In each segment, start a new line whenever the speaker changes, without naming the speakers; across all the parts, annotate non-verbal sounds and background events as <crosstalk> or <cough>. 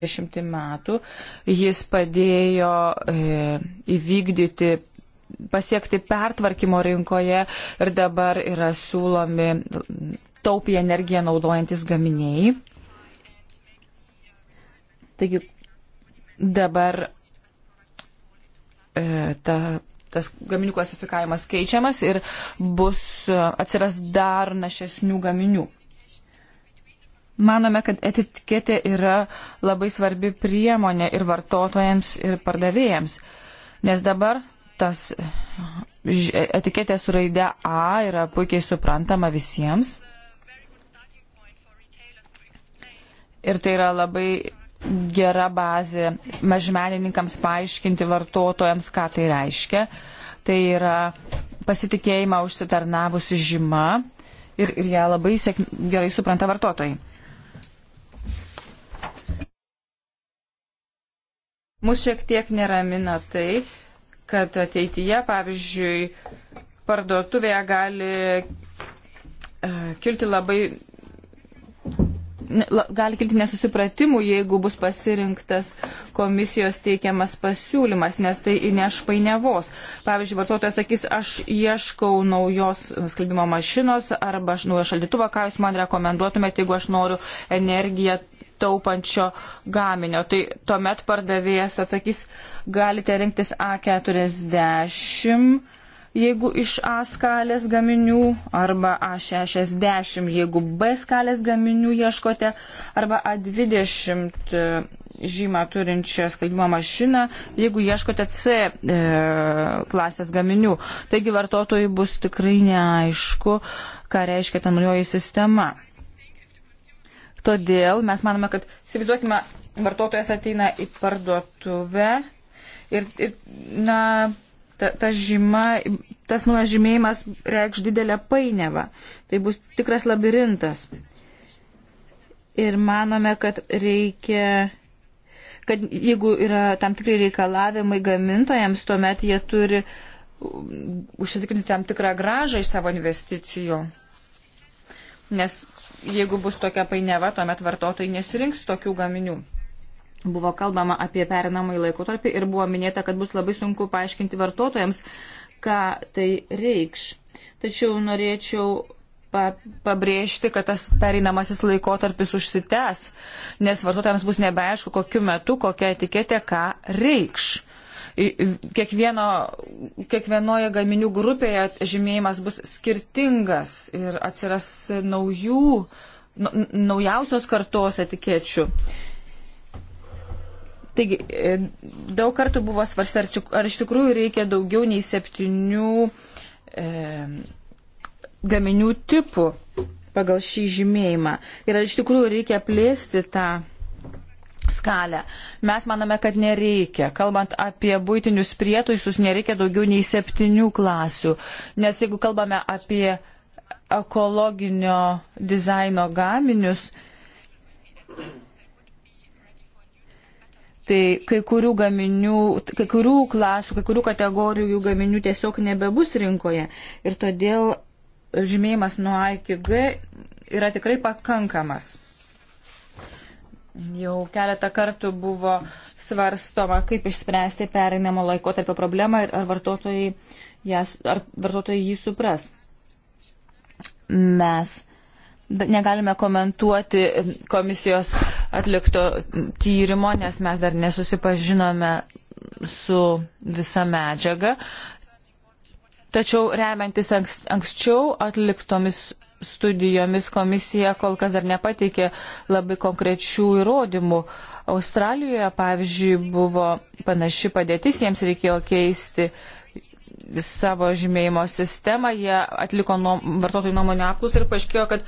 20 metų jis padėjo e, įvykdyti pasiekti pertvarkymo rinkoje ir dabar yra siūlomi taupiai energiją naudojantis gaminiai. Taigi dabar e, ta, tas gaminių klasifikavimas keičiamas ir bus atsiras dar našesnių gaminių. Manome, kad etiketė yra labai svarbi priemonė ir vartotojams, ir pardavėjams. Nes dabar tas etiketė su raide A yra puikiai suprantama visiems. Ir tai yra labai gera bazė mažmenininkams paaiškinti vartotojams, ką tai reiškia. Tai yra pasitikėjimą užsitarnavusi žyma ir, ir ją labai sėk, gerai supranta vartotojai. Mus šiek tiek neramina tai, kad ateityje, pavyzdžiui, parduotuvėje gali e, kilti labai gali kilti nesusipratimų, jeigu bus pasirinktas komisijos teikiamas pasiūlymas, nes tai įneš painiavos. Pavyzdžiui, vartotojas sakys, aš ieškau naujos skalbimo mašinos arba aš naujo šaldytuvo, ką jūs man rekomenduotumėte, jeigu aš noriu energiją taupančio gaminio. Tai tuomet pardavėjas atsakys, galite rinktis A40 jeigu iš A skalės gaminių arba A60 jeigu B skalės gaminių ieškote arba A20 žymą turinčią skalbimo mašiną, jeigu ieškote C e, klasės gaminių. Taigi vartotojai bus tikrai neaišku, ką reiškia ta naujoji sistema. Todėl mes manome, kad įsivaizduokime, vartotojas ateina į parduotuvę ir, ir na, ta, ta žyma, tas nulas žymėjimas reikš didelę painiavą. Tai bus tikras labirintas. Ir manome, kad reikia kad jeigu yra tam tikri reikalavimai gamintojams, tuomet jie turi užsitikrinti tam tikrą gražą iš savo investicijų. Nes jeigu bus tokia painiava, tuomet vartotojai nesirinks tokių gaminių. Buvo kalbama apie perinamąjį laikotarpį ir buvo minėta, kad bus labai sunku paaiškinti vartotojams, ką tai reikš. Tačiau norėčiau pa, pabrėžti, kad tas pereinamasis laikotarpis užsitęs, nes vartotojams bus nebeaišku, kokiu metu, kokia etiketė ką reikš kiekvieno, kiekvienoje gaminių grupėje žymėjimas bus skirtingas ir atsiras naujų, naujausios kartos etikečių. Taigi, e, daug kartų buvo svarstę, ar iš tikrųjų reikia daugiau nei septynių e, gaminių tipų pagal šį žymėjimą. Ir ar iš tikrųjų reikia plėsti tą skalę. Mes manome, kad nereikia. Kalbant apie būtinius prietaisus, nereikia daugiau nei septynių klasių. Nes jeigu kalbame apie ekologinio dizaino gaminius, tai kai kurių gaminių, kai kurių klasių, kai kurių kategorijų gaminių tiesiog nebebus rinkoje. Ir todėl žymėjimas nuo A iki G yra tikrai pakankamas. Jau keletą kartų buvo svarstoma, kaip išspręsti pereinamo laikotarpio problemą ir ar vartotojai, jas, ar vartotojai jį supras. Mes negalime komentuoti komisijos atlikto tyrimo, nes mes dar nesusipažinome su visa medžiaga. Tačiau remiantis anks, anksčiau atliktomis studijomis komisija kol kas dar nepateikė labai konkrečių įrodymų. Australijoje, pavyzdžiui, buvo panaši padėtis, jiems reikėjo keisti savo žymėjimo sistemą, jie atliko nuo, vartotojų nuomonę aplus ir paaiškėjo, kad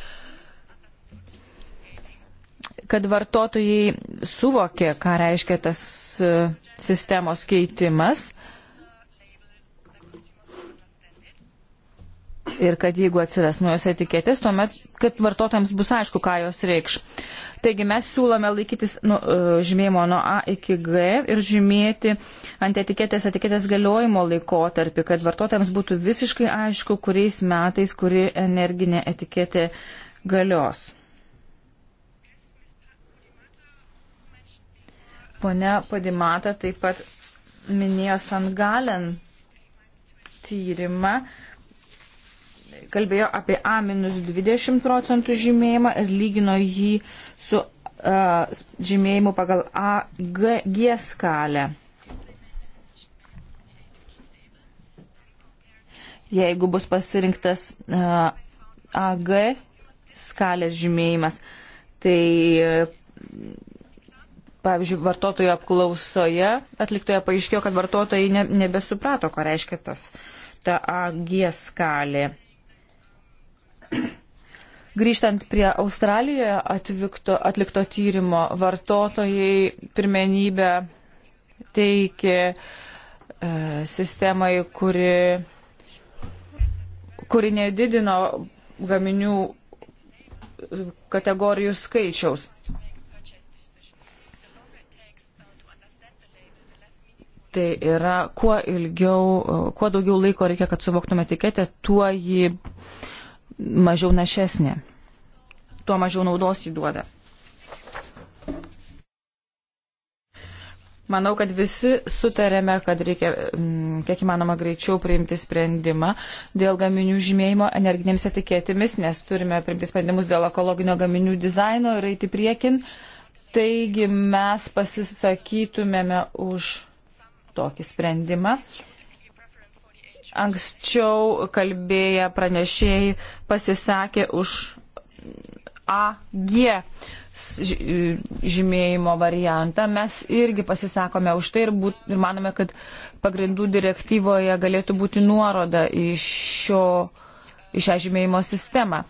kad vartotojai suvokė, ką reiškia tas e, sistemos keitimas ir kad jeigu atsiras naujos etiketės, tuomet, kad vartotojams bus aišku, ką jos reikš. Taigi mes siūlome laikytis nu, e, žymėjimo nuo A iki G ir žymėti ant etiketės etiketės galiojimo laikotarpį, kad vartotojams būtų visiškai aišku, kuriais metais kuri energinė etiketė galios. Pone Padimata taip pat minėjo Sangalen tyrimą kalbėjo apie A-20 procentų žymėjimą ir lygino jį su uh, žymėjimu pagal AG skalę. Jeigu bus pasirinktas uh, AG skalės žymėjimas, tai uh, pavyzdžiui, vartotojų apklausoje atliktoje paaiškėjo, kad vartotojai ne, nebesuprato, ko reiškia tas ta AG skalė. Grįžtant prie Australijoje atvykto, atlikto tyrimo, vartotojai pirmenybę teikė e, sistemai, kuri, kuri nedidino gaminių e, kategorijų skaičiaus. Tai yra, kuo ilgiau, kuo daugiau laiko reikia, kad suvoktume etiketę, tuo jį mažiau našesnė, tuo mažiau naudos jį duoda. Manau, kad visi sutarėme, kad reikia mm, kiek įmanoma greičiau priimti sprendimą dėl gaminių žymėjimo energinėms etiketėmis, nes turime priimti sprendimus dėl ekologinio gaminių dizaino ir eiti priekin. Taigi mes pasisakytumėme už tokį sprendimą. Anksčiau kalbėję pranešėjai pasisakė už AG žymėjimo variantą. Mes irgi pasisakome už tai ir, būt, ir manome, kad pagrindų direktyvoje galėtų būti nuoroda į, šio, į šią žymėjimo sistemą.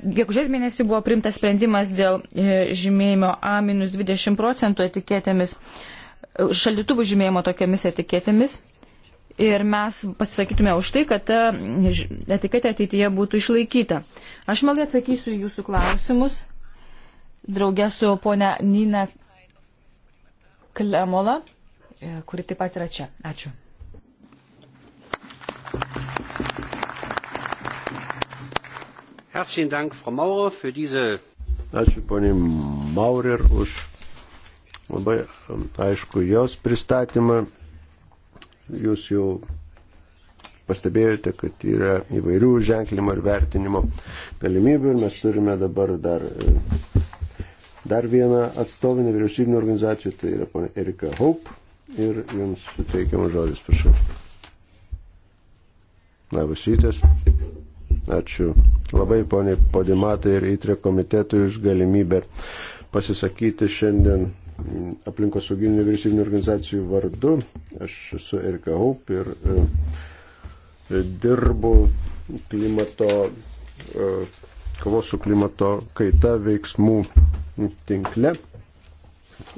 Gegužės mėnesį buvo primtas sprendimas dėl e, žymėjimo A-20 procentų etiketėmis. E, šalituvų žymėjimo tokiamis etiketėmis. Ir mes pasisakytume už tai, kad ta etiketė ateityje būtų išlaikyta. Aš malai atsakysiu jūsų klausimus draugė su ponia Nina Klemola, e, kuri taip pat yra čia. Ačiū.
Herzlichen Dank, Frau Maurer, für diese.
Ačiū, ponia Maurer, už labai um, aišku jos pristatymą. Jūs jau pastebėjote, kad yra įvairių ženklimo ir vertinimo galimybių ir mes turime dabar dar, e, dar vieną atstovę nevyriausybinio organizacijų, tai yra ponė Erika Hope ir jums suteikiamas žodis, prašau. Labas rytas. Ačiū labai poniai Podimatai ir įtrė komitetui už galimybę pasisakyti šiandien aplinkosauginių nevyriausybinių organizacijų vardu. Aš esu Erika Haup ir e, dirbu klimato, e, kovos su klimato kaita veiksmų tinkle.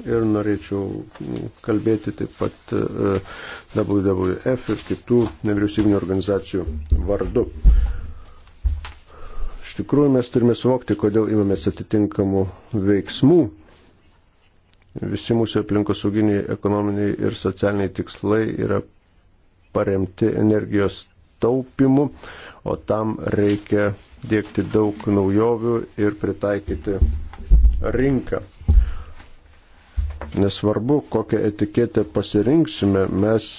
Ir norėčiau kalbėti taip pat e, WWF ir kitų nevyriausybinių organizacijų vardu iš tikrųjų mes turime suvokti, kodėl imamės atitinkamų veiksmų Visi mūsų aplinkosauginiai, ekonominiai ir socialiniai tikslai yra paremti energijos taupimu, o tam reikia dėkti daug naujovių ir pritaikyti rinką. Nesvarbu, kokią etiketę pasirinksime, mes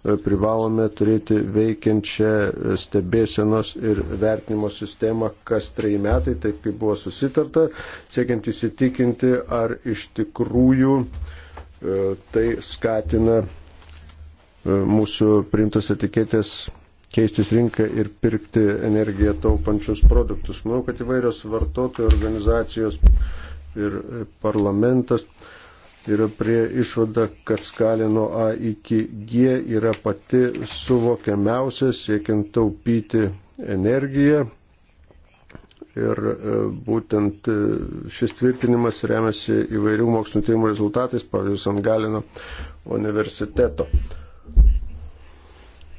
E, privalome turėti veikiančią stebėsenos ir vertinimo sistemą kas trejai metai, taip kaip buvo susitarta, siekiant įsitikinti, ar iš tikrųjų e, tai skatina e, mūsų primtas etiketės keistis rinką ir pirkti energiją taupančius produktus. Manau, kad įvairios vartotojų organizacijos ir parlamentas yra prie išvada, kad skalė nuo A iki G yra pati suvokiamiausia, siekiant taupyti energiją. Ir e, būtent e, šis tvirtinimas remiasi įvairių mokslinio tyrimų rezultatais, pavyzdžiui, Sangalino universiteto.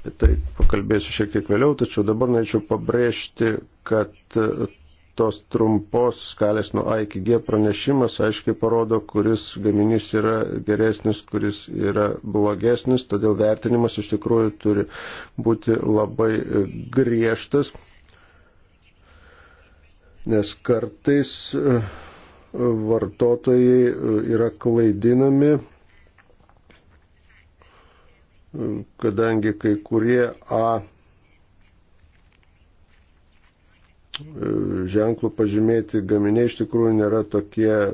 Apie tai pakalbėsiu šiek tiek vėliau, tačiau dabar norėčiau pabrėžti, kad e, tos trumpos skalės nuo A iki G pranešimas aiškiai parodo, kuris gaminys yra geresnis, kuris yra blogesnis, todėl vertinimas iš tikrųjų turi būti labai griežtas, nes kartais e, vartotojai e, yra klaidinami e, kadangi kai kurie A ženklų pažymėti gaminiai iš tikrųjų nėra tokie e,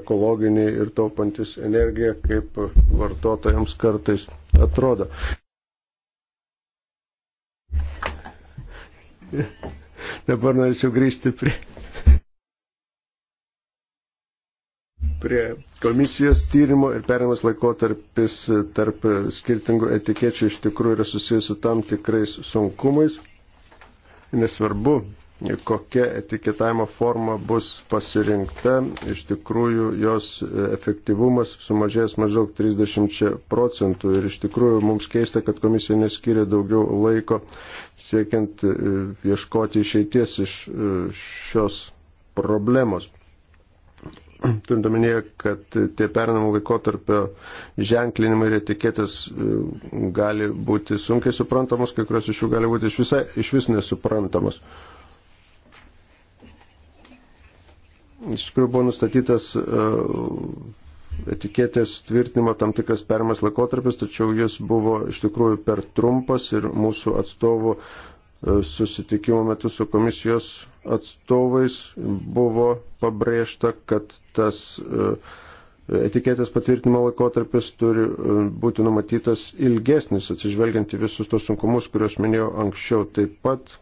ekologiniai ir taupantis energiją, kaip vartotojams kartais atrodo. Dabar norėčiau grįžti prie, prie komisijos tyrimo ir perimas laikotarpis tarp skirtingų etikečių iš tikrųjų yra susijęs su tam tikrais sunkumais nesvarbu, kokia etiketavimo forma bus pasirinkta, iš tikrųjų jos efektyvumas sumažės maždaug 30 procentų ir iš tikrųjų mums keista, kad komisija neskiria daugiau laiko siekiant e, ieškoti išeities iš e, šios problemos turint omenyje, kad tie perinamų laikotarpio ženklinimai ir etiketės e, gali būti sunkiai suprantamos, kai kurios iš jų gali būti iš, visai, iš vis nesuprantamos. Iš tikrųjų buvo nustatytas e, etiketės tvirtinimo tam tikras perimas laikotarpis, tačiau jis buvo iš tikrųjų per trumpas ir mūsų atstovų e, susitikimo metu su komisijos atstovais buvo pabrėžta, kad tas e, etiketės patvirtinimo laikotarpis turi e, būti numatytas ilgesnis, atsižvelgiant į visus tos sunkumus, kuriuos minėjau anksčiau. Taip pat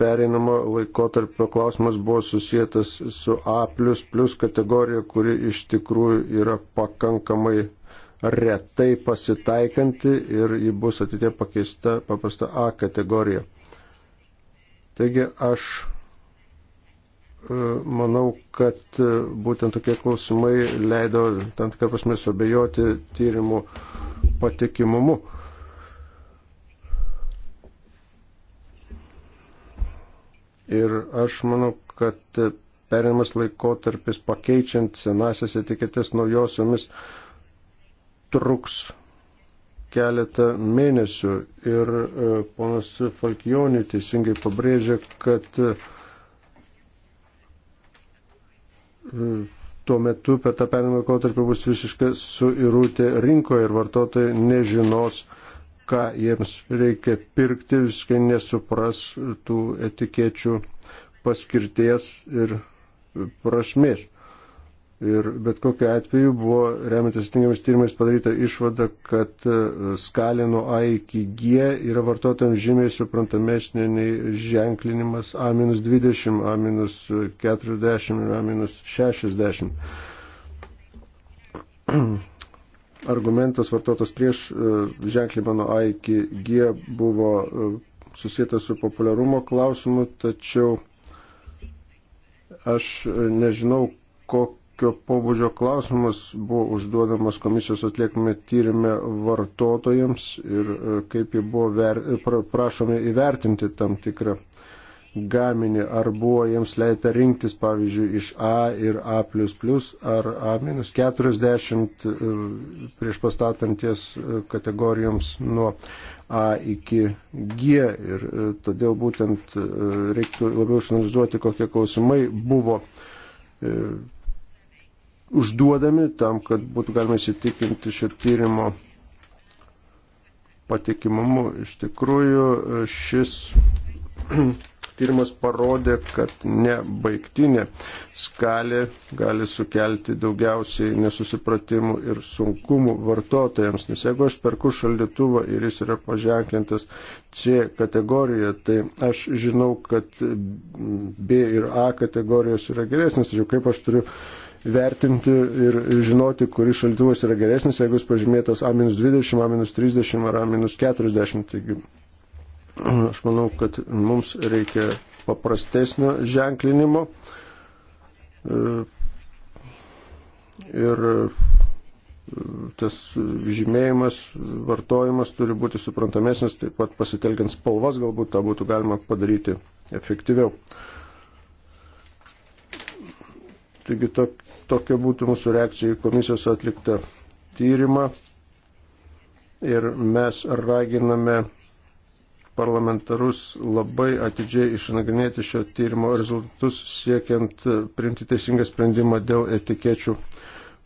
pereinamo laikotarpio klausimas buvo susijęs su A kategorija, kuri iš tikrųjų yra pakankamai retai pasitaikanti ir ji bus ateitie pakeista paprasta A kategorija. Taigi aš e, manau, kad e, būtent tokie klausimai leido tam tikrą prasme suabejoti tyrimų patikimumu. Ir aš manau, kad perėmas laikotarpis pakeičiant senasias etiketės naujosiomis truks keletą mėnesių ir e, ponas Falkionį teisingai pabrėžė, kad e, tuo metu per tą perimą laikotarpį bus visiškai suirūtė rinkoje ir vartotojai nežinos, ką jiems reikia pirkti, visiškai nesupras tų etikečių paskirties ir prasmės. Ir bet kokiu atveju buvo remiantis atitinkamais tyrimais padaryta išvada, kad e, skalė nuo A iki G yra vartotojams žymiai suprantamesnė nei ženklinimas A-20, A-40 ir A-60. <clears throat> Argumentas vartotas prieš e, ženklimą nuo A iki G buvo e, susijęs su populiarumo klausimu, tačiau aš nežinau, kok tokio pobūdžio klausimas buvo užduodamas komisijos atliekame tyrimė vartotojams ir e, kaip jie buvo ver, e, pra, prašomi įvertinti tam tikrą gaminį, ar buvo jiems leita rinktis, pavyzdžiui, iš A ir A ar A-40 e, prieš pastatanties kategorijoms nuo A iki G. Ir todėl būtent reiktų labiau išanalizuoti, kokie klausimai buvo užduodami tam, kad būtų galima įsitikinti šio tyrimo patikimumu. Iš tikrųjų, šis <clears throat> tyrimas parodė, kad nebaigtinė skalė gali sukelti daugiausiai nesusipratimų ir sunkumų vartotojams. Nes jeigu aš perku šaldytuvą ir jis yra paženklintas C kategorija, tai aš žinau, kad B ir A kategorijos yra geresnės. Tačiau kaip aš turiu vertinti ir žinoti, kuris šaltuvas yra geresnis, jeigu jis pažymėtas A-20, A-30 ar A-40. Taigi, aš manau, kad mums reikia paprastesnio ženklinimo ir tas žymėjimas, vartojimas turi būti suprantamesnis, taip pat pasitelkiant spalvas galbūt tą būtų galima padaryti efektyviau. Taigi tok, tokia būtų mūsų reakcija į komisijos atliktą tyrimą. Ir mes raginame parlamentarus labai atidžiai išnagrinėti šio tyrimo rezultatus, siekiant priimti teisingą sprendimą dėl etikečių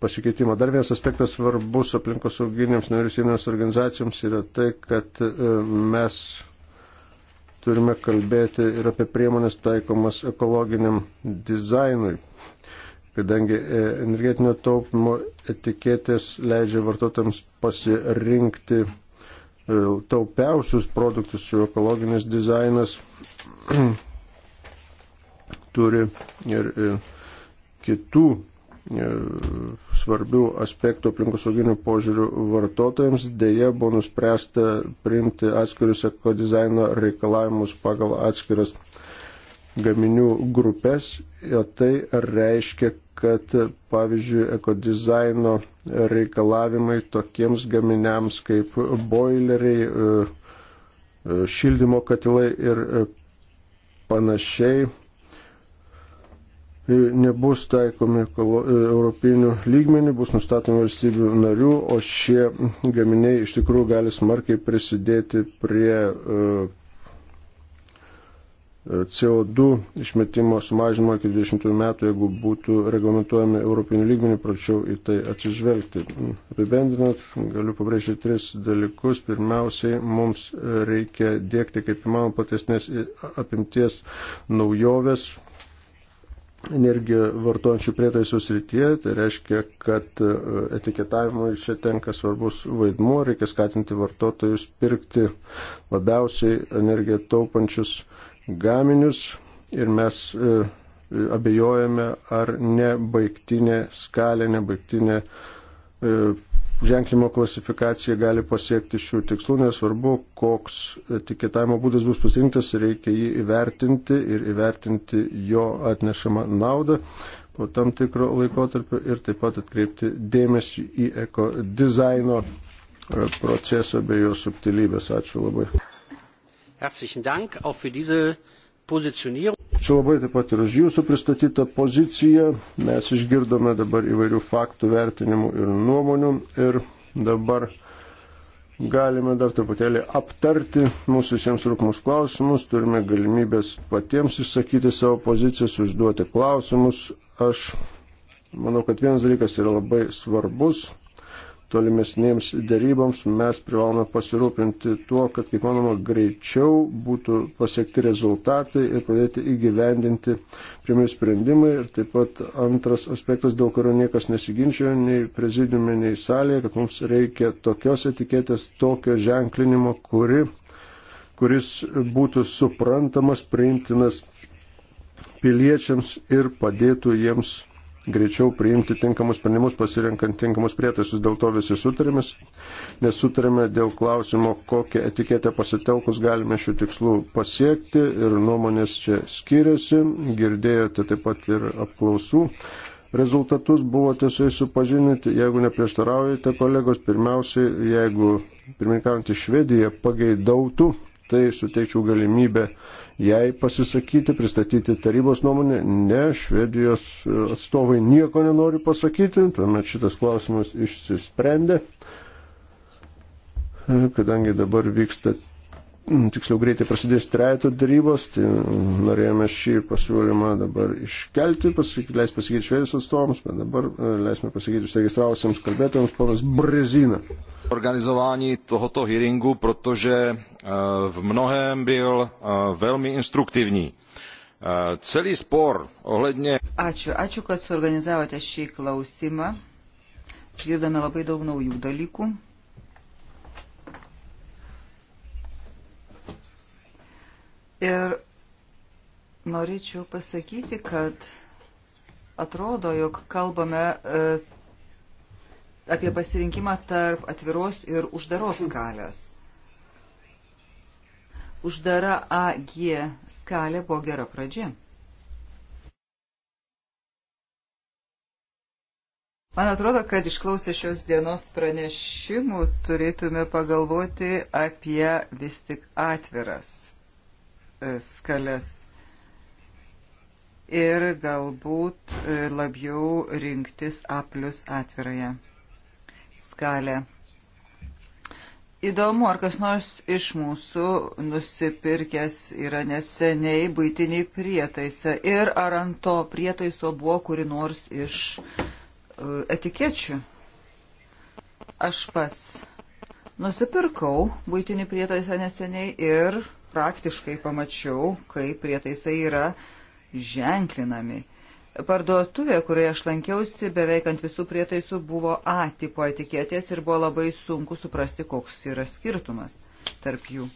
pasikeitimo. Dar vienas aspektas svarbus aplinkosauginėms nevyriausybinėms organizacijoms yra tai, kad e, mes turime kalbėti ir apie priemonės taikomas ekologiniam dizainui kadangi e, energetinio taupimo etiketės leidžia vartotojams pasirinkti e, taupiausius produktus, jų ekologinis dizainas <clears throat> turi ir e, kitų svarbių aspektų aplinkosauginių požiūrių vartotojams. Deja, buvo nuspręsta priimti atskirius ekodizaino reikalavimus pagal atskiras gaminių grupės, o tai reiškia, kad pavyzdžiui ekodizaino reikalavimai tokiems gaminiams kaip boileriai, e, e, šildymo katilai ir e, panašiai nebus taikomi europinių lygmenių, bus nustatomi valstybių narių, o šie gaminiai iš tikrųjų gali smarkiai prisidėti prie uh, CO2 išmetimo sumažinimo iki 20 metų, jeigu būtų reglamentuojami Europinių lygmenių, pračiau į tai atsižvelgti. Apibendinant, galiu pabrėžti tris dalykus. Pirmiausiai, mums reikia dėkti kaip įmanoma platesnės apimties naujoves, energiją vartojančių prietaisų srityje, tai reiškia, kad e, etiketavimui čia tenka svarbus vaidmuo, reikia skatinti vartotojus pirkti labiausiai energiją taupančius gaminius ir mes e, abejojame, ar nebaigtinė skalė, nebaigtinė e, ženklimo klasifikacija gali pasiekti šių tikslų, nesvarbu, koks etiketavimo būdas bus pasirinktas, reikia jį įvertinti ir įvertinti jo atnešamą naudą po tam tikro laikotarpio ir taip pat atkreipti dėmesį į eko dizaino e, procesą bei jo subtilybės. Ačiū labai.
Herzlichen Dank auch für diese Positionierung.
Ačiū labai taip pat ir už jūsų pristatytą poziciją. Mes išgirdome dabar įvairių faktų, vertinimų ir nuomonių. Ir dabar galime dar truputėlį aptarti mūsų visiems rūpimus klausimus. Turime galimybės patiems išsakyti savo pozicijas, užduoti klausimus. Aš manau, kad vienas dalykas yra labai svarbus tolimesnėms daryboms, mes privalome pasirūpinti tuo, kad kaip manoma greičiau būtų pasiekti rezultatai ir pradėti įgyvendinti primai sprendimai. Ir taip pat antras aspektas, dėl kurio niekas nesiginčia nei prezidiume, nei salėje, kad mums reikia tokios etiketės, tokio ženklinimo, kuri, kuris būtų suprantamas, priimtinas piliečiams ir padėtų jiems greičiau priimti tinkamus sprendimus, pasirenkant tinkamus prietaisus. Dėl to visi sutarėmis, nes sutarėme dėl klausimo, kokią etiketę pasitelkus galime šių tikslų pasiekti ir nuomonės čia skiriasi. Girdėjote taip pat ir apklausų. Rezultatus buvote su jais supažinti, jeigu neprieštaraujate kolegos, pirmiausiai, jeigu pirmininkaujantį Švediją pageidautų, tai suteikčiau galimybę uh, jai pasisakyti, pristatyti tarybos nuomonę. Ne, Švedijos e, atstovai nieko nenori pasakyti, tuomet šitas klausimas išsisprendė, e, kadangi dabar vyksta Mm, tiksliau greitai prasidės trejato darybos, tai norėjome šį pasiūlymą dabar iškelti, pasaky, leis pasakyti švedijos atstovams, bet dabar e, leisime pasakyti užsiregistravusiems kalbėtojams ponas Brezina. Organizování
tohoto hearingu, protože e, v mnohem byl e, velmi instruktivní. Celý spor ohledně... Ačiū, ačiū, kad suorganizavote šį klausimą. Išgirdome labai daug naujų dalykų. Ir norėčiau pasakyti, kad atrodo, jog kalbame e, apie pasirinkimą tarp atviros ir uždaros skalės. Uždara AG skalė buvo gera pradžia. Man atrodo, kad išklausę šios dienos pranešimų turėtume pagalvoti apie vis tik atviras skales ir galbūt e, labiau rinktis A plus atvirąją skalę. Įdomu, ar kas nors iš mūsų nusipirkęs yra neseniai būtiniai prietaisą ir ar ant to prietaiso buvo kuri nors iš e, etikečių. Aš pats nusipirkau būtinį prietaisą neseniai ir praktiškai pamačiau, kaip prietaisai yra ženklinami. Parduotuvė, kurioje aš lankiausi, beveik ant visų prietaisų buvo A tipo etiketės ir buvo labai sunku suprasti, koks yra skirtumas tarp jų.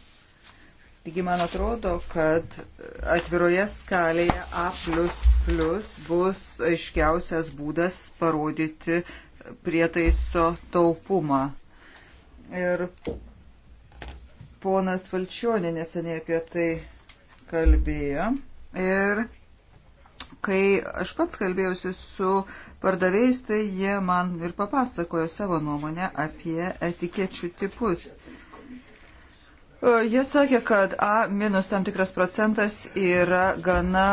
Taigi man atrodo, kad atviroje skalėje A bus aiškiausias būdas parodyti prietaiso taupumą. Ir Ponas Valčionė neseniai apie tai kalbėjo. Ir kai aš pats kalbėjausi su pardavėjais, tai jie man ir papasakojo savo nuomonę apie etikečių tipus. E, jie sakė, kad A minus tam tikras procentas yra gana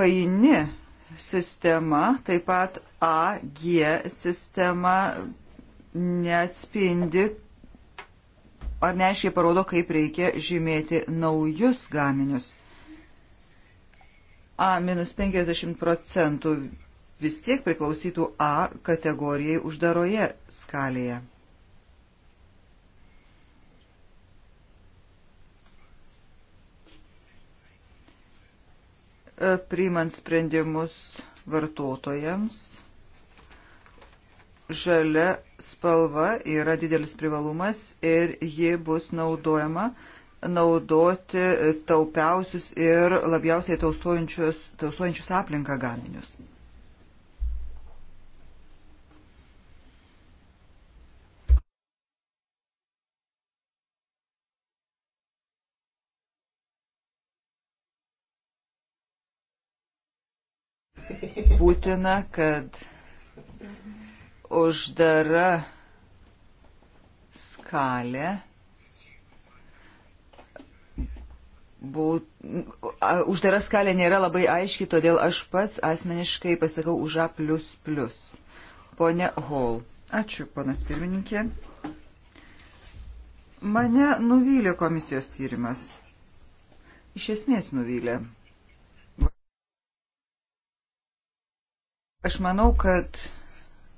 paini sistema, taip pat AG sistema neatspindi, ar neaiškiai parodo, kaip reikia žymėti naujus gaminius. A minus 50 procentų vis tiek priklausytų A kategorijai uždaroje skalėje. E, priimant sprendimus vartotojams, žalia spalva yra didelis privalumas ir ji bus naudojama naudoti taupiausius ir labiausiai tausojančius, tausojančius aplinką gaminius. Būtina, kad uždara skalė būt, uždara skalė nėra labai aiški, todėl aš pats asmeniškai pasakau už A. Pone Hall. Ačiū, ponas pirmininkė. Mane nuvylė komisijos tyrimas. Iš esmės nuvylė. Aš manau, kad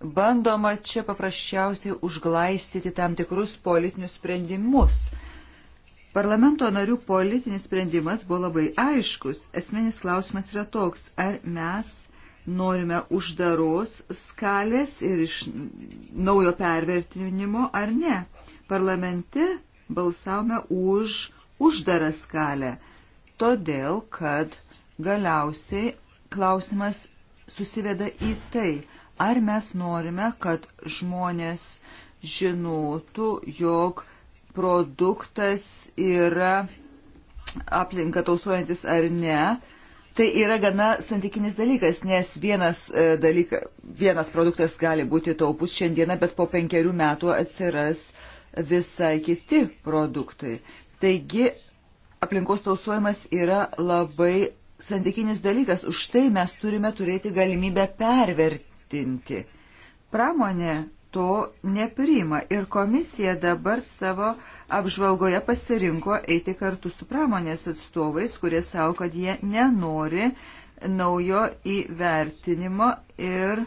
bandoma čia paprasčiausiai užglaistyti tam tikrus politinius sprendimus. Parlamento narių politinis sprendimas buvo labai aiškus. Esminis klausimas yra toks, ar mes norime uždaros skalės ir iš naujo pervertinimo ar ne. Parlamente balsavome už uždarą skalę, todėl kad galiausiai klausimas susiveda į tai, Ar mes norime, kad žmonės žinotų, jog produktas yra aplinka tausuojantis ar ne, tai yra gana santykinis dalykas, nes vienas, e, dalyka, vienas produktas gali būti taupus šiandieną, bet po penkerių metų atsiras visai kiti produktai. Taigi aplinkos tausuojimas yra labai santykinis dalykas. Už tai mes turime turėti galimybę perverti patvirtinti. Pramonė to nepriima ir komisija dabar savo apžvalgoje pasirinko eiti kartu su pramonės atstovais, kurie savo, kad jie nenori naujo įvertinimo ir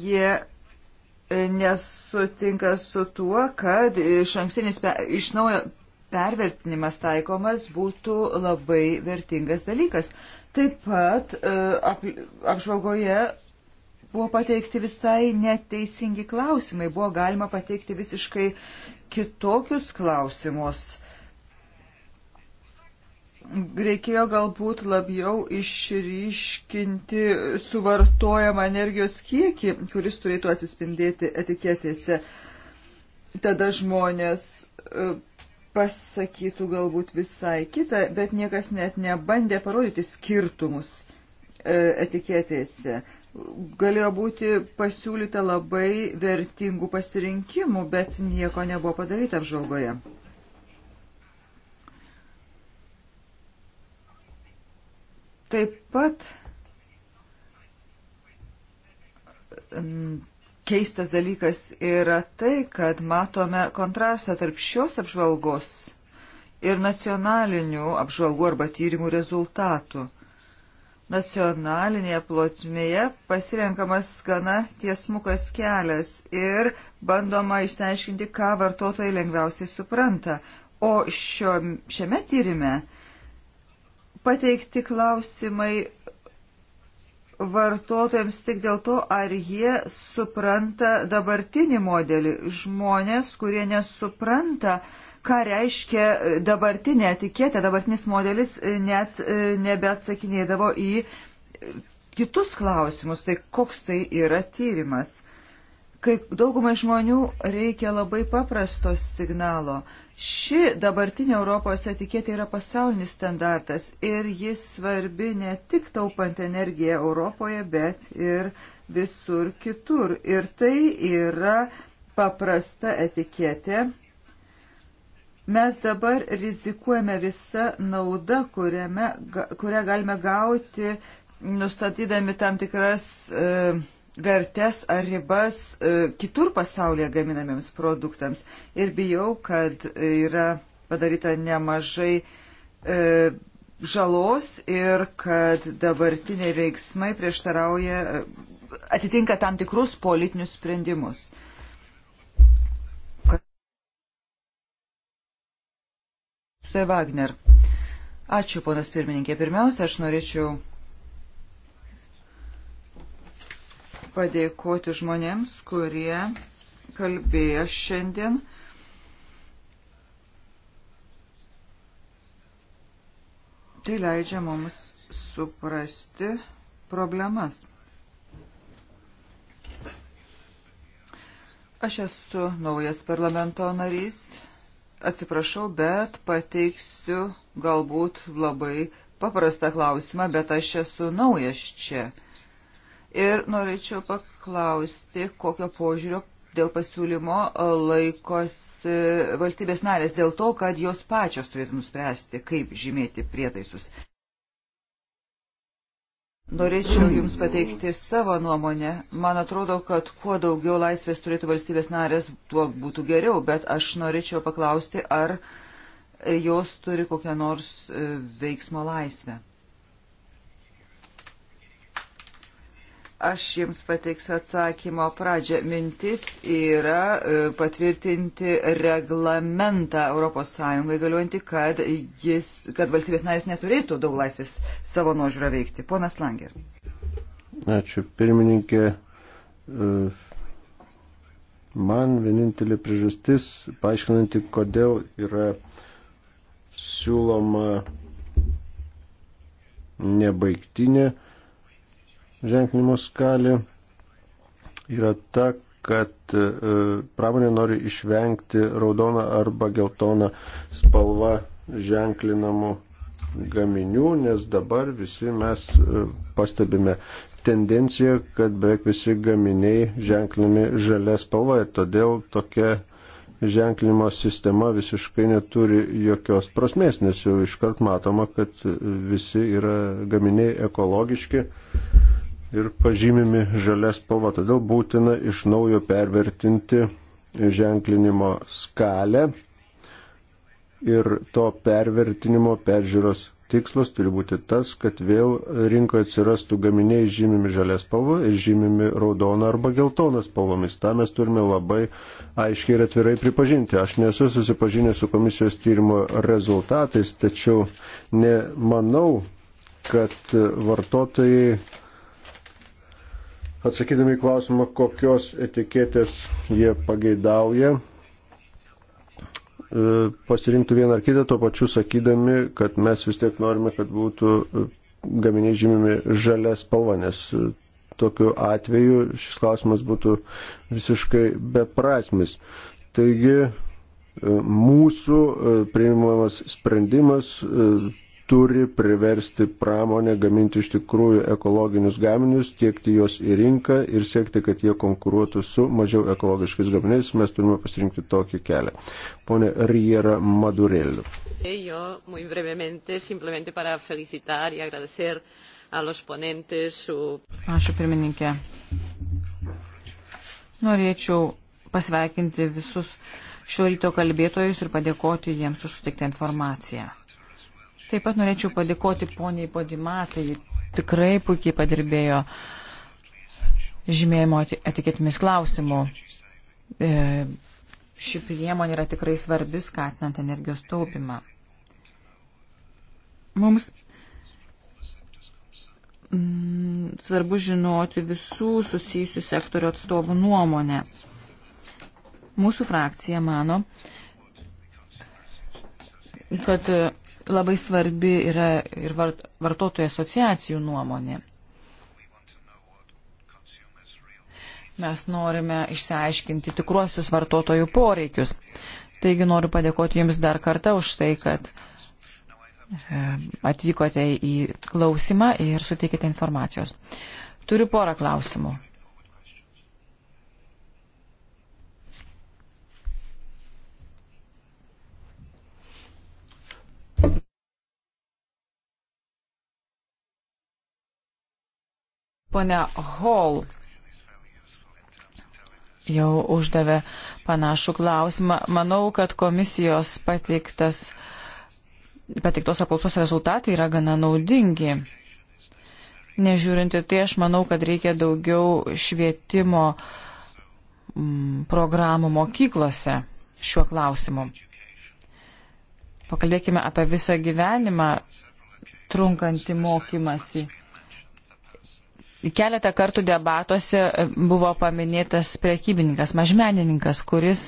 jie e, nesutinka su tuo, kad iš ankstinis iš naujo pervertinimas taikomas būtų labai vertingas dalykas. Taip pat e, apžvalgoje buvo pateikti visai neteisingi klausimai, buvo galima pateikti visiškai kitokius klausimus. Reikėjo galbūt labiau išryškinti suvartojamą energijos kiekį, kuris turėtų atsispindėti etiketėse. Tada žmonės e, pasakytų galbūt visai kitą, bet niekas net nebandė parodyti skirtumus e, etiketėse galėjo būti pasiūlyta labai vertingų pasirinkimų, bet nieko nebuvo padaryta apžvalgoje. Taip pat keistas dalykas yra tai, kad matome kontrastą tarp šios apžvalgos ir nacionalinių apžvalgų arba tyrimų rezultatų nacionalinėje plotmėje pasirenkamas gana tiesmukas kelias ir bandoma išsiaiškinti, ką vartotojai lengviausiai supranta. O šio, šiame tyrime pateikti klausimai vartotojams tik dėl to, ar jie supranta dabartinį modelį. Žmonės, kurie nesupranta, uh, ką reiškia e, dabartinė etiketė, dabartinis modelis e, net e, nebeatsakinėdavo į kitus klausimus, tai koks tai yra tyrimas. Kai daugumai žmonių reikia labai paprasto signalo. Ši dabartinė Europos etiketė yra pasaulinis standartas ir jis svarbi ne tik taupant energiją Europoje, bet ir visur kitur. Ir tai yra paprasta etiketė Mes dabar rizikuojame visą naudą, kuriame, kurią galime gauti, nustatydami tam tikras e, vertes ar ribas e, kitur pasaulyje gaminamiems produktams. Ir bijau, kad yra padaryta nemažai e, žalos ir kad dabartiniai veiksmai prieštarauja, e, atitinka tam tikrus politinius sprendimus. Sir Wagner. Ačiū, ponas pirmininkė. Pirmiausia, aš norėčiau padėkoti žmonėms, kurie kalbėjo šiandien. Tai leidžia mums suprasti problemas. Aš esu naujas parlamento narys atsiprašau, bet pateiksiu galbūt labai paprastą klausimą, bet aš esu naujas čia. Ir norėčiau paklausti, kokio požiūrio dėl pasiūlymo laikosi valstybės narės dėl to, kad jos pačios turėtų nuspręsti, kaip žymėti prietaisus. Norėčiau Jums pateikti savo nuomonę. Man atrodo, kad kuo daugiau laisvės turėtų valstybės narės, tuo būtų geriau, bet aš norėčiau paklausti, ar jos turi kokią nors e, veiksmo laisvę. Aš jums pateiksiu atsakymo pradžią. Mintis yra e, patvirtinti reglamentą ES galiuojantį, kad, jis, kad valstybės narės neturėtų daug laisvės savo nuožiūrą veikti. Ponas Langer.
Ačiū, pirmininkė. E, man vienintelė priežastis, paaiškinanti, kodėl yra siūloma nebaigtinė ženklinimo skalė yra ta, kad e, pramonė nori išvengti raudoną arba geltoną spalvą ženklinamų gaminių, nes dabar visi mes e, pastebime tendenciją, kad beveik visi gaminiai ženklinami žalia spalva ir todėl tokia ženklinimo sistema visiškai neturi jokios prasmės, nes jau iškart matoma, kad visi yra gaminiai ekologiški ir pažymimi žalia spalva. Todėl būtina iš naujo pervertinti ženklinimo skalę ir to pervertinimo peržiūros tikslas turi būti tas, kad vėl rinkoje atsirastų gaminiai žymimi žalės spalva ir žymimi raudona arba geltona spalvomis. Ta mes turime labai aiškiai ir atvirai pripažinti. Aš nesu susipažinęs su komisijos tyrimo rezultatais, tačiau nemanau, kad vartotojai atsakydami į klausimą, kokios etiketės jie pageidauja, e, pasirinktų vieną ar kitą, tuo pačiu sakydami, kad mes vis tiek norime, kad būtų e, gaminiai žymimi žalia spalva, nes e, tokiu atveju šis klausimas būtų visiškai beprasmis. Taigi mūsų priimamas sprendimas turi priversti pramonę gaminti iš tikrųjų ekologinius gaminius, tiekti juos į rinką ir siekti, kad jie konkuruotų su mažiau ekologiškais gaminiais. Mes turime pasirinkti tokį kelią. Pone Riera Madurelli.
Eh, yo, muy brevemente, simplemente para
felicitar y agradecer a los ponentes su.
Ačiū pirmininkė. Norėčiau pasveikinti visus šio ryto kalbėtojus ir padėkoti jiems už suteiktą informaciją. Taip pat norėčiau padėkoti poniai Podimatai, tikrai puikiai padirbėjo žymėjimo etiketėmis klausimų. E, ši priemonė yra tikrai svarbi skatinant energijos taupimą. Mums mm, svarbu žinoti visų susijusių sektorių atstovų nuomonę. Mūsų frakcija mano, kad labai svarbi yra ir vartotojų asociacijų nuomonė. Mes norime išsiaiškinti tikruosius vartotojų poreikius. Taigi noriu padėkoti Jums dar kartą už tai, kad e, atvykote į klausimą ir suteikite informacijos. Turiu porą klausimų. Pone Hall jau uždavė panašų klausimą. Manau, kad komisijos pateiktas, pateiktos apklausos rezultatai yra gana naudingi. Nežiūrinti tai, aš manau, kad reikia daugiau švietimo mm, programų mokyklose šiuo klausimu. Pakalbėkime apie visą gyvenimą trunkantį mokymasi. Keletą kartų debatuose buvo paminėtas prekybininkas, mažmenininkas, kuris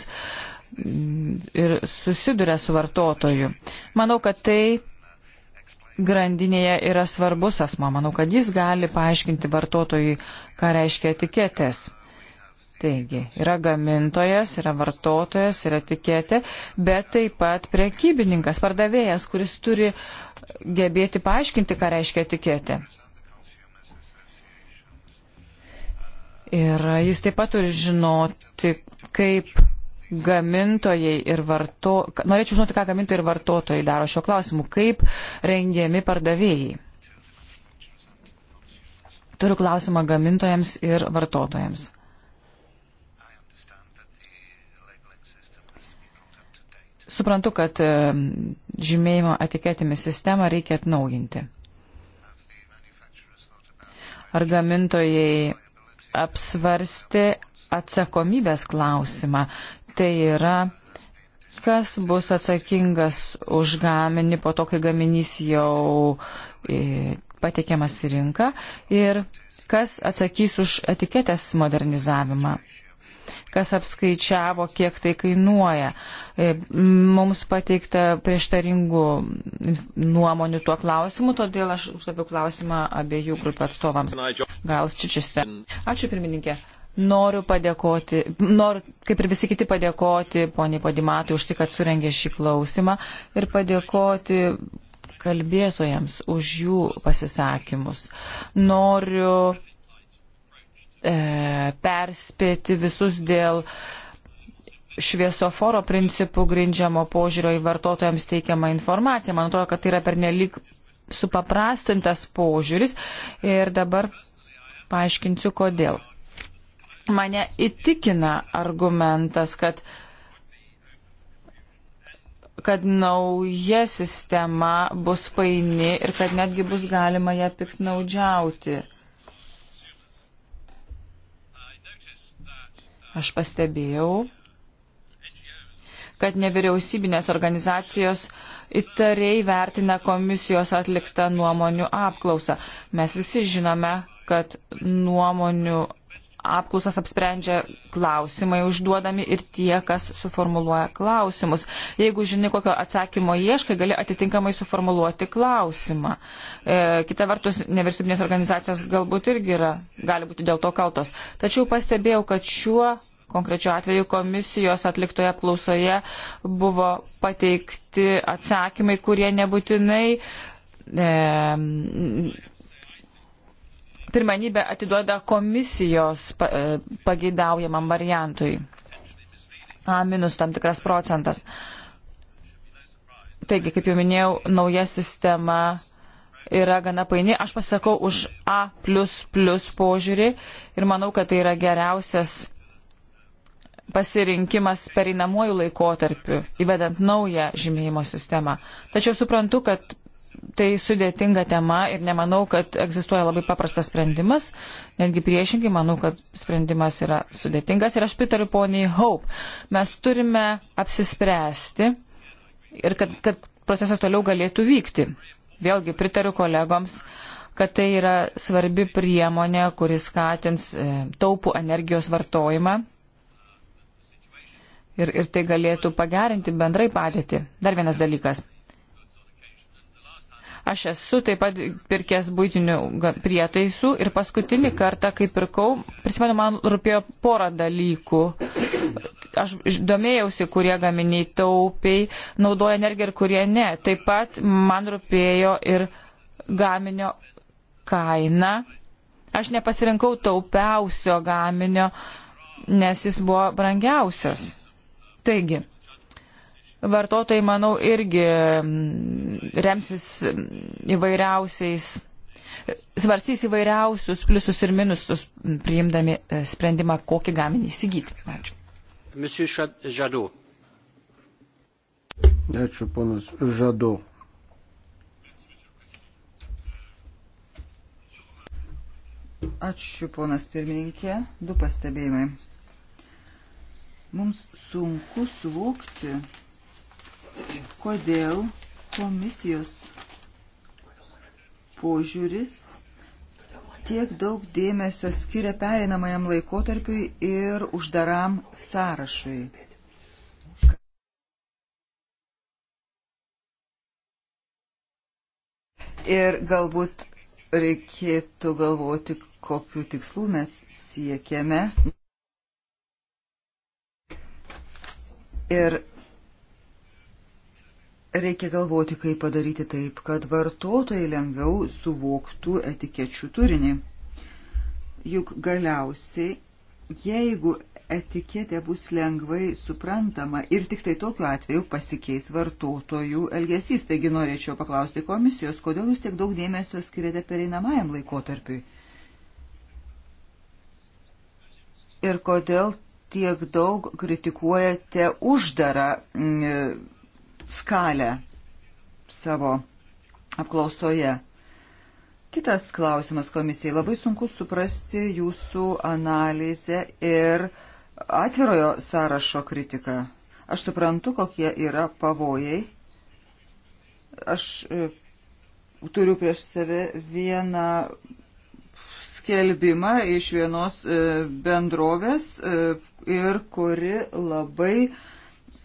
mm, ir susiduria su vartotoju. Manau, kad tai grandinėje yra svarbus asmo. Manau, kad jis gali paaiškinti vartotojui, ką reiškia etiketės. Taigi, yra gamintojas, yra vartotojas, yra etiketė, bet taip pat prekybininkas, pardavėjas, kuris turi gebėti paaiškinti, ką reiškia etiketė. Ir jis taip pat turi žinoti, kaip gamintojai ir vartotojai, norėčiau žinoti, ką gamintojai ir vartotojai daro šio klausimu, kaip rengiami pardavėjai. Turiu klausimą gamintojams ir vartotojams. Suprantu, kad e, žymėjimo etiketėmis sistemą reikia atnaujinti. Ar gamintojai apsvarsti atsakomybės klausimą. Tai yra, kas bus atsakingas už gaminį po to, kai gaminys jau e, patiekiamas į rinką ir kas atsakys už etiketės modernizavimą kas apskaičiavo, kiek tai kainuoja. E, mums pateikta prieštaringų nuomonių tuo klausimu, todėl aš uždaviau klausimą abiejų grupių atstovams. Gal čičiuose. Ačiū pirmininkė. Noriu padėkoti, noriu kaip ir visi kiti padėkoti poniai Padimatui už tai, kad surengė šį klausimą ir padėkoti kalbėtojams už jų pasisakymus. Noriu E, perspėti visus dėl šviesoforo principų grindžiamo požiūrio į vartotojams teikiamą informaciją. Man atrodo, kad tai yra pernelik supaprastintas požiūris ir dabar paaiškinsiu kodėl. Mane įtikina argumentas, kad kad nauja sistema bus paini ir kad netgi bus galima ją piknaudžiauti. aš pastebėjau, kad nevyriausybinės organizacijos įtariai vertina komisijos atliktą nuomonių apklausą. Mes visi žinome, kad nuomonių apklausas apsprendžia klausimai užduodami ir tie, kas suformuluoja klausimus. Jeigu žini, kokio atsakymo ieškai, gali atitinkamai suformuluoti klausimą. E, kita vertus, nevyriausybinės organizacijos galbūt irgi yra, gali būti dėl to kaltos. Tačiau pastebėjau, kad šiuo konkrečiu atveju komisijos atliktoje apklausoje buvo pateikti atsakymai, kurie nebūtinai. E, pirmanybę atiduoda komisijos e, pageidaujamam variantui. A, minus tam tikras procentas. Taigi, kaip jau minėjau, nauja sistema yra gana paini. Aš pasakau už A požiūrį ir manau, kad tai yra geriausias pasirinkimas pereinamuoju laikotarpiu, įvedant naują žymėjimo sistemą. Tačiau suprantu, kad tai sudėtinga tema ir nemanau, kad egzistuoja labai paprastas sprendimas. Netgi priešingai, manau, kad sprendimas yra sudėtingas ir aš pritariu poniai Hope. Mes turime apsispręsti ir kad, kad procesas toliau galėtų vykti. Vėlgi pritariu kolegoms, kad tai yra svarbi priemonė, kuris skatins e, taupų energijos vartojimą. Ir, ir tai galėtų pagerinti bendrai padėtį. Dar vienas dalykas Aš esu taip pat pirkęs būtinių prietaisų ir paskutinį kartą, kai pirkau, prisimenu, man rūpėjo porą dalykų. Aš domėjausi, kurie gaminiai taupiai naudoja energiją ir kurie ne. Taip pat man rūpėjo ir gaminio kaina. Aš nepasirinkau taupiausio gaminio, nes jis buvo brangiausias. Taigi, vartotojai, manau, irgi mm, remsis įvairiausiais, svarstys įvairiausius pliusus ir minusus, priimdami e, sprendimą, kokį gaminį įsigyti.
Ačiū. Žadu.
Ačiū, ponas Žadu.
Ačiū, ponas pirmininkė. Du pastebėjimai. Mums sunku suvokti, kodėl komisijos požiūris tiek daug dėmesio skiria pereinamajam laikotarpiui ir uždaram sąrašui. Ir galbūt reikėtų galvoti, kokiu tikslu mes siekiame. Ir Reikia galvoti, kaip padaryti taip, kad vartotojai lengviau suvoktų etikečių turinį. Juk galiausiai, jeigu etiketė bus lengvai suprantama ir tik tai tokiu atveju pasikeis vartotojų elgesys. Taigi norėčiau paklausti komisijos, kodėl jūs tiek daug dėmesio skiriate pereinamajam laikotarpiui? Ir kodėl tiek daug kritikuojate uždarą. Mm, skalę savo apklausoje. Kitas klausimas komisijai. Labai sunku suprasti jūsų analizę ir atvirojo sąrašo kritiką. Aš suprantu, kokie yra pavojai. Aš e, turiu prieš save vieną skelbimą iš vienos e, bendrovės e, ir kuri labai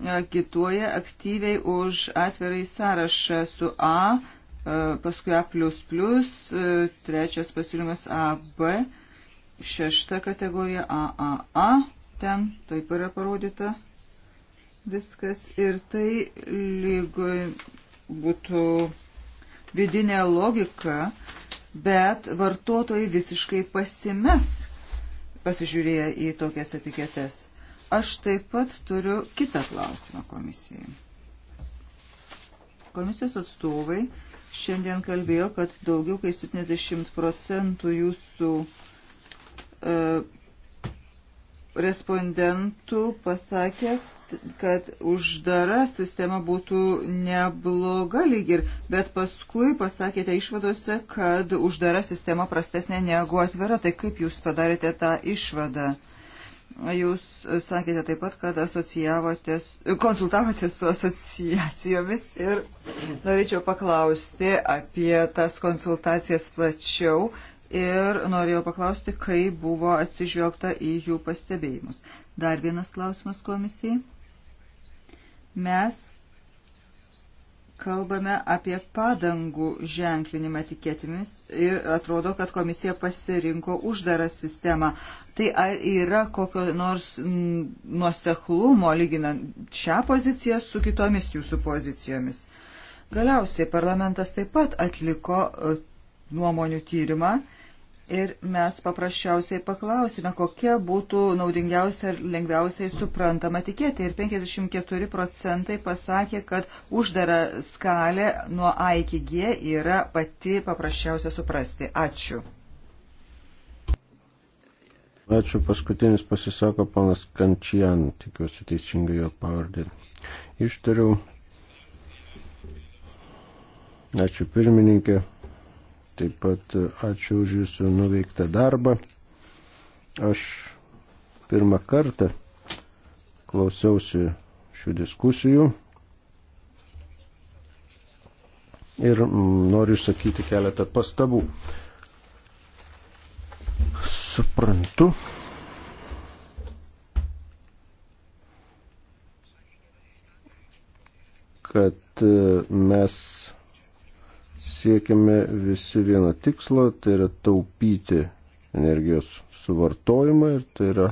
agituoja aktyviai už atvirai sąrašą su A, e, paskui A++, e, trečias pasiūlymas AB, šešta kategorija AAA, ten taip yra parodyta viskas ir tai lyg būtų vidinė logika, bet vartotojai visiškai pasimes pasižiūrėję į tokias etiketes. Aš taip pat turiu kitą klausimą komisijai. Komisijos atstovai šiandien kalbėjo, kad daugiau kaip 70 procentų jūsų e, respondentų pasakė, kad uždara sistema būtų nebloga lyg ir, bet paskui pasakėte išvadose, kad uždara sistema prastesnė negu atvira. Tai kaip jūs padarėte tą išvadą? E, Jūs sakėte taip pat, kad asociavotės, konsultavotės su asociacijomis ir norėčiau paklausti apie tas konsultacijas plačiau ir norėjau paklausti, kaip buvo atsižvelgta į jų pastebėjimus. Dar vienas klausimas komisijai. Mes kalbame apie padangų ženklinimą tikėtimis ir atrodo, kad komisija pasirinko uždarą sistemą. Tai ar yra kokio nors nuoseklumo lyginant šią poziciją su kitomis jūsų pozicijomis? Galiausiai parlamentas taip pat atliko e, nuomonių tyrimą ir mes paprasčiausiai paklausime, kokia būtų naudingiausia ir lengviausiai suprantama tikėti. Ir 54 procentai pasakė, kad uždara skalė nuo A iki G yra pati paprasčiausia suprasti. Ačiū.
Ačiū. Paskutinis pasisako panas Kančian, tikiuosi teisingai jo pavardė. Ištariau. Ačiū pirmininkė. Taip pat ačiū už jūsų nuveiktą darbą. Aš pirmą kartą klausiausi šių diskusijų ir noriu išsakyti keletą pastabų. Suprantu, kad mes siekiame visi vieno tikslo, tai yra taupyti energijos suvartojimą ir tai yra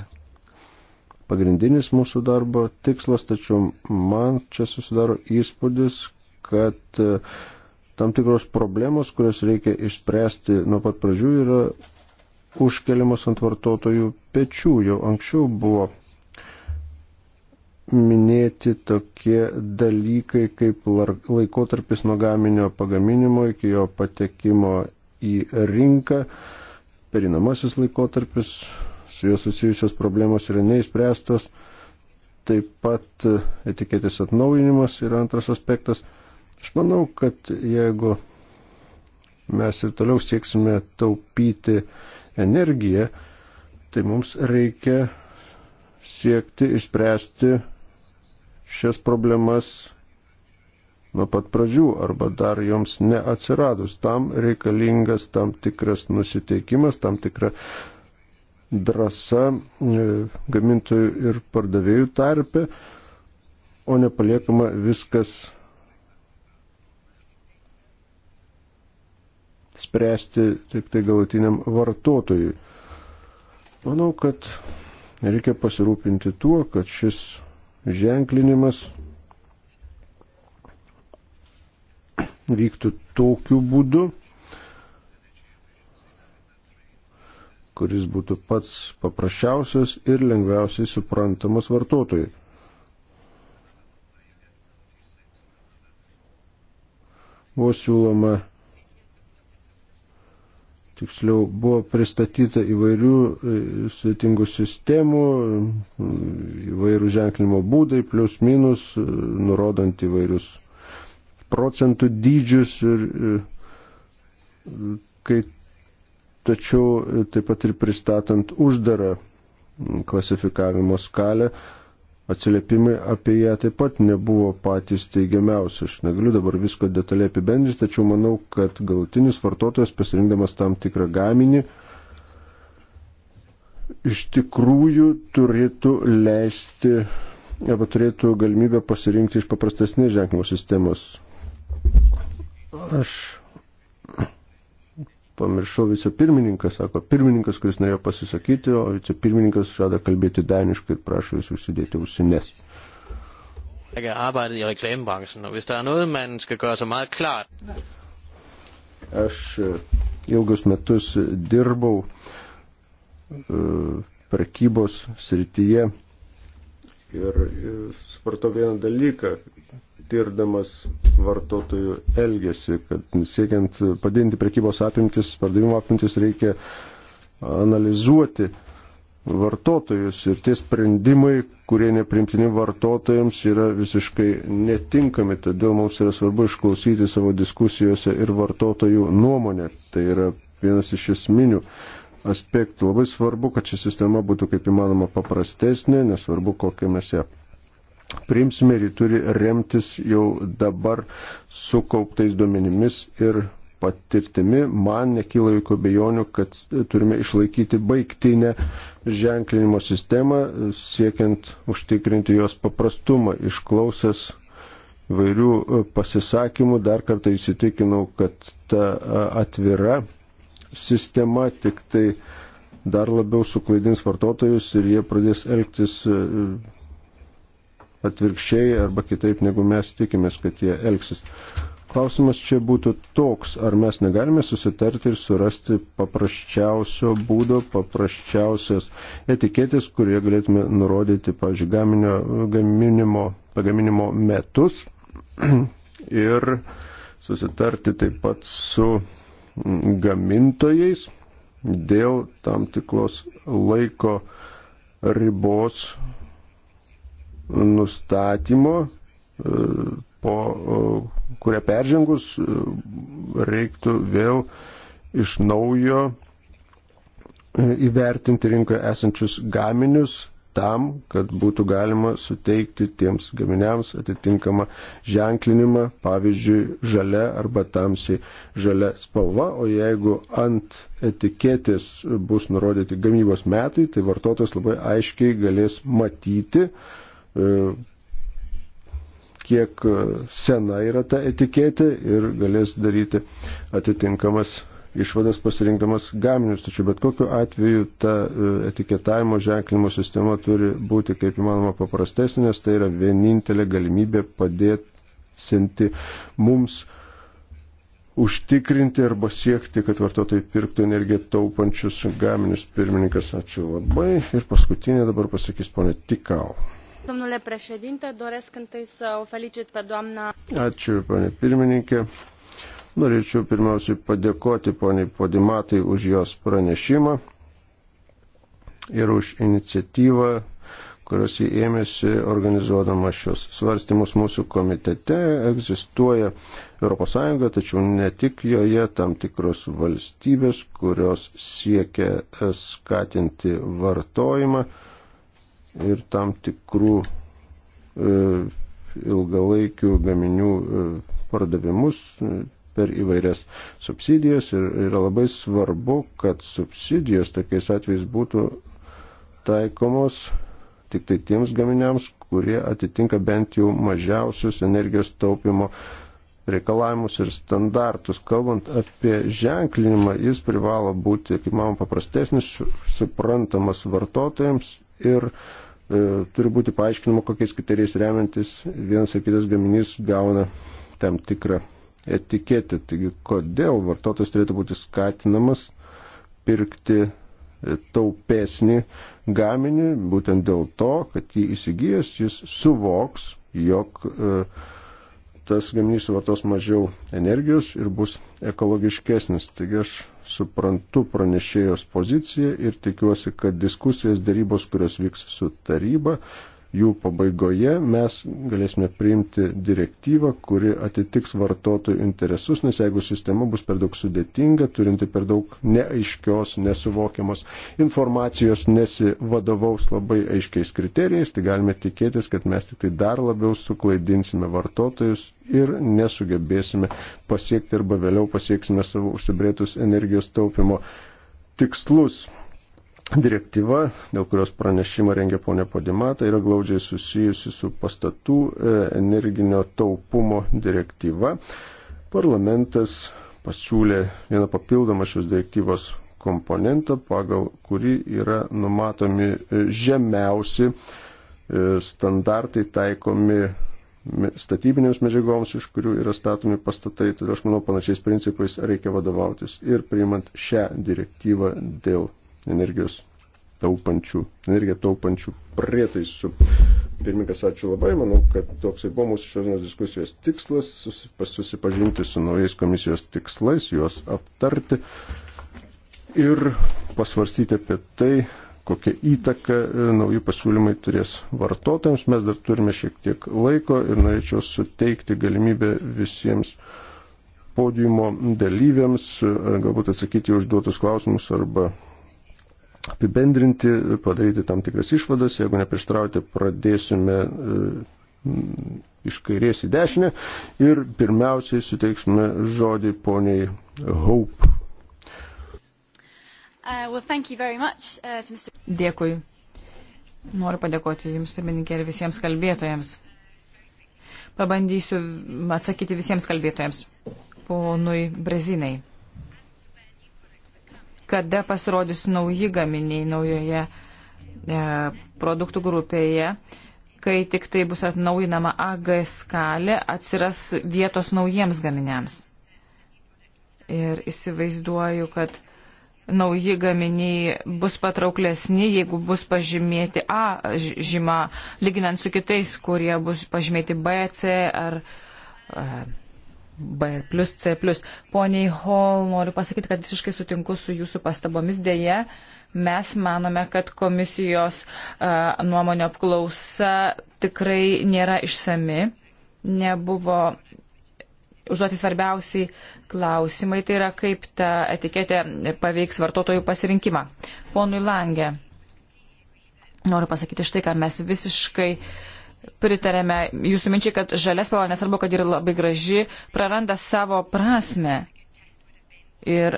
pagrindinis mūsų darbo tikslas, tačiau man čia susidaro įspūdis, kad e, tam tikros problemos, kurias reikia išspręsti nuo pat pradžių, yra užkeliamos ant vartotojų pečių. Jau anksčiau buvo minėti tokie dalykai kaip laikotarpis nuo gaminio pagaminimo iki jo patekimo į rinką, perinamasis laikotarpis, su juo susijusios problemos yra neįspręstos, taip pat etiketės atnaujinimas yra antras aspektas. Aš manau, kad jeigu mes ir toliau sieksime taupyti energiją, tai mums reikia siekti išspręsti šias problemas nuo pat pradžių arba dar joms neatsiradus. Tam reikalingas tam tikras nusiteikimas, tam tikra drąsa e, gamintojų ir pardavėjų tarpe, o nepaliekama viskas spręsti tik tai galutiniam vartotojui. Manau, kad reikia pasirūpinti tuo, kad šis ženklinimas vyktų tokiu būdu, kuris būtų pats paprasčiausias ir lengviausiai suprantamas vartotojai. Buvo siūloma tiksliau buvo pristatyta įvairių e, sudėtingų sistemų, e, įvairių ženklimo būdai, plius minus, e, nurodant įvairius procentų dydžius ir kai tačiau taip pat ir pristatant uždarą klasifikavimo skalę, atsiliepimai apie ją taip pat nebuvo patys teigiamiausi. Aš negaliu dabar visko detaliai apibendrinti, tačiau manau, kad galutinis vartotojas pasirinkdamas tam tikrą gaminį iš tikrųjų turėtų leisti arba turėtų galimybę pasirinkti iš paprastesnės ženklimo sistemos. Aš pamiršau vicepirmininką, sako pirmininkas, kuris norėjo pasisakyti, o vicepirmininkas žada kalbėti daniškai ir prašo jūs užsidėti ausines.
Jeg har arbejdet i reklamebranchen, og hvis der er noget, man skal gøre sig meget klart.
Aš e, ilgus metus dirbau e, prekybos srityje ir e, supratau vieną dalyką, tirdamas vartotojų elgesį, kad siekiant padinti prekybos apimtis, pardavimo apimtis reikia analizuoti vartotojus ir tie sprendimai, kurie neprimtini vartotojams, yra visiškai netinkami, todėl mums yra svarbu išklausyti savo diskusijose ir vartotojų nuomonę. Tai yra vienas iš esminių aspektų. Labai svarbu, kad ši sistema būtų kaip įmanoma paprastesnė, nesvarbu, kokią mes ją priimsime ir jį turi remtis jau dabar sukauptais duomenimis ir patirtimi. Man nekyla jokių bejonių, kad turime išlaikyti baigtinę ženklinimo sistemą, siekiant užtikrinti jos paprastumą. Išklausęs vairių pasisakymų dar kartą įsitikinau, kad ta atvira sistema tik tai dar labiau suklaidins vartotojus ir jie pradės elgtis atvirkščiai arba kitaip, negu mes tikimės, kad jie elgsis. Klausimas čia būtų toks, ar mes negalime susitarti ir surasti paprasčiausio būdo, paprasčiausios etiketės, kurie galėtume nurodyti, pavyzdžiui, gaminio, gaminimo, pagaminimo metus <clears throat> ir susitarti taip pat su gamintojais dėl tam tikros laiko ribos nustatymo, e, po e, kurią peržengus e, reiktų vėl iš naujo įvertinti rinkoje esančius gaminius tam, kad būtų galima suteikti tiems gaminiams atitinkamą ženklinimą, pavyzdžiui, žalia arba tamsiai žalia spalva, o jeigu ant etiketės bus nurodyti gamybos metai, tai vartotojas labai aiškiai galės matyti, uh, E, kiek sena yra ta etiketė ir galės daryti atitinkamas išvadas pasirinkdamas gaminius. Tačiau bet kokiu atveju ta e, etiketavimo ženklinimo sistema turi būti kaip įmanoma paprastesnė, nes tai yra vienintelė galimybė padėti mums užtikrinti arba siekti, kad vartotojai pirktų energiją taupančius gaminius. Pirmininkas, ačiū labai. Ir paskutinė dabar pasakys ponė Tikau.
Domnule președinte, doresc întâi să o felicit pe doamna.
Ačiū, panė pirmininkė. Norėčiau pirmiausiai padėkoti poniai Podimatai už jos pranešimą ir už iniciatyvą, kurios jį ėmėsi organizuodama šios svarstymus mūsų komitete. Egzistuoja ES, tačiau ne tik joje tam tikros valstybės, kurios siekia skatinti vartojimą ir tam tikrų e, ilgalaikių gaminių e, pardavimus e, per įvairias subsidijas ir yra labai svarbu, kad subsidijos tokiais atvejais būtų taikomos tik tai tiems gaminiams, kurie atitinka bent jau mažiausius energijos taupimo reikalavimus ir standartus. Kalbant apie ženklinimą, jis privalo būti, kaip man paprastesnis, suprantamas vartotojams ir e, turi būti paaiškinama, kokiais kriterijais remiantis vienas ar kitas gaminys gauna tam tikrą etiketę. Taigi, kodėl vartotojas turėtų būti skatinamas pirkti e, taupesnį gaminį, būtent dėl to, kad jį įsigijęs jis suvoks, jog e, tas gaminys suvartos mažiau energijos ir bus ekologiškesnis. Taigi aš suprantu pranešėjos poziciją ir tikiuosi, kad diskusijos dėrybos, kurios vyks su taryba, jų pabaigoje mes galėsime priimti direktyvą, kuri atitiks vartotojų interesus, nes jeigu sistema bus per daug sudėtinga, turinti per daug neaiškios, nesuvokiamos informacijos, nesivadovaus labai aiškiais kriterijais, tai galime tikėtis, kad mes tik tai dar labiau suklaidinsime vartotojus ir nesugebėsime pasiekti arba vėliau pasieksime savo užsibrėtus energijos taupimo tikslus direktyva, dėl kurios pranešimą rengia ponė Podimata, yra glaudžiai susijusi su pastatų e, energinio taupumo direktyva. Parlamentas pasiūlė vieną papildomą šios direktyvos komponentą, pagal kurį yra numatomi e, žemiausi e, standartai taikomi statybinėms medžiagoms, iš kurių yra statomi pastatai. Todėl aš manau, panašiais principais reikia vadovautis ir priimant šią direktyvą dėl energijos taupančių, energiją taupančių prietaisų. Pirmininkas, ačiū labai. Manau, kad toksai buvo mūsų šios diskusijos tikslas - susipažinti su naujais komisijos tikslais, juos aptarti ir pasvarstyti apie tai, kokią įtaką e, nauji pasiūlymai turės vartotojams. Mes dar turime šiek tiek laiko ir norėčiau suteikti galimybę visiems podiumo dalyviams e, galbūt atsakyti užduotus klausimus arba apibendrinti, padaryti tam tikras išvadas. Jeigu neprieštraujate, pradėsime e, iš kairės į dešinę ir pirmiausiai suteiksime žodį poniai Hope.
Uh, well, much, uh, Mr... Dėkui. Noriu padėkoti Jums, pirmininkė, ir visiems kalbėtojams. Pabandysiu atsakyti visiems kalbėtojams. Ponui Brezinai kada pasirodys nauji gaminiai naujoje e, produktų grupėje. Kai tik tai bus atnaujinama AG skalė, atsiras vietos naujiems gaminiams. Ir įsivaizduoju, kad nauji gaminiai bus patrauklesni, jeigu bus pažymėti A žyma, lyginant su kitais, kurie bus pažymėti B, C ar e, B plus C plus. Poniai Hall, noriu pasakyti, kad visiškai sutinku su jūsų pastabomis dėje. Mes manome, kad komisijos uh, nuomonio apklausa tikrai nėra išsami, nebuvo užduoti svarbiausiai klausimai, tai yra kaip ta etiketė paveiks vartotojų pasirinkimą. Ponui Langė, noriu pasakyti štai, ką mes visiškai uh, pritarėme jūsų minčiai, kad žalia spalva, nesvarbu, kad ir labai graži, praranda savo prasme. Ir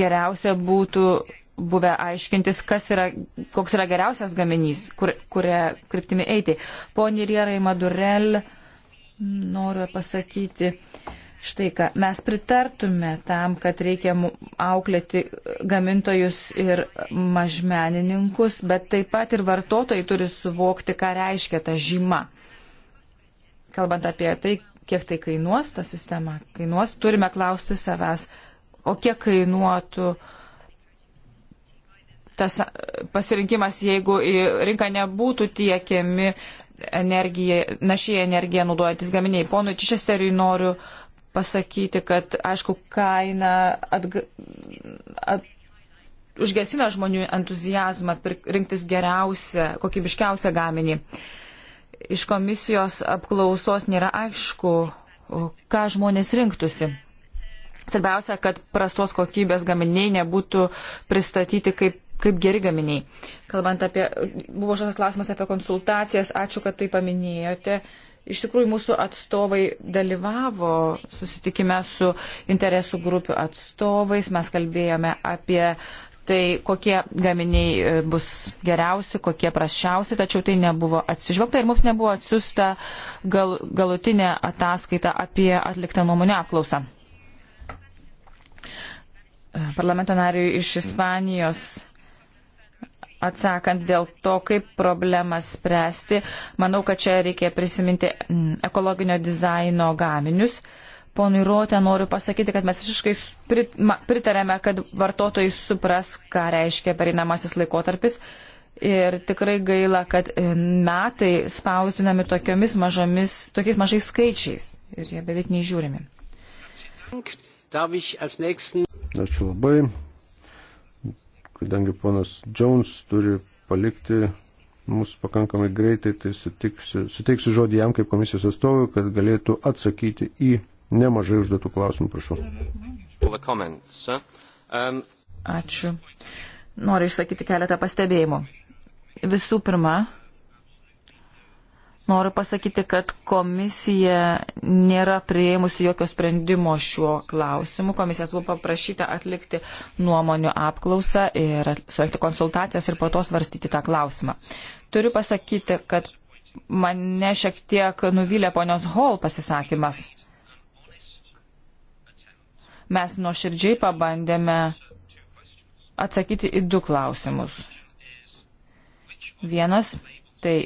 geriausia būtų buvę aiškintis, yra, koks yra geriausias gaminys, kur, kuria kryptimi eiti. Pone Rierai Madurel, noriu pasakyti, uh, štai ką. Mes pritartume tam, kad reikia auklėti gamintojus ir mažmenininkus, bet taip pat ir vartotojai turi suvokti, ką reiškia ta žyma. Kalbant apie tai, kiek tai kainuos ta sistema, kainuos, turime klausti savęs, o kiek kainuotų tas pasirinkimas, jeigu į rinką nebūtų tiekiami energija, našiai energiją naudojantis gaminiai. Ponui Čišesteriui noriu uh, pasakyti, kad, aišku, kaina atga, at, užgesina žmonių entuzijazmą rinktis geriausią, kokybiškiausią gaminį. Iš komisijos apklausos nėra aišku, ką žmonės rinktųsi. Svarbiausia, kad prastos kokybės gaminiai nebūtų pristatyti kaip, kaip geri gaminiai. Kalbant apie, buvo šitas klausimas apie konsultacijas, ačiū, kad tai paminėjote. Uh, Iš tikrųjų, mūsų atstovai dalyvavo susitikime su interesų grupių atstovais. Mes kalbėjome apie tai, kokie gaminiai e, bus geriausi, kokie prasčiausi, tačiau tai nebuvo atsižvelgta ir mums nebuvo atsiusta gal, galutinė ataskaita apie atliktą nuomonę apklausą. E, parlamento nariui iš Ispanijos atsakant dėl to, kaip problemas spręsti, manau, kad čia reikia prisiminti mm, ekologinio dizaino gaminius. Ponui Ruotė noriu pasakyti, kad mes visiškai pritarėme, kad vartotojai supras, ką reiškia pereinamasis laikotarpis. Ir tikrai gaila, kad e, metai spausinami tokiomis mažomis, tokiais mažais skaičiais ir jie beveik neižiūrimi.
Ačiū
labai kadangi ponas Jones turi palikti mus pakankamai greitai, tai sutiksiu, suteiksiu žodį jam kaip komisijos atstovui, kad galėtų atsakyti į nemažai užduotų klausimų, prašau.
Um,
Ačiū. Noriu išsakyti keletą pastebėjimų. Visų pirma, Noriu pasakyti, kad komisija nėra prieimusi jokio sprendimo šiuo klausimu. Komisijas buvo paprašyta atlikti nuomonių apklausą ir suelgti konsultacijas ir po to svarstyti tą klausimą. Turiu pasakyti, kad mane šiek tiek nuvylė ponios Hall pasisakymas. Mes nuoširdžiai pabandėme atsakyti į du klausimus. Vienas tai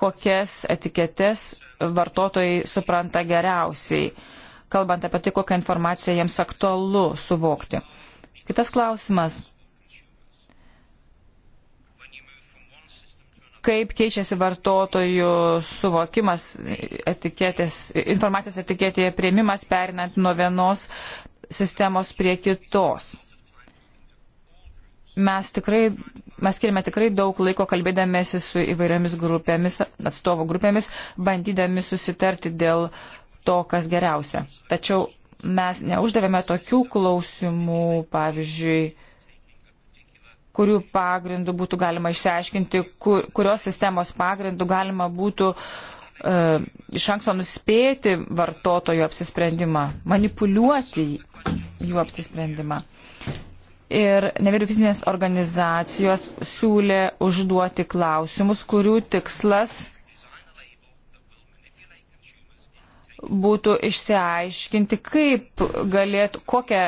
kokias etiketes vartotojai supranta geriausiai, kalbant apie tai, kokią informaciją jiems aktualu suvokti. Kitas klausimas. Kaip keičiasi vartotojų suvokimas etiketės, informacijos etiketėje prieimimas, perinant nuo vienos sistemos prie kitos. Mes tikrai, mes skirime tikrai daug laiko kalbėdamėsi su įvairiomis grupėmis, atstovų grupėmis, bandydami susitarti dėl to, kas geriausia. Tačiau mes neuždavėme tokių klausimų, pavyzdžiui, kurių pagrindų būtų galima išsiaiškinti, kur, kurios sistemos pagrindų galima būtų uh, iš anksto nuspėti vartotojų apsisprendimą, manipuliuoti jų apsisprendimą. Uh, ir nevyriausybinės organizacijos siūlė užduoti klausimus, kurių tikslas būtų išsiaiškinti, kaip galėtų, kokią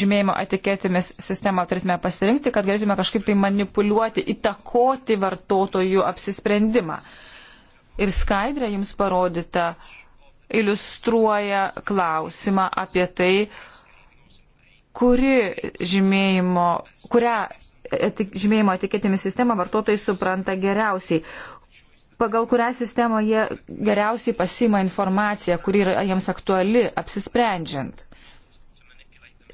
žymėjimo etiketėmis sistemą turėtume pasirinkti, kad galėtume kažkaip tai manipuliuoti, įtakoti vartotojų apsisprendimą. Ir skaidrė jums parodyta iliustruoja klausimą apie tai, uh, kuri žymėjimo, kurią žymėjimo etiketėmis sistemą vartotojai supranta geriausiai, pagal kurią sistemą jie geriausiai pasima informaciją, kuri yra jiems aktuali, apsisprendžiant.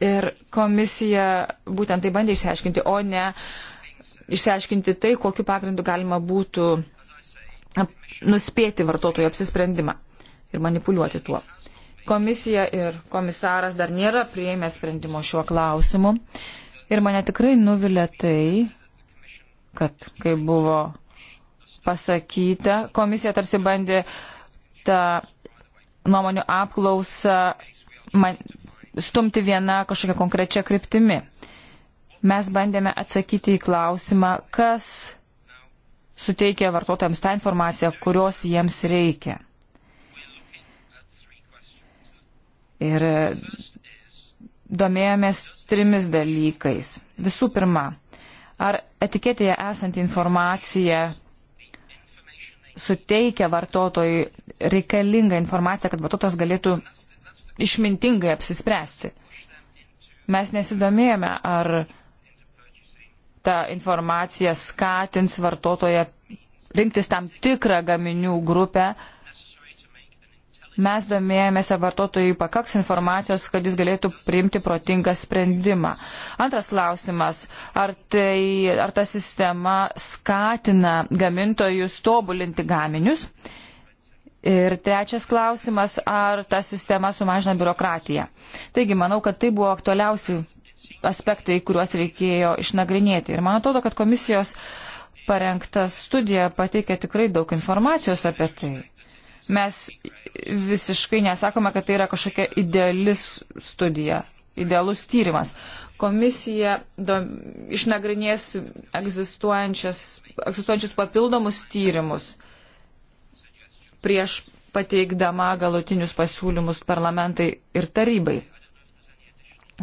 Ir komisija būtent tai bandė išsiaiškinti, o ne išsiaiškinti tai, kokiu pagrindu galima būtų nuspėti vartotojų apsisprendimą ir manipuliuoti tuo. Komisija ir komisaras dar nėra prieimę sprendimo šiuo klausimu. Ir mane tikrai nuvilia tai, kad kai buvo pasakyta, komisija tarsi bandė tą nuomonių apklausą man, stumti vieną kažkokią konkrečią kryptimį. Mes bandėme atsakyti į klausimą, kas suteikia vartotojams tą informaciją, kurios jiems reikia. Ir e, domėjomės trimis dalykais. Visų pirma, ar etiketėje esanti informacija suteikia vartotojui reikalingą informaciją, kad vartotojas galėtų išmintingai apsispręsti. Mes nesidomėjome, ar ta informacija skatins vartotoje rinktis tam tikrą gaminių grupę Mes domėjomėse vartotojai pakaks informacijos, kad jis galėtų priimti protingą sprendimą. Antras klausimas, ar, tai, ar ta sistema skatina gamintojus tobulinti gaminius? Ir trečias klausimas, ar ta sistema sumažina biurokratiją. Taigi, manau, kad tai buvo aktualiausi aspektai, kuriuos reikėjo išnagrinėti. Ir man atrodo, kad komisijos parengta studija pateikia tikrai daug informacijos apie tai. Mes visiškai nesakome, kad tai yra kažkokia idealis studija, idealus tyrimas. Komisija do, išnagrinės egzistuojančius, egzistuojančius papildomus tyrimus prieš pateikdama galutinius pasiūlymus parlamentai ir tarybai.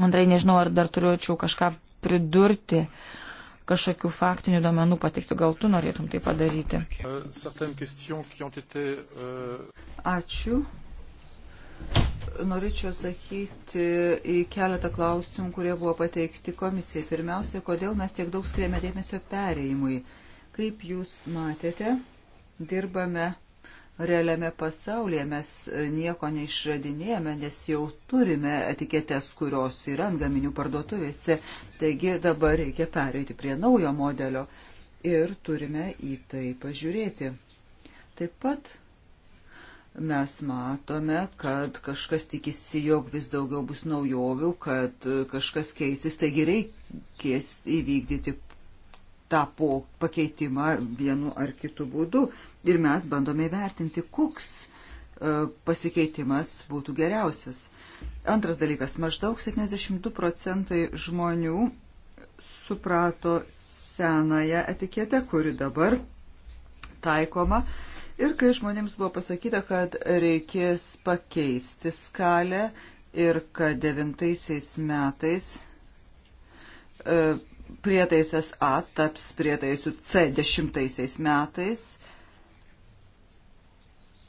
Andrai, nežinau, ar dar turėčiau kažką pridurti. Uh, kažkokių faktinių duomenų patikti. Gal tu norėtum tai padaryti?
Ačiū. Norėčiau sakyti į keletą klausimų, kurie buvo pateikti komisijai. Pirmiausia, kodėl mes tiek daug skiriame dėmesio perėjimui. Kaip jūs matėte, dirbame realiame pasaulyje mes e, nieko neišradinėjame, nes jau turime etiketes, kurios yra ant gaminių parduotuvėse. Taigi dabar reikia pereiti prie naujo modelio ir turime į tai pažiūrėti. Taip pat mes matome, kad kažkas tikisi, jog vis daugiau bus naujovių, kad e, kažkas keisis, taigi reikės įvykdyti tą po pakeitimą vienu ar kitu būdu ir mes bandome įvertinti, koks e, pasikeitimas būtų geriausias. Antras dalykas, maždaug 72 procentai žmonių suprato senąją etiketę, kuri dabar taikoma. Ir kai žmonėms buvo pasakyta, kad reikės pakeisti skalę ir kad devintaisiais metais e, prietaisas A taps prietaisu C dešimtaisiais metais,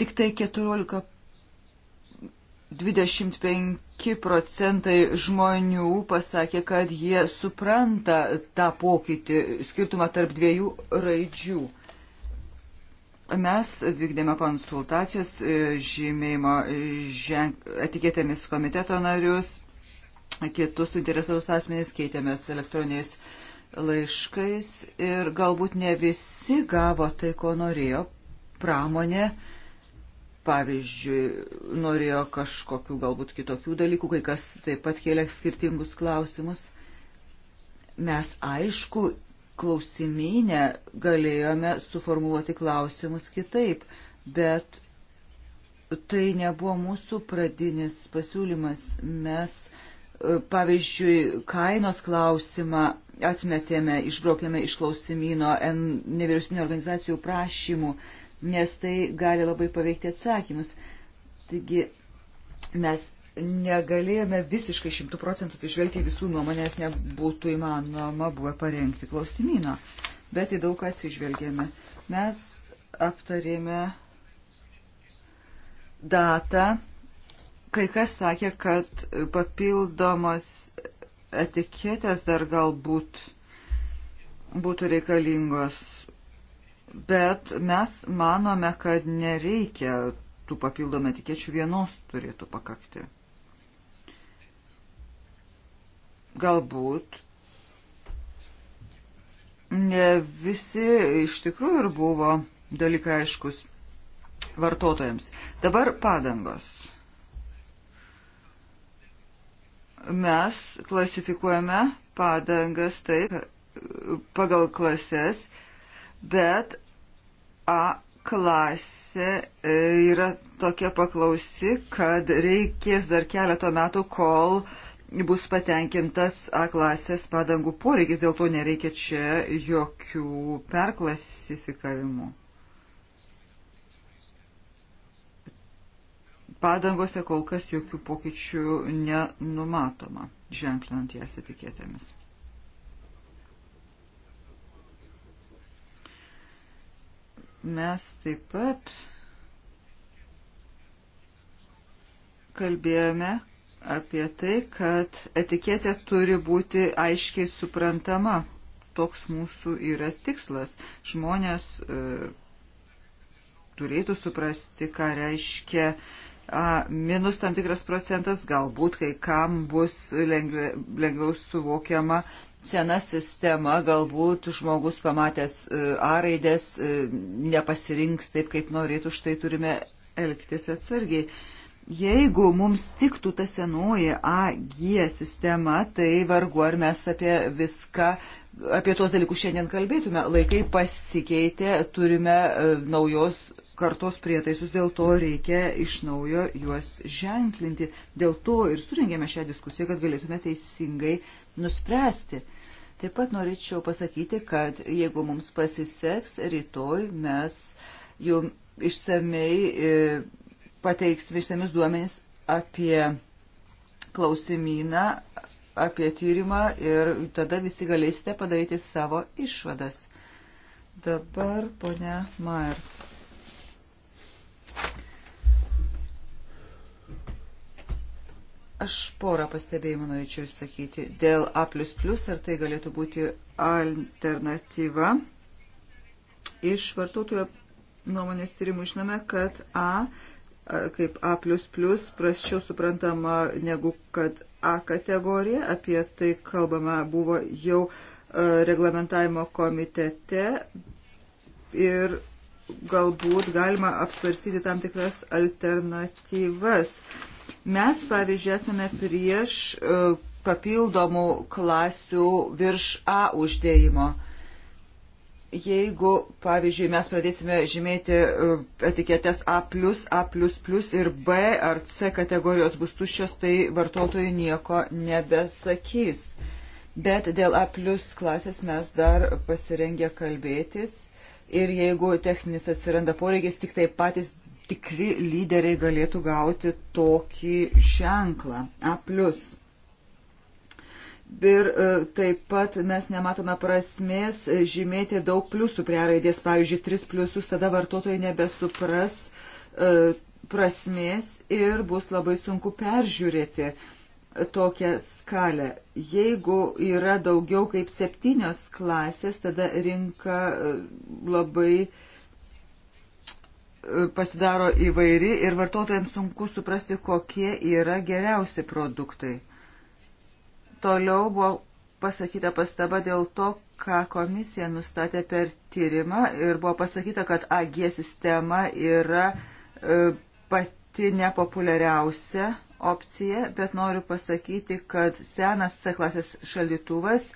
Tik tai 14 25 procentai žmonių pasakė, kad jie supranta tą pokytį, skirtumą tarp dviejų raidžių. Mes vykdėme konsultacijas e, žymėjimo žen... etiketėmis komiteto narius, kitus suinteresuotus asmenys keitėmės elektroniniais laiškais ir galbūt ne visi gavo tai, ko norėjo pramonė pavyzdžiui, norėjo kažkokių galbūt kitokių dalykų, kai kas taip pat kėlė skirtingus klausimus. Mes aišku, klausimynę galėjome suformuoluoti klausimus kitaip, bet tai nebuvo mūsų pradinis pasiūlymas. Mes, pavyzdžiui, kainos klausimą atmetėme, išbraukėme iš klausimyno nevyriausybinio organizacijų prašymų. Uh, nes tai gali labai paveikti atsakymus. Taigi mes negalėjome visiškai šimtų procentų atsižvelgti į visų nuomonės, nebūtų įmanoma buvę parengti klausimyną, bet į daug atsižvelgėme. Mes aptarėme datą. Kai kas sakė, kad papildomos etiketės dar galbūt būtų reikalingos bet mes manome, kad nereikia tų papildomų etikečių vienos turėtų pakakti. Galbūt ne visi iš tikrųjų ir buvo dalykai aiškus vartotojams. Dabar padangos. Mes klasifikuojame padangas taip pagal klases, bet A klasė e, yra tokia paklausi, kad reikės dar keletą metų, kol bus patenkintas A klasės padangų poreikis, dėl to nereikia čia jokių perklasifikavimų. Padangose kol kas jokių pokyčių nenumatoma, ženklinant jas etiketėmis. Mes taip pat kalbėjome apie tai, kad etiketė turi būti aiškiai suprantama. Toks mūsų yra tikslas. Žmonės e, turėtų suprasti, ką reiškia a, minus tam tikras procentas, galbūt kai kam bus lengvia, lengviau suvokiama sena sistema, galbūt žmogus pamatęs e, A raidės e, nepasirinks taip, kaip norėtų, štai turime elgtis atsargiai. Jeigu mums tiktų ta senoji AG sistema, tai vargu ar mes apie viską, apie tuos dalykus šiandien kalbėtume. Laikai pasikeitė, turime e, naujos kartos prietaisus, dėl to reikia iš naujo juos ženklinti. Dėl to ir suringėme šią diskusiją, kad galėtume teisingai uh, nuspręsti. Taip pat norėčiau pasakyti, kad jeigu mums pasiseks, rytoj mes jau išsamei e, pateiksime išsamius duomenys apie klausimyną, apie tyrimą ir tada visi galėsite padaryti savo išvadas. Dabar ponia Mair. Aš porą pastebėjimų norėčiau išsakyti. Dėl A ar tai galėtų būti alternatyva. Iš vartotojo nuomonės tyrimų žinome, kad A kaip A prasčiau suprantama negu kad A kategorija. Apie tai kalbama buvo jau reglamentavimo komitete. Ir galbūt galima apsvarstyti tam tikras alternatyvas. Uh, Mes, pavyzdžiui, esame prieš e, papildomų klasių virš A uždėjimo. Jeigu, pavyzdžiui, mes pradėsime žymėti e, etiketes A, A ir B ar C kategorijos bus tuščios, tai vartotojai nieko nebesakys. Bet dėl A klasės mes dar pasirengę kalbėtis ir jeigu techninis atsiranda poreikis, tik tai patys tikri lyderiai galėtų gauti tokį ženklą A. Ir e, taip pat mes nematome prasmės žymėti daug pliusų prie raidės, pavyzdžiui, tris pliusus, tada vartotojai nebesupras e, prasmės ir bus labai sunku peržiūrėti tokią skalę. Jeigu yra daugiau kaip septynios klasės, tada rinka e, labai uh, pasidaro įvairi ir vartotojams sunku suprasti, kokie yra geriausi produktai. Toliau buvo pasakyta pastaba dėl to, ką komisija nustatė per tyrimą ir buvo pasakyta, kad AG sistema yra e, pati nepopuliariausia opcija, bet noriu pasakyti, kad senas C klasės šaldytuvas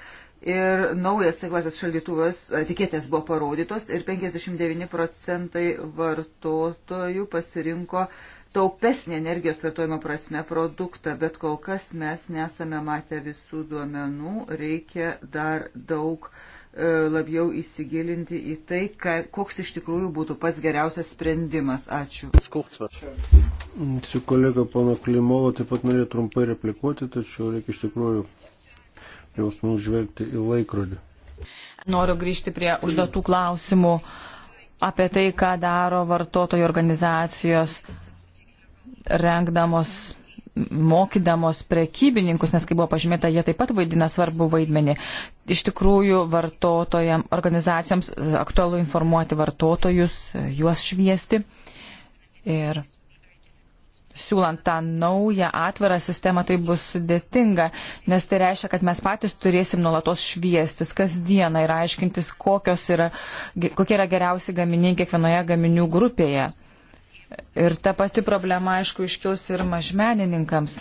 ir naujas stiklasės šaldytuvas, etiketės buvo parodytos ir 59 procentai vartotojų pasirinko taupesnį energijos vartojimo prasme produktą, bet kol kas mes nesame matę visų duomenų, reikia dar daug e, labiau įsigilinti į tai, ka, koks iš tikrųjų būtų pats geriausias sprendimas. Ačiū.
Su kolega pono Klimovo taip pat norėjo trumpai replikuoti, tačiau reikia iš tikrųjų jausmų žvelgti į laikrodį.
Noriu grįžti prie užduotų klausimų apie tai, ką daro vartotojų organizacijos, rengdamos, mokydamos prekybininkus, nes kaip buvo pažymėta, jie taip pat vaidina svarbu vaidmenį. Iš tikrųjų, vartotojams, organizacijoms aktualu informuoti vartotojus, juos šviesti. Ir siūlant tą naują atvirą sistemą, tai bus sudėtinga, nes tai reiškia, kad mes patys turėsim nuolatos šviestis kasdieną ir aiškintis, yra, kokie yra geriausi gaminiai kiekvienoje gaminių grupėje. Ir ta pati problema, aišku, iškils ir mažmenininkams.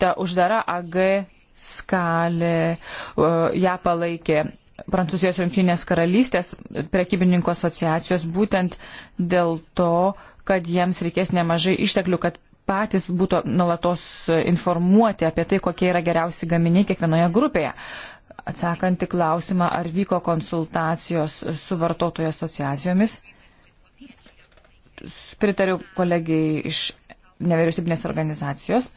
Ta uždara AG skalė ją palaikė Prancūzijos rinktinės karalystės prekybininkų asociacijos būtent dėl to, kad jiems reikės nemažai išteklių, kad patys būtų nulatos informuoti apie tai, kokie yra geriausi gaminiai kiekvienoje grupėje. Atsakant į klausimą, ar vyko konsultacijos su vartotojų asociacijomis, pritariu kolegijai iš nevyriausybinės organizacijos.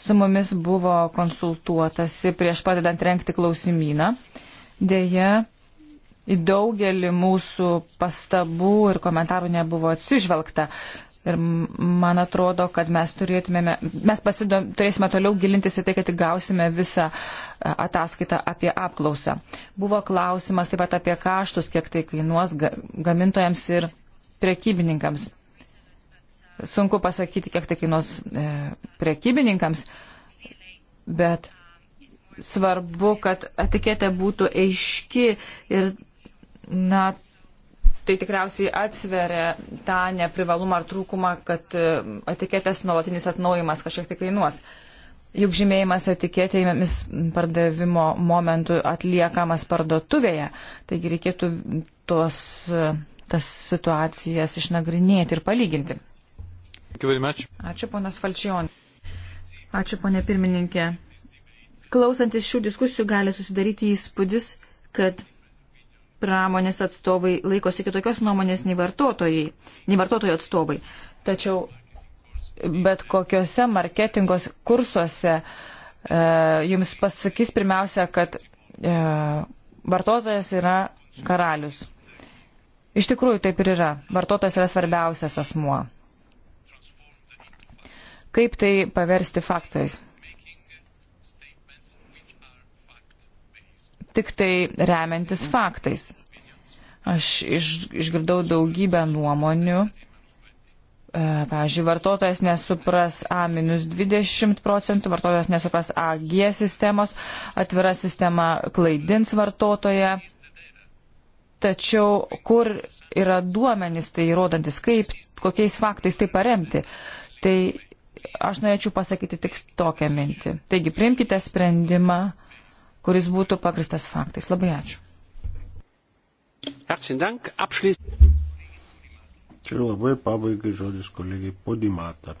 Su mumis buvo konsultuotasi prieš padedant renkti klausimyną. Deja, į daugelį mūsų pastabų ir komentarų nebuvo atsižvelgta. Ir man atrodo, kad mes, mes pasidom, turėsime toliau gilintis į tai, kad gausime visą e, ataskaitą apie apklausą. Buvo klausimas taip pat apie kaštus, kiek tai kainuos gamintojams ir prekybininkams. Sunku pasakyti, kiek tai kainuos e, prekybininkams, bet svarbu, kad etiketė būtų aiški ir na, tai tikriausiai atsveria tą neprivalumą ar trūkumą, kad e, etiketės nuolatinis atnaujimas kažkiek tai kainuos. Juk žymėjimas etiketėmis pardavimo momentų atliekamas parduotuvėje, taigi reikėtų tos, e, tas situacijas išnagrinėti ir palyginti.
Ačiū,
ponas Falčionis. Ačiū, ponė pirmininkė. Klausantis šių diskusijų gali susidaryti įspūdis, kad pramonės atstovai laikosi kitokios nuomonės nei, nei vartotojų atstovai. Tačiau bet kokiuose marketingos kursuose e, jums pasakys pirmiausia, kad e, vartotojas yra karalius. Iš tikrųjų taip ir yra. Vartotojas yra svarbiausias asmuo. Kaip tai paversti faktais? tik tai remiantis faktais. Aš iš, išgirdau daugybę nuomonių. E, pavyzdžiui, vartotojas nesupras A-20 procentų, vartotojas nesupras AG sistemos, atvira sistema klaidins vartotoje. Tačiau kur yra duomenys, tai įrodantis, kaip, kokiais faktais tai paremti, tai aš norėčiau pasakyti tik tokią mintį. Taigi, priimkite sprendimą kuris būtų pagristas faktais. Labai ačiū.
Čia
labai pabaigai žodis kolegai Podimata.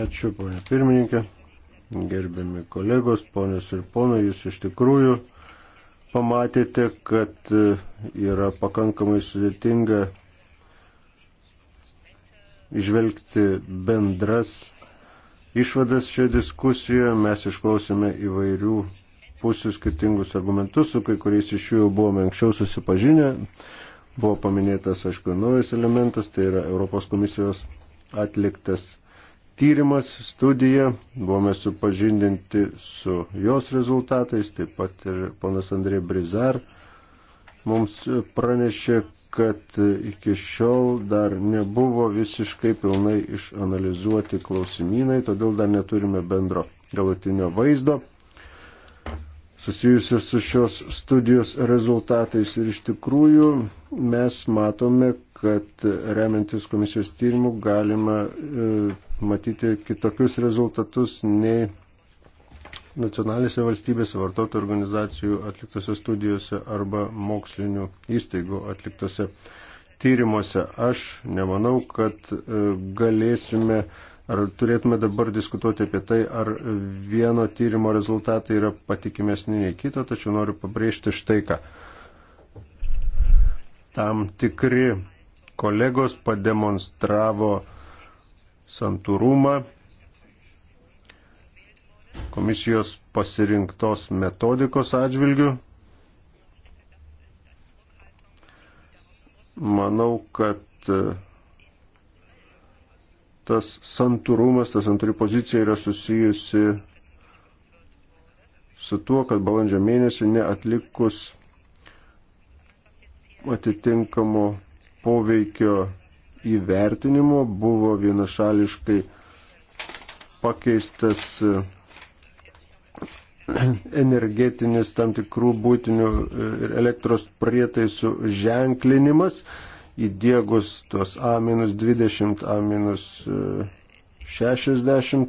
Ačiū, ponė pirmininkė, gerbiami kolegos, ponės ir ponai, jūs iš tikrųjų pamatėte, kad e, yra pakankamai sudėtinga išvelgti bendras išvadas šioje diskusijoje. Mes išklausėme įvairių pusių skirtingus argumentus, su kai kuriais iš jų jau buvome anksčiau susipažinę. Buvo paminėtas, aišku, naujas elementas, tai yra Europos komisijos atliktas tyrimas, studija. Buvome supažindinti su jos rezultatais, taip pat ir ponas Andrė Brizar mums pranešė, kad iki šiol dar nebuvo visiškai pilnai išanalizuoti klausimynai, todėl dar neturime bendro galutinio vaizdo susijusios su šios studijos rezultatais. Ir iš tikrųjų mes matome, kad remiantis komisijos tyrimų galima e, matyti kitokius rezultatus nei nacionalinėse valstybėse vartotojų organizacijų atliktose studijose arba mokslinių įstaigų atliktose tyrimuose. Aš nemanau, kad e, galėsime ar turėtume dabar diskutuoti apie tai, ar vieno tyrimo rezultatai yra patikimesni nei kito, tačiau noriu pabrėžti štai ką. Tam tikri kolegos pademonstravo santūrumą komisijos pasirinktos metodikos atžvilgių. Manau, kad e, tas santūrumas, ta santūri pozicija yra susijusi su tuo, kad balandžio mėnesį neatlikus atitinkamo poveikio įvertinimo buvo vienašališkai pakeistas <clears throat> energetinis tam tikrų būtinių e, ir elektros prietaisų ženklinimas, įdėgus tuos A-20, A-60 e,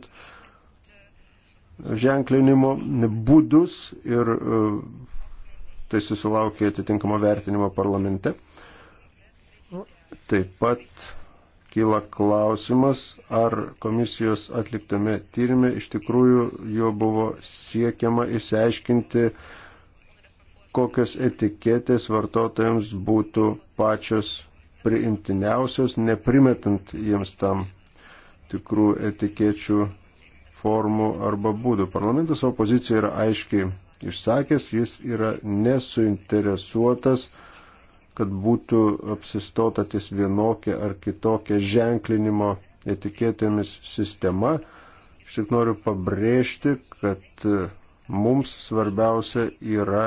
ženklinimo būdus ir e, tai susilaukė atitinkamo vertinimo parlamente. Taip pat kyla klausimas, ar komisijos atliktame tyrimė iš tikrųjų jo buvo siekiama išsiaiškinti, kokios etiketės vartotojams būtų pačios priimtiniausios, neprimetant jiems tam tikrų etikečių formų arba būdų. Parlamentas savo poziciją yra aiškiai išsakęs, jis yra nesuinteresuotas kad būtų apsistota ties vienokia ar kitokia ženklinimo etiketėmis sistema. Aš tik noriu pabrėžti, kad e, mums svarbiausia yra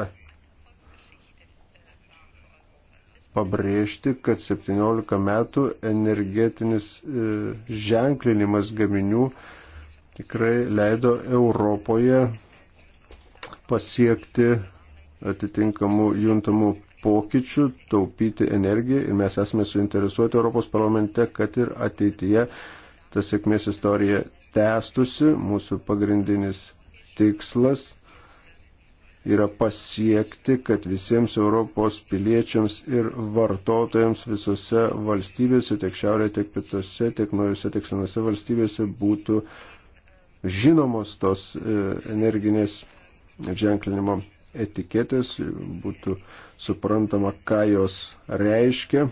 pabrėžti, kad 17 metų energetinis e, ženklinimas gaminių tikrai leido Europoje pasiekti atitinkamų juntamų pokyčių, taupyti energiją ir mes esame suinteresuoti Europos parlamente, kad ir ateityje ta sėkmės istorija tęstusi. Mūsų pagrindinis tikslas yra pasiekti, kad visiems Europos piliečiams ir vartotojams visose valstybėse, tiek šiaurėje, tiek pietuose, tiek naujose, tiek senose valstybėse būtų žinomos tos e, energinės ženklinimo etiketės, būtų suprantama, ką jos reiškia.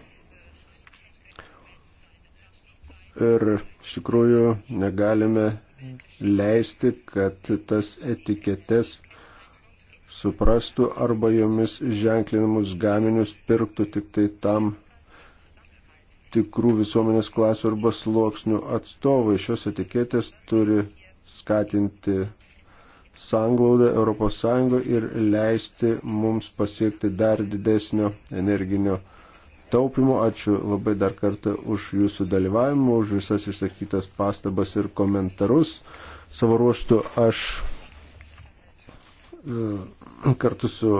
Ir iš tikrųjų negalime leisti, kad tas etiketes suprastų arba jomis ženklinamus gaminius pirktų tik tai tam tikrų visuomenės klasių arba sluoksnių atstovai. Šios etiketės turi skatinti sanglaudą ES ir leisti mums pasiekti dar didesnio energinio taupimo. Ačiū labai dar kartą už jūsų dalyvavimą, už visas išsakytas pastabas ir komentarus. Savo ruoštų aš e, kartu su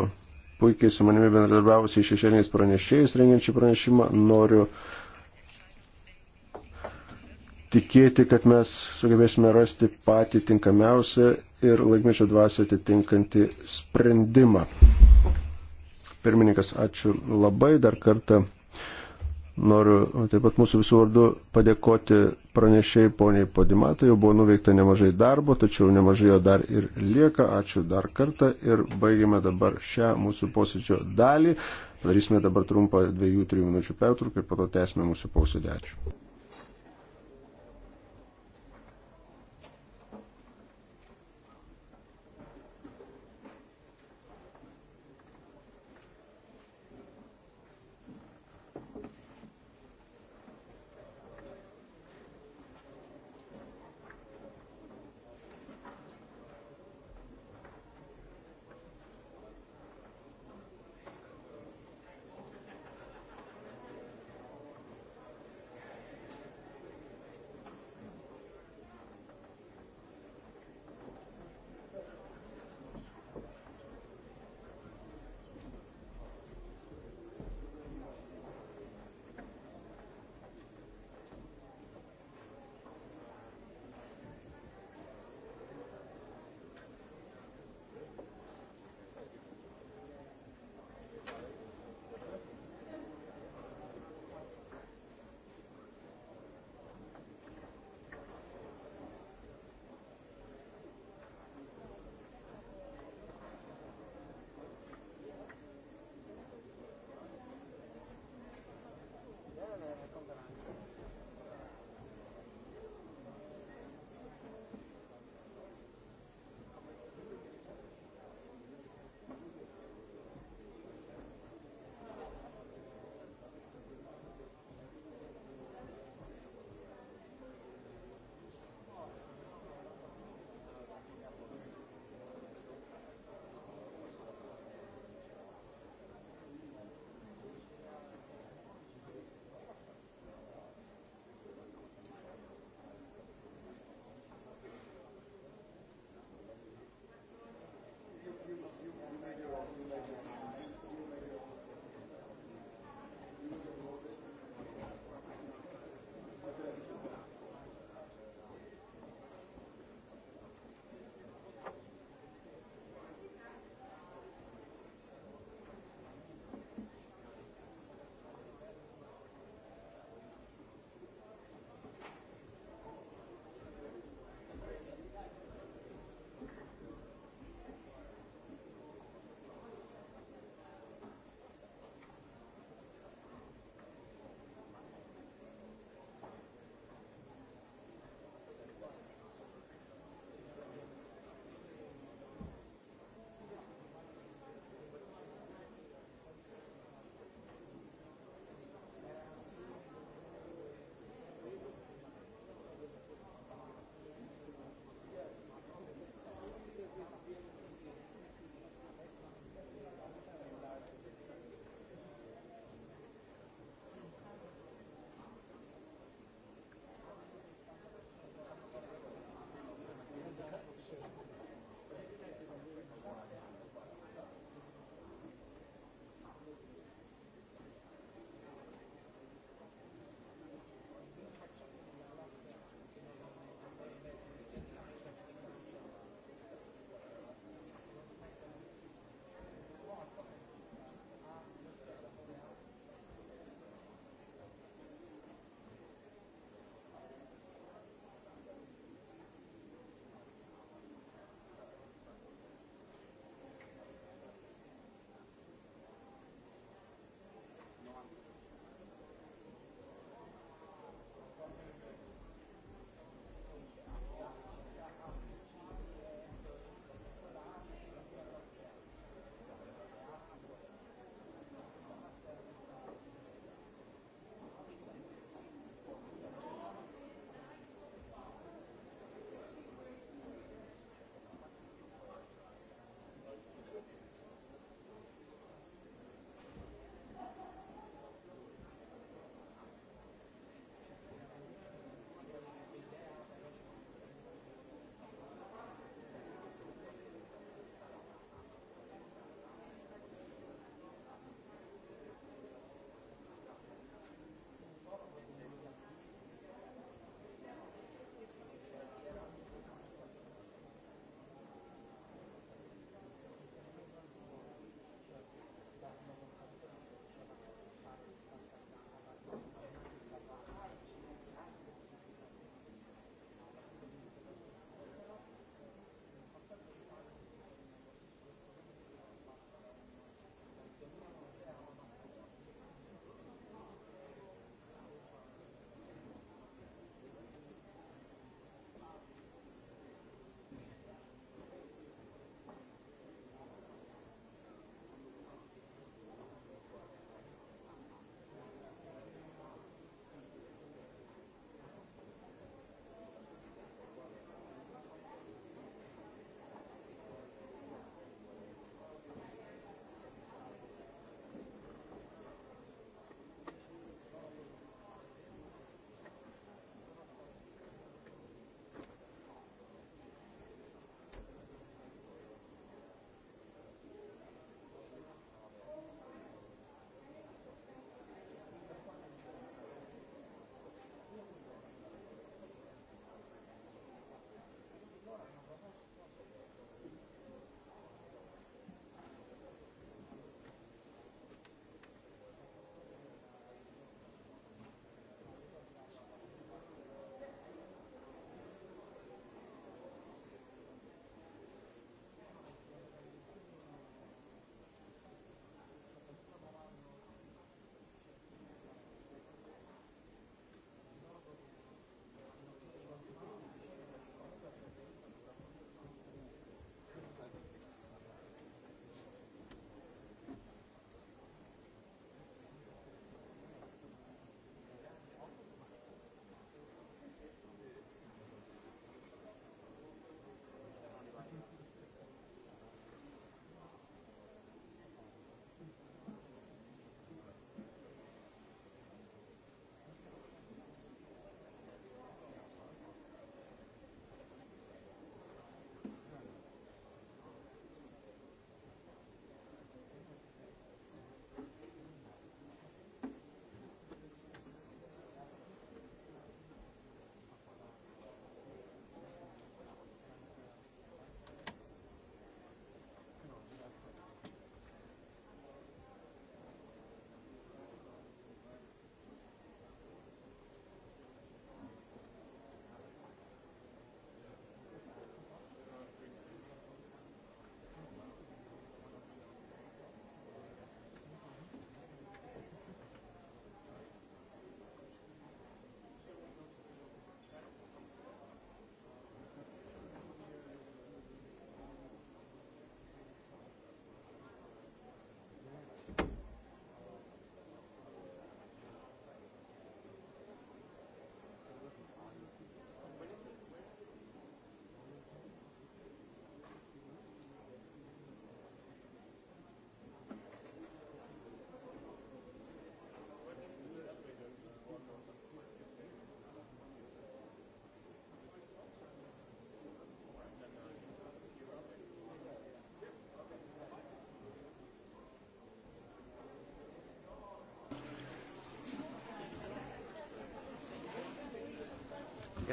puikiai su manimi bendradarbiavusiai šešėliniais pranešėjais rengiančiai pranešimą noriu tikėti, kad mes sugebėsime rasti patį tinkamiausią ir laikmečio dvasia atitinkantį sprendimą. Pirmininkas, ačiū labai dar kartą. Noriu taip pat mūsų visų vardu padėkoti pranešėjai poniai Podimatai. Jau buvo nuveikta nemažai darbo, tačiau nemažai jo dar ir lieka. Ačiū dar kartą ir baigime dabar šią mūsų posėdžio dalį. Darysime dabar trumpą dviejų, trijų minučių pertrauką ir po to tęsime mūsų posėdį. Ačiū.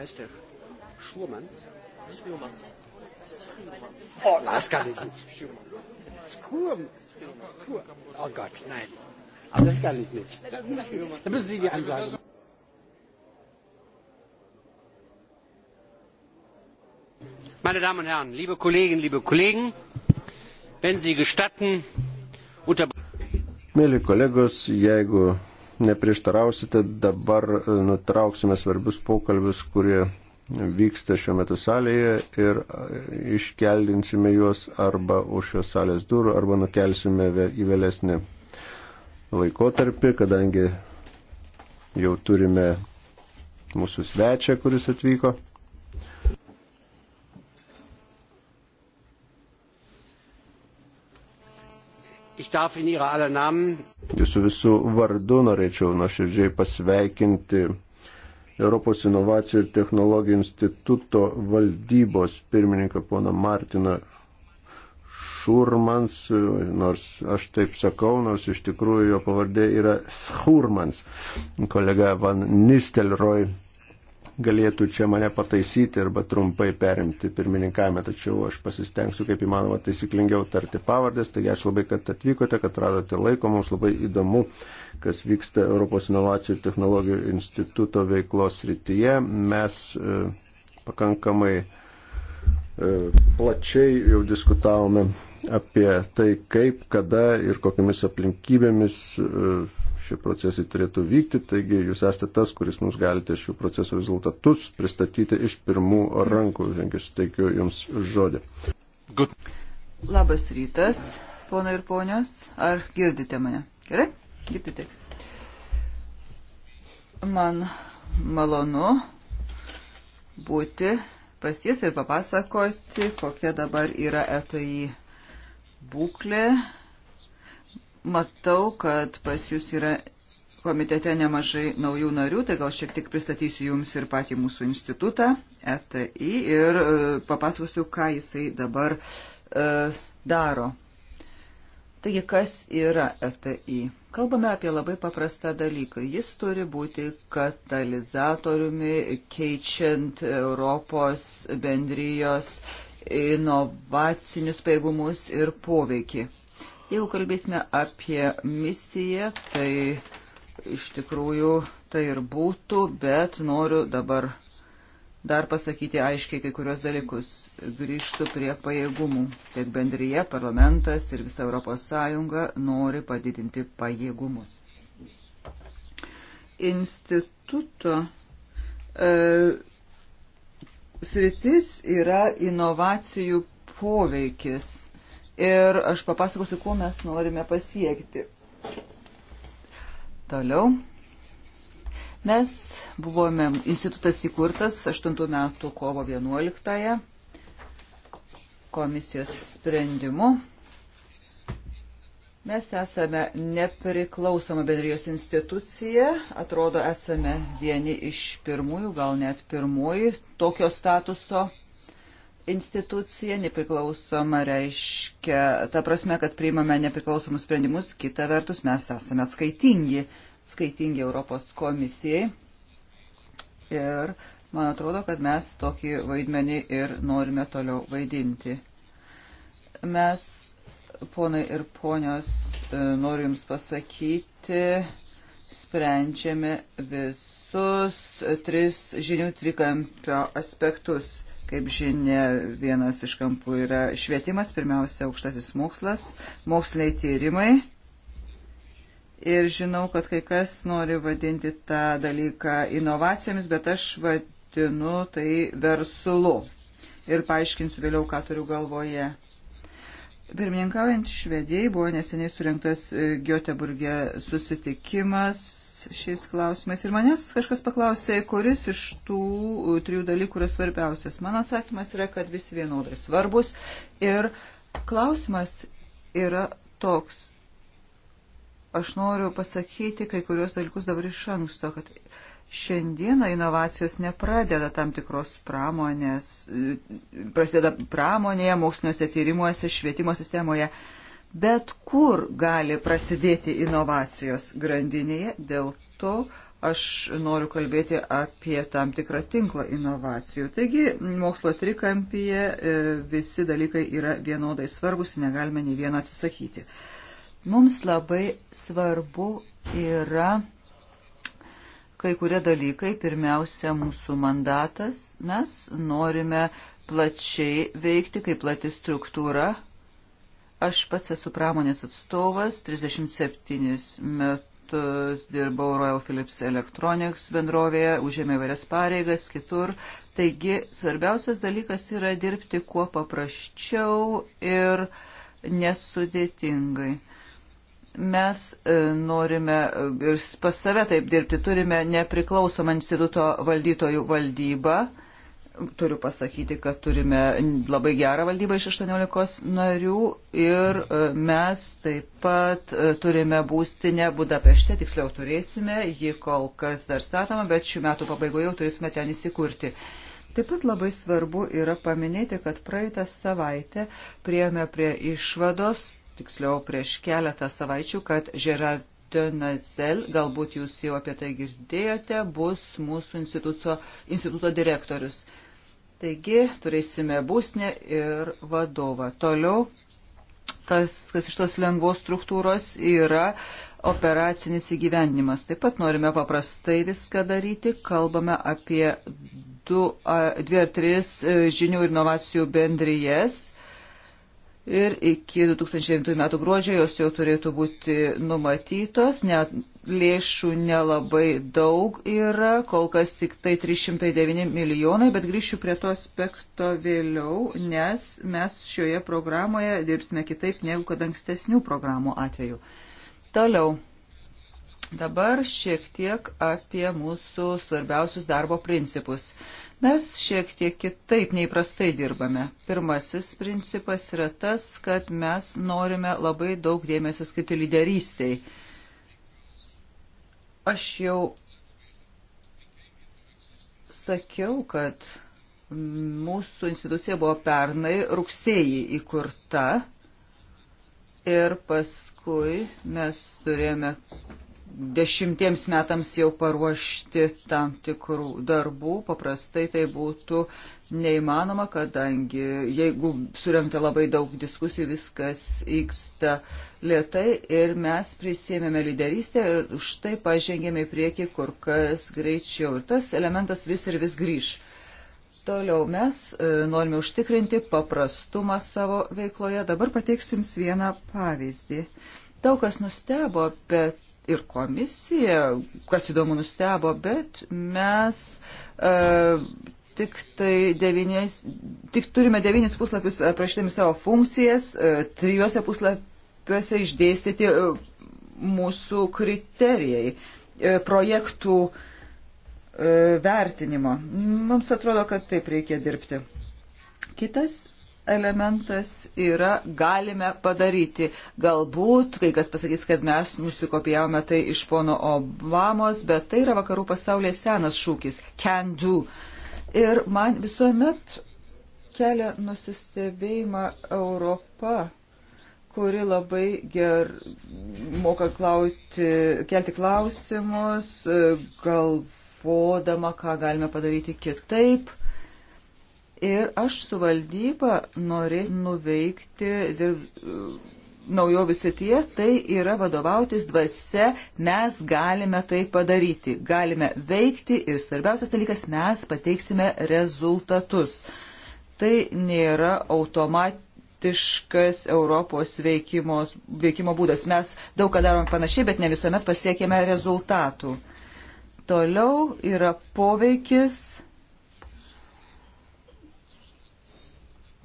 luister, Schuurmans. Schuurmans. Oh, na, das kann ich nicht. Schuurmans. Schuurmans. Oh Gott, nein. Aber ah, das kann ich nicht. Da müssen, da müssen Sie die Ansage. Meine Damen und Herren, liebe Kolleginnen, liebe Kollegen, wenn Sie gestatten, unter.
Mėly kolegos, jeigu neprieštarausite, dabar e, nutrauksime svarbius pokalbius, kurie vyksta šiuo metu salėje ir e, iškeldinsime juos arba už šios salės durų, arba nukelsime į vėlesnį laikotarpį, kadangi jau turime mūsų svečią, kuris atvyko.
Jūsų
visų vardu norėčiau nuoširdžiai pasveikinti Europos inovacijų ir technologijų instituto valdybos pirmininką poną Martiną Šurmans, nors aš taip sakau, nors iš tikrųjų jo pavardė yra Schurmans. Kolega Van Nistelrooy galėtų čia mane pataisyti arba trumpai perimti pirmininkavimą, tačiau aš pasistengsiu kaip įmanoma taisyklingiau tarti pavardės, taigi ačiū labai, kad atvykote, kad radote laiko, mums labai įdomu, kas vyksta Europos inovacijų ir technologijų instituto veiklos rytyje. Mes e, pakankamai e, plačiai jau diskutavome apie tai, kaip, kada ir kokiamis aplinkybėmis e, šie procesai turėtų vykti, taigi jūs esate tas, kuris mums galite šių procesų rezultatus pristatyti iš pirmų rankų. Taigi suteikiu Jums žodį.
Good. Labas rytas, ponai ir ponios. Ar girdite mane? Gerai? Girdite. Man malonu būti pas jūs ir papasakoti, kokia dabar yra ETI būklė Matau, kad pas jūs yra komitete nemažai naujų narių, tai gal šiek tiek pristatysiu jums ir patį mūsų institutą, ETI, ir e, papasakosiu, ką jisai dabar e, daro. Taigi, kas yra ETI? Kalbame apie labai paprastą dalyką. Jis turi būti katalizatoriumi keičiant Europos bendrijos inovacinius paėgumus ir poveikį. Jeigu kalbėsime apie misiją, tai iš tikrųjų tai ir būtų, bet noriu dabar dar pasakyti aiškiai kai kurios dalykus. Grįžtų prie pajėgumų. Tiek bendryje, parlamentas ir visa Europos Sąjunga nori padidinti pajėgumus. Instituto e, sritis yra inovacijų poveikis ir aš papasakosiu, kuo mes norime pasiekti. Toliau. Mes buvome, institutas įkurtas 8 metų kovo 11 komisijos sprendimu. Mes esame nepriklausoma bendrijos institucija, atrodo esame vieni iš pirmųjų, gal net pirmųjų tokio statuso institucija, nepriklausoma reiškia, ta prasme, kad priimame nepriklausomus sprendimus, kita vertus mes esame atskaitingi, skaitingi Europos komisijai. Ir man atrodo, kad mes tokį vaidmenį ir norime toliau vaidinti. Mes, ponai ir ponios, e, noriu Jums pasakyti, sprendžiame visus tris žinių trikampio aspektus Kaip žinia, vienas iš kampų yra švietimas, pirmiausia, aukštasis mokslas, moksliniai tyrimai. Ir žinau, kad kai kas nori vadinti tą dalyką inovacijomis, bet aš vadinu tai verslu. Ir paaiškinsiu vėliau, ką turiu galvoje. Pirmininkaujant Švedijai buvo neseniai surinktas Göteburgė susitikimas šiais klausimais. Ir manęs kažkas paklausė, kuris iš tų trijų dalykų yra svarbiausias. Mano atsakymas yra, kad visi vienodai svarbus. Ir klausimas yra toks. Aš noriu pasakyti kai kurios dalykus dabar iš anksto, kad šiandieną inovacijos nepradeda tam tikros pramonės, prasideda pramonėje, moksliniuose tyrimuose, švietimo sistemoje. Uh, bet kur gali prasidėti inovacijos grandinėje, dėl to aš noriu kalbėti apie tam tikrą tinklą inovacijų. Taigi, mokslo trikampyje e, visi dalykai yra vienodai svarbus, negalime nei vieno atsisakyti. Mums labai svarbu yra kai kurie dalykai, pirmiausia, mūsų mandatas. Mes norime plačiai veikti, kaip plati struktūra, Aš pats esu pramonės atstovas, 37 metus dirbau Royal Philips Electronics bendrovėje, užėmė vairias pareigas kitur. Taigi svarbiausias dalykas yra dirbti kuo paprasčiau ir nesudėtingai. Mes e, norime e, ir pas save taip dirbti, turime nepriklausomą instituto valdytojų valdybą Turiu pasakyti, kad turime labai gerą valdybą iš 18 narių ir e, mes taip pat e, turime būstinę Budapešte, tiksliau turėsime, ji kol kas dar statoma, bet šių metų pabaigoje jau turėtume ten įsikurti. Taip pat labai svarbu yra paminėti, kad praeitą savaitę prieėmė prie išvados, tiksliau prieš keletą savaičių, kad Gerard Nazel, galbūt jūs jau apie tai girdėjote, bus mūsų instituto, instituto direktorius. Taigi turėsime būsnę ir vadovą. Toliau, tas, kas iš tos lengvos struktūros yra operacinis įgyvendinimas. Taip pat norime paprastai viską daryti. Kalbame apie du, a, dvi ar tris e, žinių ir inovacijų bendrijas. Ir iki 2009 metų gruodžio jos jau turėtų būti numatytos, net lėšų nelabai daug yra, kol kas tik tai 309 milijonai, bet grįšiu prie to aspekto vėliau, nes mes šioje programoje dirbsime kitaip negu kad ankstesnių programų atveju. Toliau. Dabar šiek tiek apie mūsų svarbiausius darbo principus. Mes šiek tiek kitaip neįprastai dirbame. Pirmasis principas yra tas, kad mes norime labai daug dėmesio skirti lyderystėj Aš jau sakiau, kad mūsų institucija buvo pernai rugsėjį įkurta ir paskui mes turėjome dešimtiems metams jau paruošti tam tikrų darbų. Paprastai tai būtų uh, neįmanoma, kadangi jeigu surinkta labai daug diskusijų, viskas vyksta lietai ir mes prisėmėme lyderystę ir už tai pažengėme į priekį kur kas greičiau. Ir tas elementas vis ir vis grįž. Toliau mes e, norime užtikrinti paprastumą savo veikloje. Dabar pateiksiu Jums vieną pavyzdį. Daug kas nustebo, bet ir komisija, kas įdomu, nustebo, bet mes e, tik, tai devynės, tik turime devynis puslapius aprašydami e, savo funkcijas, e, trijose puslapiuose išdėstyti e, mūsų kriterijai projektų vertinimo. Mums atrodo, kad taip reikia dirbti. Kitas elementas yra galime padaryti. Galbūt kai kas pasakys, kad mes nusikopijavome tai iš pono Obamos, bet tai yra vakarų pasaulyje senas šūkis - can do. Uh, Ir man visuomet kelia nusistebėjimą Europa, kuri labai ger, moka klauti, kelti klausimus, galvodama, ką galime padaryti kitaip. Ir aš su valdyba noriu nuveikti, dirb, naujovių srityje, tai yra vadovautis dvasia, mes galime tai padaryti, galime veikti ir svarbiausias dalykas, mes pateiksime rezultatus. Tai nėra automatiškas Europos veikimos, veikimo būdas. Mes daug ką darom panašiai, bet ne visuomet pasiekėme rezultatų. Toliau yra poveikis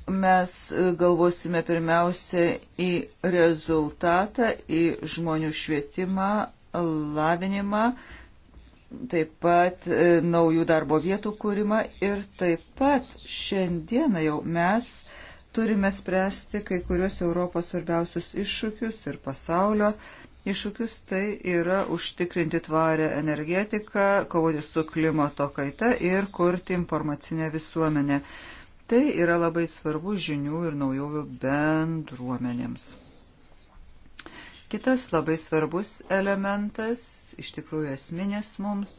mes e, galvosime pirmiausia į rezultatą, į žmonių švietimą, lavinimą, taip pat e, naujų darbo vietų kūrimą ir taip pat šiandieną jau mes turime spręsti kai kurios Europos svarbiausius iššūkius ir pasaulio iššūkius tai yra užtikrinti tvarę energetiką, kovoti su klimato kaita ir kurti informacinę visuomenę. Tai yra labai svarbu žinių ir naujovių bendruomenėms. Kitas labai svarbus elementas, iš tikrųjų esminis mums,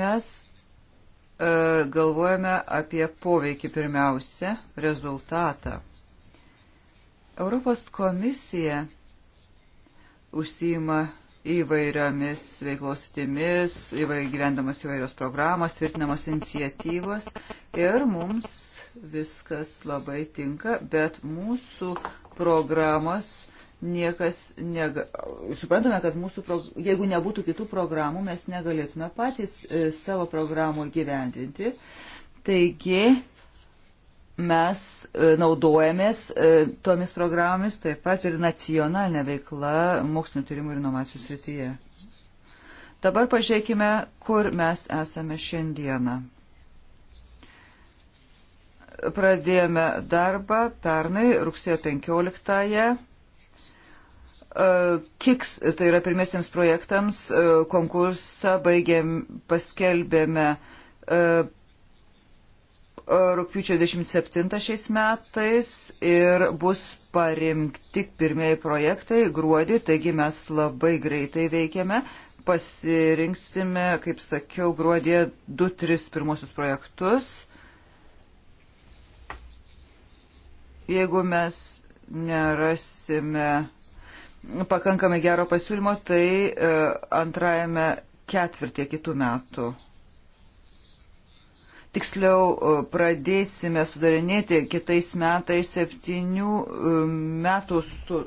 mes e, galvojame apie poveikį pirmiausia, rezultatą. Europos komisija užsijima įvairiomis veiklos timis, gyvendamas įvairios programos, tvirtinamos iniciatyvos ir mums viskas labai tinka, bet mūsų programos niekas nega... Suprantame, kad mūsų prog... jeigu nebūtų kitų programų, mes negalėtume patys e, savo programų gyvendinti. Taigi, mes e, naudojamės e, tomis programomis taip pat ir nacionalinė veikla mokslinio tyrimų ir inovacijų srityje. Dabar pažiūrėkime, kur mes esame šiandieną. Pradėjome darbą pernai rugsėjo 15-ąją. E, KIKS, tai yra pirmiesiams projektams, konkursą baigėm, paskelbėme rūpiučio 27 šiais metais ir bus parimti pirmieji projektai gruodį, taigi mes labai greitai veikiame. Pasirinksime, kaip sakiau, gruodį 2-3 pirmosius projektus. Jeigu mes nerasime pakankamai gero pasiūlymo, tai e, antrajame ketvirtie kitų metų tiksliau e, pradėsime sudarinėti kitais metais septynių e, metų su,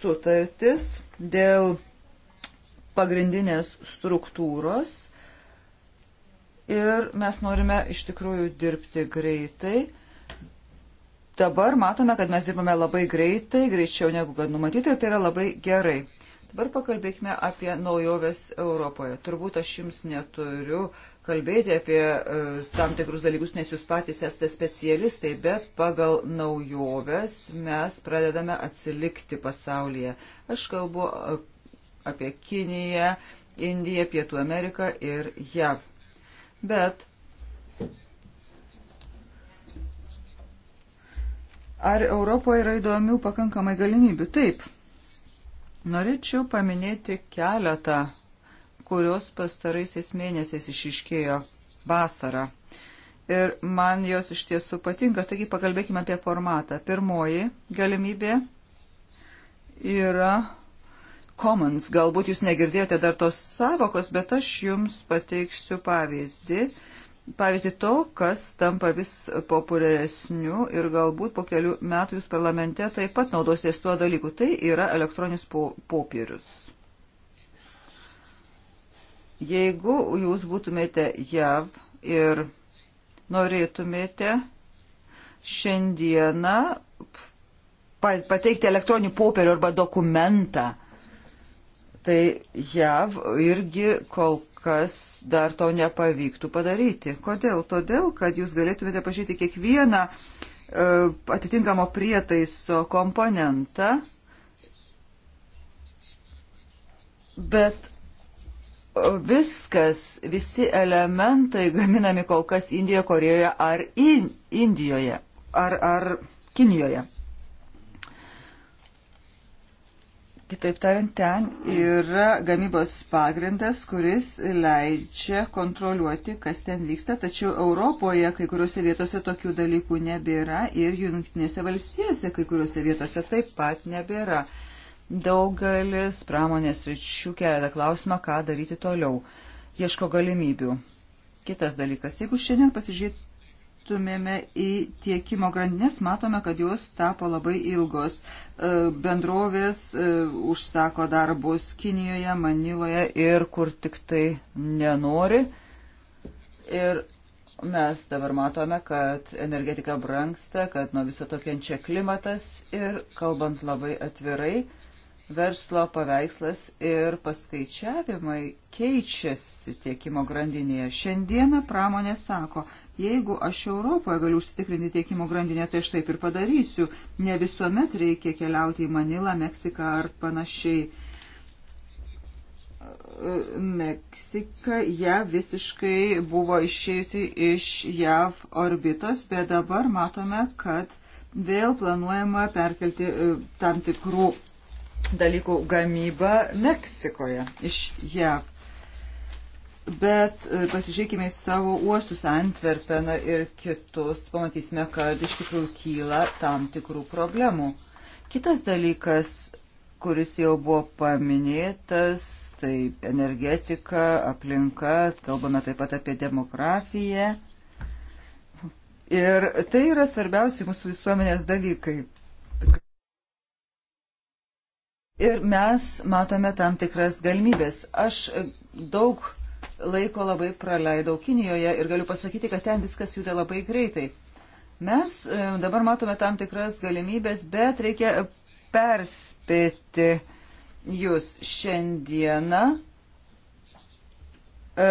sutartis dėl pagrindinės struktūros ir mes norime iš tikrųjų dirbti greitai. Dabar matome, kad mes dirbame labai greitai, greičiau negu kad numatyti ir tai yra labai gerai. Dabar pakalbėkime apie naujoves Europoje. Turbūt aš jums neturiu uh, kalbėti apie e, tam tikrus dalykus, nes jūs patys esate specialistai, bet pagal naujoves mes pradedame atsilikti pasaulyje. Aš kalbu e, apie Kiniją, Indiją, Pietų Ameriką ir JAV. Bet ar Europoje yra įdomių pakankamai galimybių? Taip. Norėčiau paminėti keletą kurios pastaraisiais mėnesiais išiškėjo vasarą. Ir man jos iš tiesų patinka, taigi pakalbėkime apie formatą. Pirmoji galimybė yra commons. Galbūt jūs negirdėjote dar tos savokos, bet aš jums pateiksiu pavyzdį. Pavyzdį to, kas tampa vis populiaresniu ir galbūt po kelių metų jūs parlamente taip pat naudosės tuo dalyku. Tai yra elektroninis po popierius. Jeigu jūs būtumėte JAV ir norėtumėte šiandieną pateikti elektroninį popierių arba dokumentą, tai JAV irgi kol kas dar to nepavyktų padaryti. Kodėl? Todėl, kad jūs galėtumėte pažiūrėti kiekvieną e, atitinkamo prietaiso komponentą, bet viskas, visi elementai gaminami kol kas Indijoje, Korejoje ar in, Indijoje ar, ar Kinijoje. Kitaip tariant, ten yra gamybos pagrindas, kuris leidžia kontroliuoti, kas ten vyksta, tačiau Europoje kai kuriuose vietose tokių dalykų nebėra ir jungtinėse valstijose kai kuriuose vietose taip pat nebėra. Uh, Daugelis pramonės ryčių kelia klausimą, ką daryti toliau. Ieško galimybių. Kitas dalykas, jeigu šiandien pasižiūrėtumėme į tiekimo grandinės, matome, kad jos tapo labai ilgos. E, bendrovės e, užsako darbus Kinijoje, Maniloje ir kur tik tai nenori. Ir mes dabar matome, kad energetika branksta, kad nuo viso to kenčia klimatas ir, kalbant labai atvirai, verslo paveikslas ir paskaičiavimai keičiasi tiekimo grandinėje. Šiandieną pramonė sako, jeigu aš Europoje galiu užsitikrinti tiekimo grandinę, tai aš taip ir padarysiu. Ne visuomet reikia keliauti į Manilą, Meksiką ar panašiai. Meksika, ją visiškai buvo išėjusi iš JAV orbitos, bet dabar matome, kad vėl planuojama perkelti e, tam tikrų dalykų gamybą Meksikoje iš JAV. Bet e, pasižiūrėkime į savo uostus Antverpeną ir kitus, pamatysime, kad iš tikrųjų kyla tam tikrų problemų. Kitas dalykas, kuris jau buvo paminėtas, tai energetika, aplinka, kalbame taip pat apie demografiją. Ir tai yra svarbiausi mūsų visuomenės dalykai. Ir mes matome tam tikras galimybės. Aš daug laiko labai praleidau Kinijoje ir galiu pasakyti, kad ten viskas juda labai greitai. Mes e, dabar matome tam tikras galimybės, bet reikia perspėti jūs šiandieną. E,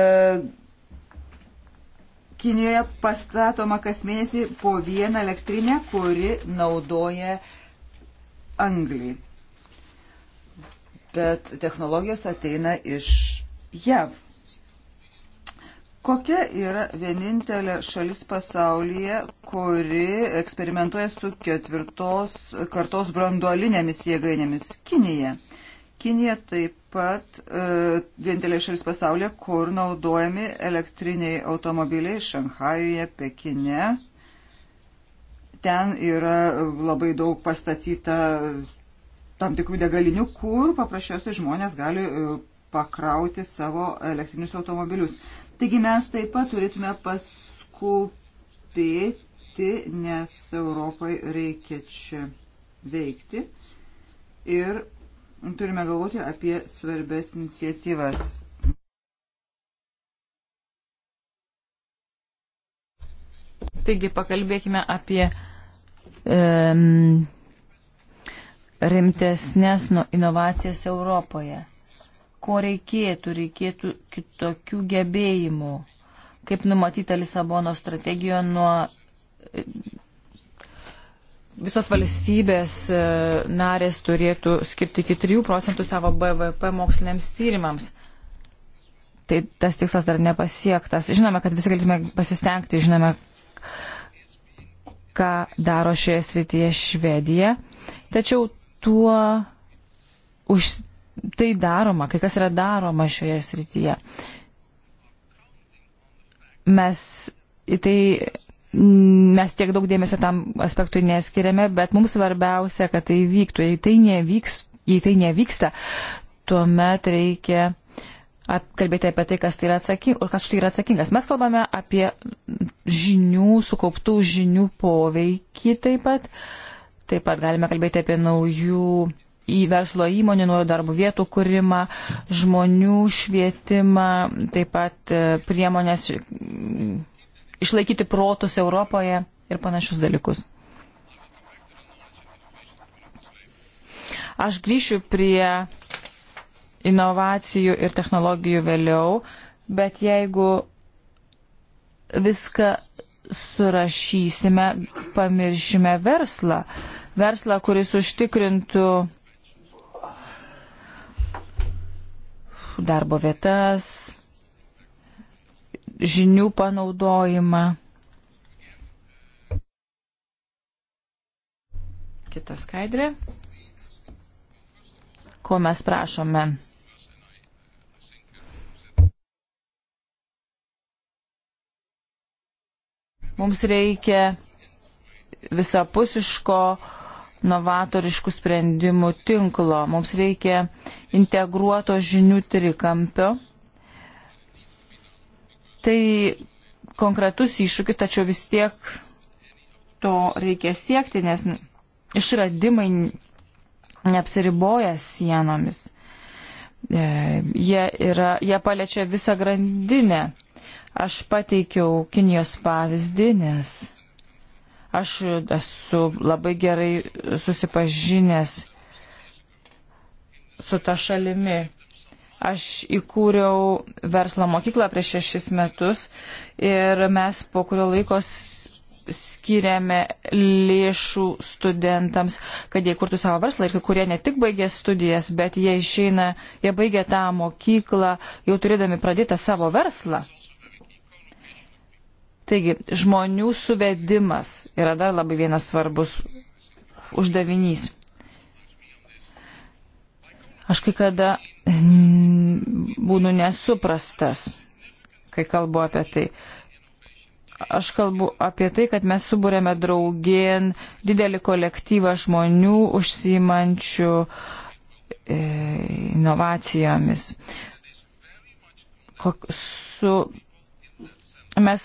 Kinijoje pastatoma kas mėnesį po vieną elektrinę, kuri naudoja anglį bet technologijos ateina iš JAV. Kokia yra vienintelė šalis pasaulyje, kuri eksperimentuoja su ketvirtos kartos branduolinėmis jėgainėmis? Kinija. Kinija taip pat e, vienintelė šalis pasaulyje, kur naudojami elektriniai automobiliai Šanhajuje, Pekine. Ten yra labai daug pastatyta tam tikrų degalinių, kur paprasčiausiai žmonės gali e, pakrauti savo elektrinius automobilius. Taigi mes taip pat turėtume paskupėti, nes Europai reikia čia veikti ir turime galvoti apie svarbės iniciatyvas.
Taigi pakalbėkime apie um, e, rimtesnės nu, inovacijas Europoje. Ko reikėtų? Reikėtų kitokių gebėjimų, kaip numatyta Lisabono strategijoje nuo e, visos valstybės e, narės turėtų skirti iki 3 procentų savo BVP moksliniams tyrimams. Tai tas tikslas dar nepasiektas. Žinome, kad visi galime pasistengti, žinome, ką daro šioje srityje Švedija. Tačiau tuo už tai daroma, kai kas yra daroma šioje srityje. Mes į tai. Mes tiek daug dėmesio tam aspektui neskiriame, bet mums svarbiausia, kad tai vyktų. Jei tai, nevyks, jei tai nevyksta, tuomet reikia kalbėti apie tai, kas tai yra, atsaking, kas tai yra atsakingas. Mes kalbame apie žinių, sukauptų žinių poveikį taip pat. Uh, Taip pat galime kalbėti apie naujų į verslo įmonį, naujų darbo vietų kūrimą, žmonių švietimą, taip pat e, priemonės mm, išlaikyti protus Europoje ir panašius dalykus. Aš grįšiu prie inovacijų ir technologijų vėliau, bet jeigu viską surašysime, pamiršime verslą. Uh, verslą, kuris užtikrintų darbo vietas, žinių panaudojimą. Kita skaidrė. Ko mes prašome? Mums reikia visapusiško novatoriškų sprendimų tinklo. Mums reikia integruoto žinių trikampio. Tai konkretus iššūkis, tačiau vis tiek to reikia siekti, nes išradimai neapsiriboja sienomis. E, jie, yra, jie paliečia visą grandinę. Aš pateikiau Kinijos pavyzdį, nes Aš esu labai gerai susipažinęs su ta šalimi. Aš įkūriau verslo mokyklą prieš šešis metus ir mes po kurio laikos skiriame lėšų studentams, kad jie kurtų savo verslą ir kai kurie ne tik baigė studijas, bet jie išeina, jie baigė tą mokyklą, jau turėdami pradėtą savo verslą. Taigi, žmonių suvedimas yra dar labai vienas svarbus uždavinys. Aš kai kada būnu nesuprastas, kai kalbu apie tai. Aš kalbu apie tai, kad mes subūrėme draugien didelį kolektyvą žmonių užsimančių e, inovacijomis. Kok, su mes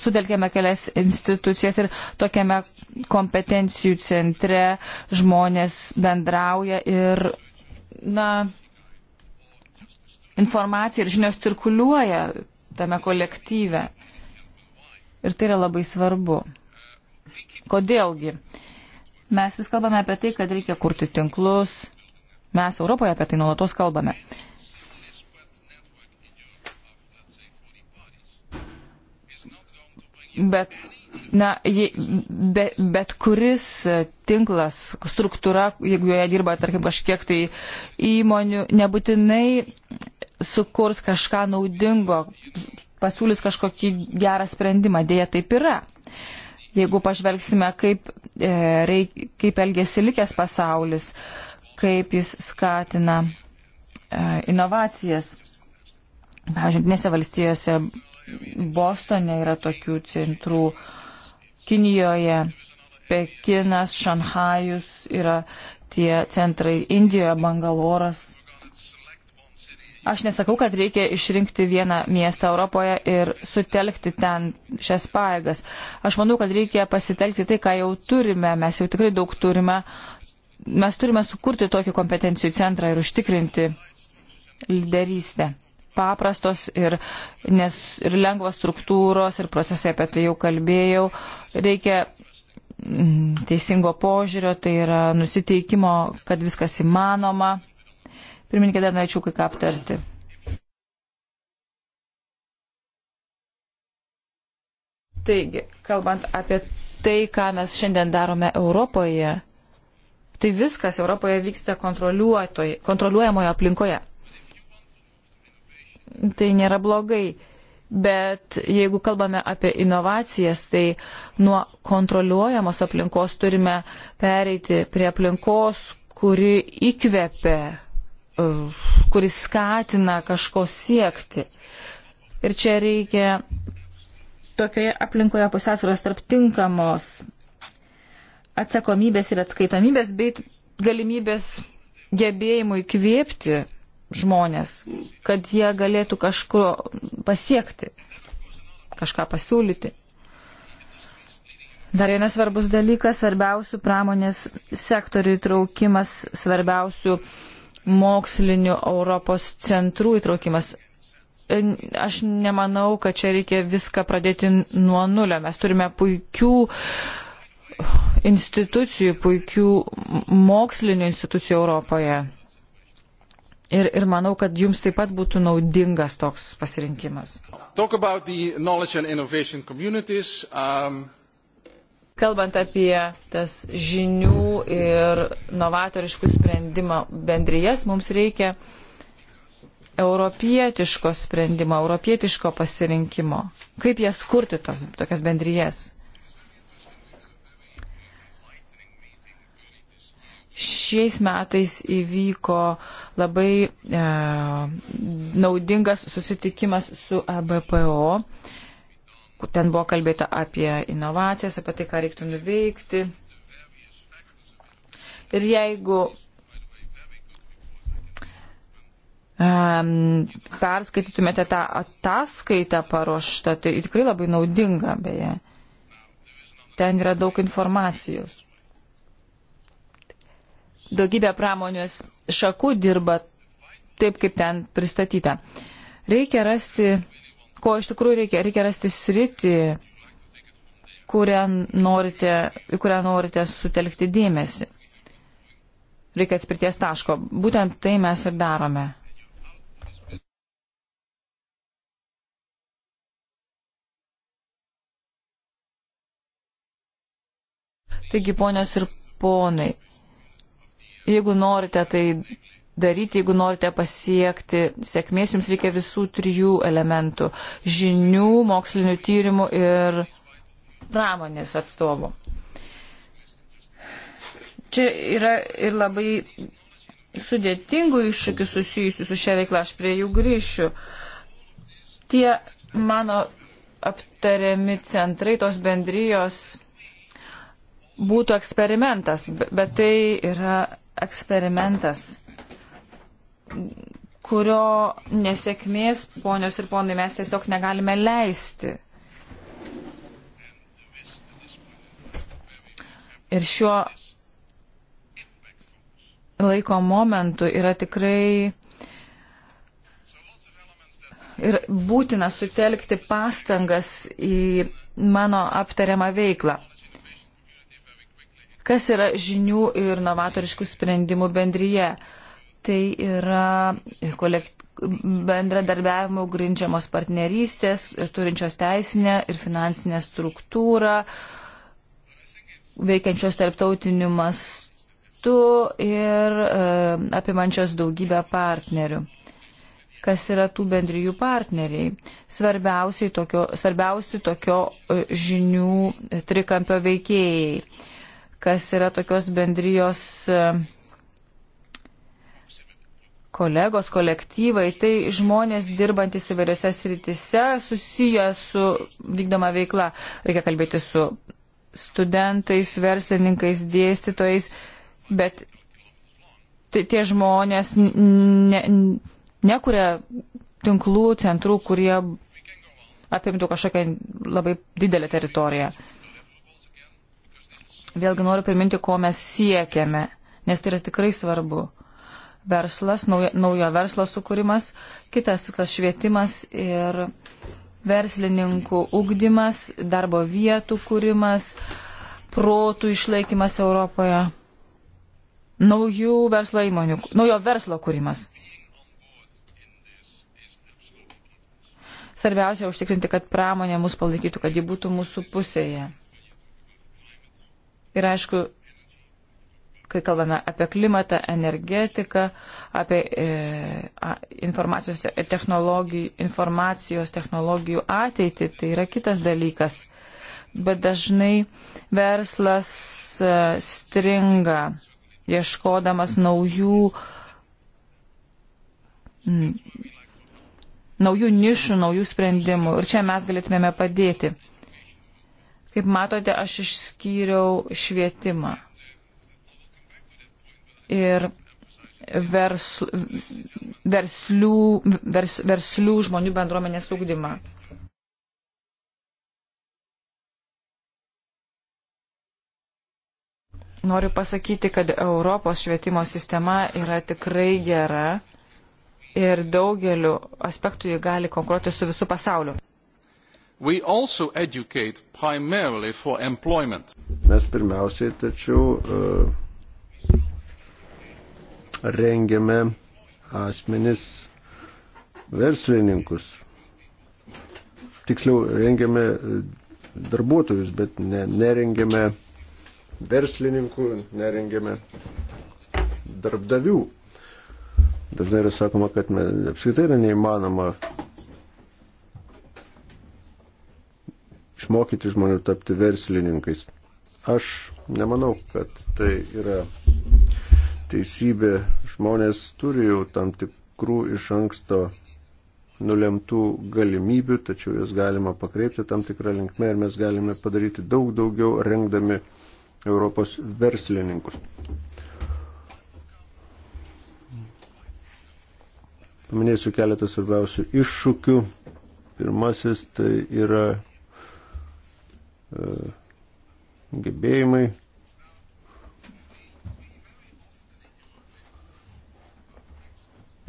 sudelkėme kelias institucijas ir tokiame kompetencijų centre žmonės bendrauja ir, na, informacija ir žinios cirkuliuoja tame kolektyve. Ir tai yra labai svarbu. Kodėlgi? Mes vis kalbame apie tai, kad reikia kurti tinklus. Mes Europoje apie tai nuolatos kalbame. bet, na, je, be, bet kuris tinklas, struktūra, jeigu joje dirba, tarkim, kažkiek tai įmonių, nebūtinai sukurs kažką naudingo, pasiūlys kažkokį gerą sprendimą. Dėja, taip yra. Jeigu pažvelgsime, kaip, e, reik, kaip elgesi likęs pasaulis, kaip jis skatina e, inovacijas. Pavyzdžiui, Junktinėse valstijose Bostone yra tokių centrų, Kinijoje, Pekinas, Šanhajus yra tie centrai Indijoje, Bangaloras. Aš nesakau, kad reikia išrinkti vieną miestą Europoje ir sutelkti ten šias paėgas. Aš manau, kad reikia pasitelkti tai, ką jau turime. Mes jau tikrai daug turime. Mes turime sukurti tokį kompetencijų centrą ir užtikrinti lyderystę paprastos ir, nes, ir lengvos struktūros ir procesai, apie tai jau kalbėjau. Reikia mm, teisingo požiūrio, tai yra nusiteikimo, kad viskas įmanoma. Pirmininkė, dar norėčiau kai ką aptarti. Taigi, kalbant apie tai, ką mes šiandien darome Europoje, tai viskas Europoje vyksta kontroliuojamoje aplinkoje tai nėra blogai. Bet jeigu kalbame apie inovacijas, tai nuo kontroliuojamos aplinkos turime pereiti prie aplinkos, kuri įkvepia, kuri skatina kažko siekti. Ir čia reikia tokioje aplinkoje pusiausvėros tarp tinkamos atsakomybės ir atskaitomybės, bei galimybės gebėjimų įkvėpti žmonės, kad jie galėtų kažkur pasiekti, kažką pasiūlyti. Dar vienas svarbus dalykas - svarbiausių pramonės sektorių įtraukimas, svarbiausių mokslinių Europos centrų įtraukimas. Aš nemanau, kad čia reikia viską pradėti nuo nulio. Mes turime puikių institucijų, puikių mokslinių institucijų Europoje. Ir, ir manau, kad jums taip pat būtų naudingas toks pasirinkimas. Um... Kalbant apie tas žinių ir novatoriškų sprendimą bendrijas, mums reikia europietiško sprendimo, europietiško pasirinkimo. Kaip jas kurti, tos, tokias bendrijas? Šiais metais įvyko labai e, naudingas susitikimas su ABPO. E Ten buvo kalbėta apie inovacijas, apie tai, ką reiktų nuveikti. Ir jeigu um, perskaitytumėte tą ataskaitą paruoštą, tai tikrai labai naudinga beje. Ten yra daug informacijos daugybė pramonės šakų dirba taip, kaip ten pristatyta. Reikia rasti, ko iš tikrųjų reikia, reikia rasti sritį, kurią norite, į kurią norite sutelkti dėmesį. Reikia atspirties taško. Būtent tai mes ir darome. Taigi, ponios ir ponai, Jeigu norite tai daryti, jeigu norite pasiekti sėkmės, jums reikia visų trijų elementų - žinių, mokslinių tyrimų ir pramonės atstovų. Čia yra ir labai sudėtingų iššūkių susijusių su šia veikla, aš prie jų grįšiu. Tie mano aptariami centrai, tos bendrijos būtų eksperimentas, bet tai yra eksperimentas, kurio nesėkmės, ponios ir ponai, mes tiesiog negalime leisti. Ir šiuo laiko momentu yra tikrai ir būtina sutelkti pastangas į mano aptariamą veiklą kas yra žinių ir novatoriškų sprendimų bendryje. Tai yra kolekt, bendradarbiavimo grindžiamos partnerystės, turinčios teisinę ir finansinę struktūrą, veikiančios tarptautiniu mastu ir e, apimančios daugybę partnerių. Kas yra tų bendrijų partneriai? Svarbiausi tokio, svarbiausi tokio e, žinių trikampio veikėjai kas yra tokios bendrijos e, kolegos, kolektyvai, tai žmonės dirbantis įvairiose sritise susiję su vykdoma veikla. Reikia kalbėti su studentais, verslininkais, dėstytojais, bet tie žmonės ne, nekuria tinklų, centrų, kurie apimtų kažkokią labai didelę teritoriją. Vėlgi noriu priminti, ko mes siekiame, nes tai yra tikrai svarbu. Verslas, naujo, naujo verslo sukūrimas, kitas tikslas švietimas ir verslininkų ugdymas, darbo vietų kūrimas, protų išlaikymas Europoje, naujų verslo įmonių, naujo verslo kūrimas. Svarbiausia užtikrinti, kad pramonė mus palaikytų, kad ji būtų mūsų pusėje. Ir aišku, kai kalbame apie klimatą, energetiką, apie e, informacijos, technologijų, informacijos technologijų ateitį, tai yra kitas dalykas. Bet dažnai verslas e, stringa, ieškodamas naujų, m, naujų nišų, naujų sprendimų. Ir čia mes galėtumėme padėti. Kaip matote, aš išskyriau švietimą. Ir versl, verslių, vers, verslių žmonių bendruomenės ūkdymą. Noriu pasakyti, kad Europos švietimo sistema yra tikrai gera ir daugeliu aspektų jį gali konkuruoti su visų pasauliu. We
also
educate primarily for employment.
Mes pirmiausiai tačiau uh, rengiame asmenis verslininkus. Tiksliau, rengiame e, darbuotojus, bet ne, nerengiame verslininkų, nerengiame darbdavių. Dažnai yra sakoma, kad apskritai yra neįmanoma išmokyti žmonių tapti verslininkais. Aš nemanau, kad tai yra teisybė. Žmonės turi jau tam tikrų iš anksto nulemtų galimybių, tačiau jas galima pakreipti tam tikrą linkmę ir mes galime padaryti daug daugiau rengdami Europos verslininkus. Paminėsiu keletą svarbiausių iššūkių. Pirmasis tai yra E, gebėjimai.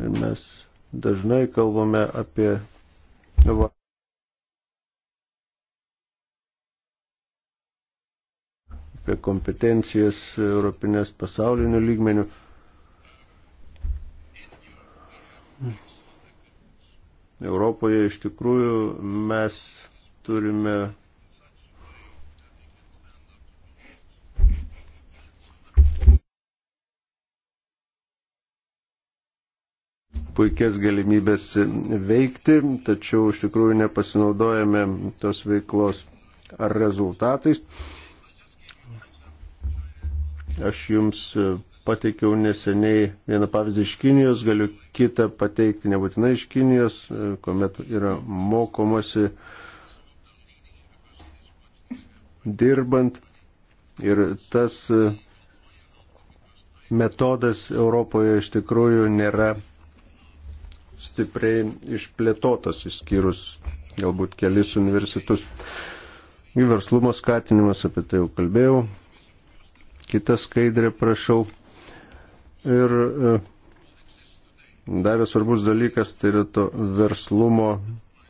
Ir mes dažnai kalbame apie apie kompetencijas europinės pasaulinių lygmenių. Europoje iš tikrųjų mes turime puikias galimybės veikti, tačiau iš tikrųjų nepasinaudojame tos veiklos ar rezultatais. Aš jums pateikiau neseniai vieną pavyzdį iš Kinijos, galiu kitą pateikti nebūtinai iš Kinijos, kuomet yra mokomasi dirbant ir tas metodas Europoje iš tikrųjų nėra stipriai išplėtotas, išskyrus galbūt kelis universitus. Į verslumo skatinimas, apie tai jau kalbėjau. Kita skaidrė, prašau. Ir e, dar vienas svarbus dalykas, tai yra to verslumo,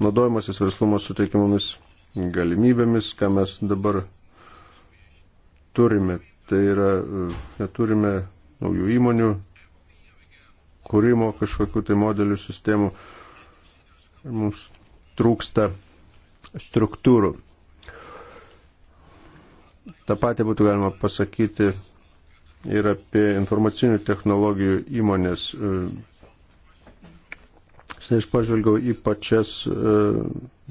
naudojimasis verslumo suteikimomis galimybėmis, ką mes dabar turime. Tai yra, e, neturime naujų įmonių, kūrimo kažkokių tai modelių sistemų. Mums trūksta struktūrų. Ta pati būtų galima pasakyti ir apie informacinių technologijų įmonės. Aš tai pažvelgiau į pačias e,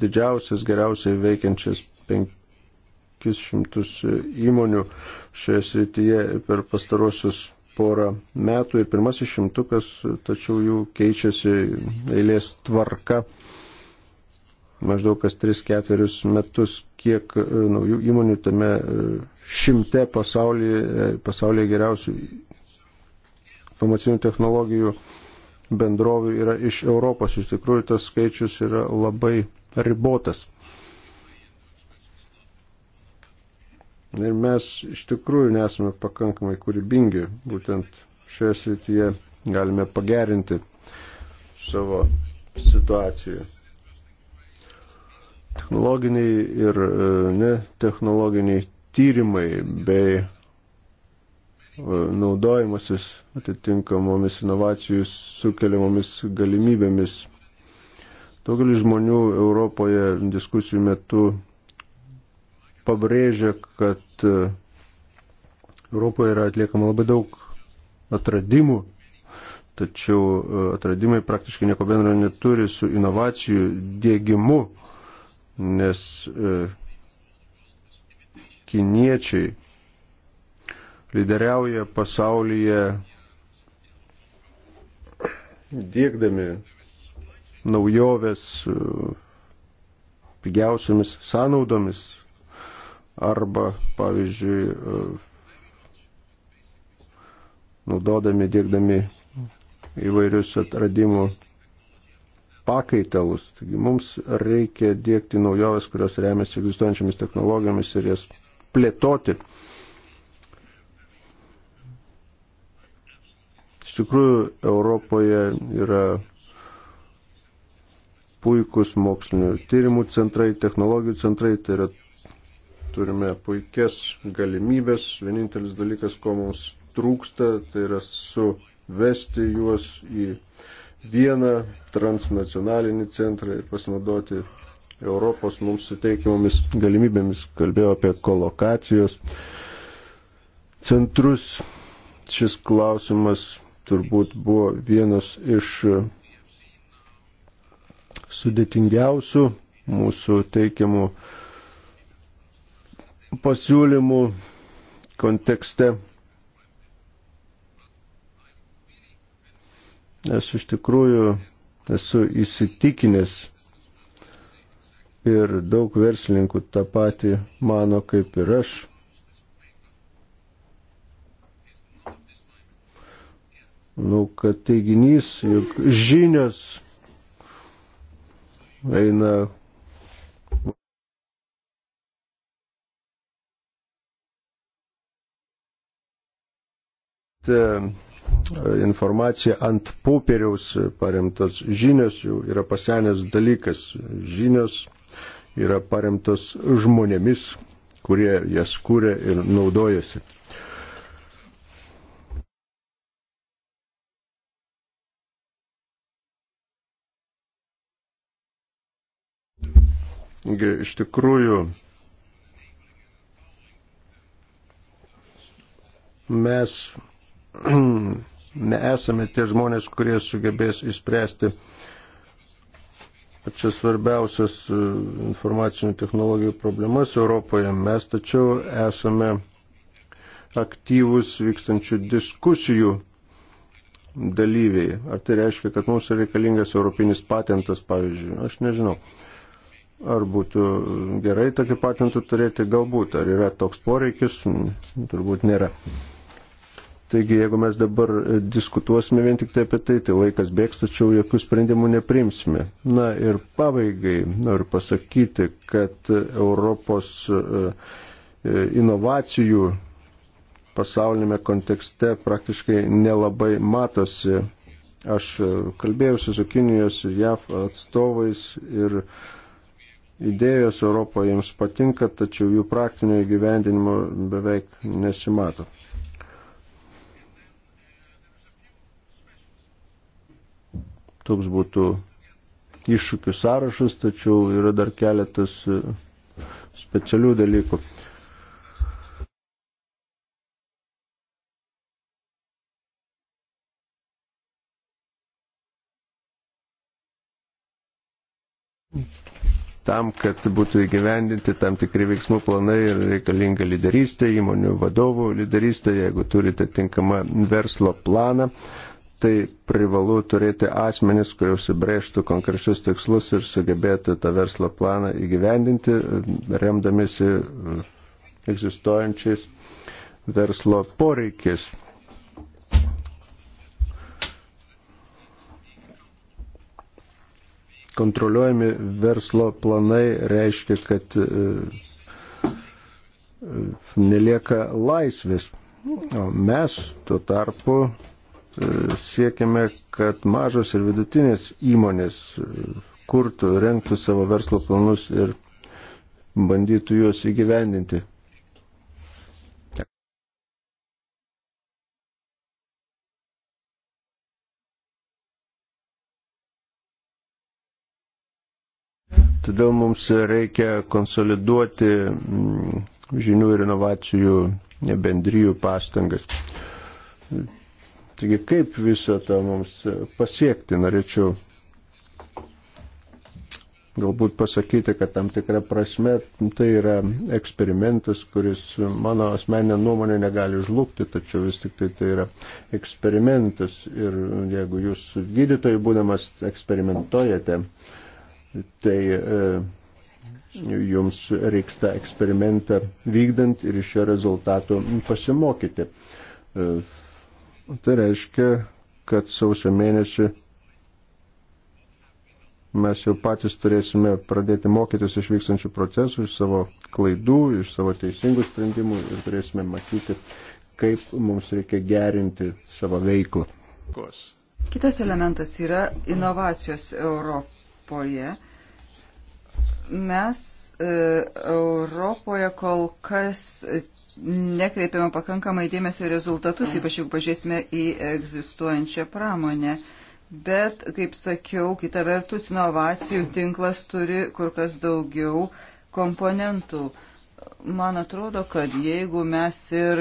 didžiausias, geriausiai veikiančias 500 įmonių šioje srityje per pastarosius porą metų ir pirmasis šimtukas, tačiau jų keičiasi eilės tvarka maždaug kas 3-4 metus, kiek e, naujų įmonių tame e, šimte pasaulyje, e, pasaulyje geriausių informacinių technologijų bendrovių yra iš Europos. Iš tikrųjų tas skaičius yra labai ribotas. Ir mes iš tikrųjų nesame pakankamai kūrybingi, būtent šioje srityje galime pagerinti savo situaciją. Technologiniai ir e, netechnologiniai tyrimai bei e, naudojimasis atitinkamomis inovacijų sukeliamomis galimybėmis. Daugelis žmonių Europoje diskusijų metu pabrėžia, kad e, Europoje yra atliekama labai daug atradimų, tačiau e, atradimai praktiškai nieko bendro neturi su inovacijų dėgymu, nes e, kiniečiai lyderiauja pasaulyje dėkdami naujoves pigiausiamis sąnaudomis arba, pavyzdžiui, e, naudodami, dėkdami įvairius atradimų pakaitalus. Taigi mums reikia dėkti naujoves, kurios remiasi egzistuojančiamis technologijomis ir jas plėtoti. Iš tikrųjų, Europoje yra puikus mokslinių tyrimų centrai, technologijų centrai, tai yra Turime puikias galimybės. Vienintelis dalykas, ko mums trūksta, tai yra suvesti juos į vieną transnacionalinį centrą ir pasinaudoti Europos mums suteikiamomis galimybėmis. Kalbėjau apie kolokacijos centrus. Šis klausimas turbūt buvo vienas iš sudėtingiausių mūsų teikiamų uh, pasiūlymų kontekste. Aš iš tikrųjų esu įsitikinęs ir daug verslininkų tą patį mano kaip ir aš. Nu, kad teiginys, jog žinios eina E, informacija ant popieriaus paremtos žinios jau yra pasenęs dalykas. Žinios yra paremtos žmonėmis, kurie jas kūrė ir naudojasi.
Iš tikrųjų,
mes <clears throat> nesame tie žmonės, kurie sugebės įspręsti pačias svarbiausias e, informacinių technologijų problemas Europoje. Mes tačiau esame aktyvus vykstančių diskusijų dalyviai. Ar tai reiškia, kad mums reikalingas europinis patentas, pavyzdžiui? Aš nežinau. Ar būtų gerai tokį patentą turėti? Galbūt. Ar yra toks poreikis? Turbūt nėra. Taigi, jeigu mes dabar e, diskutuosime vien tik tai apie tai, tai laikas bėgs, tačiau jokių sprendimų neprimsime. Na ir pabaigai noriu pasakyti, kad Europos e, e, inovacijų pasaulinėme kontekste praktiškai nelabai matosi. Aš kalbėjausi su Kinijos ir JAV atstovais ir idėjos Europoje jiems patinka, tačiau jų praktinio įgyvendinimo beveik nesimato. Toks būtų iššūkių sąrašas, tačiau yra dar keletas e, specialių dalykų. Tam, kad būtų įgyvendinti tam tikri veiksmų planai ir reikalinga lyderystė, įmonių vadovų lyderystė, jeigu turite tinkamą verslo planą, uh, tai privalu turėti asmenis, kurie užsibrėžtų konkrečius tikslus ir sugebėtų tą verslo planą įgyvendinti, remdamėsi e, egzistuojančiais verslo poreikis. Kontroliuojami verslo planai reiškia, kad e, e, nelieka laisvės. O mes tuo tarpu siekiame, kad mažos ir vidutinės įmonės e, kurtų, renktų savo verslo planus ir bandytų juos įgyvendinti. Todėl mums reikia konsoliduoti mm, žinių ir inovacijų bendryjų pastangas Taigi kaip visą tą mums pasiekti, norėčiau galbūt pasakyti, kad tam tikrą prasme tai yra eksperimentas, kuris mano asmeninė nuomonė negali žlugti, tačiau vis tik tai tai yra eksperimentas ir jeigu jūs gydytojai būdamas eksperimentuojate, tai e, jums reiks tą eksperimentą vykdant ir iš jo rezultatų pasimokyti. E, Tai reiškia, kad sausio mėnesį mes jau patys turėsime pradėti mokytis iš vykstančių procesų, iš savo klaidų, iš savo teisingų sprendimų ir turėsime matyti, kaip mums reikia gerinti savo veiklą.
Kitas elementas yra inovacijos Europoje. Mes E, Europoje kol kas nekreipiama pakankamai dėmesio rezultatus, ypač jeigu pažiūrėsime į egzistuojančią pramonę. Bet, kaip sakiau, kita vertus, inovacijų tinklas turi kur kas daugiau komponentų. Man atrodo, kad jeigu mes ir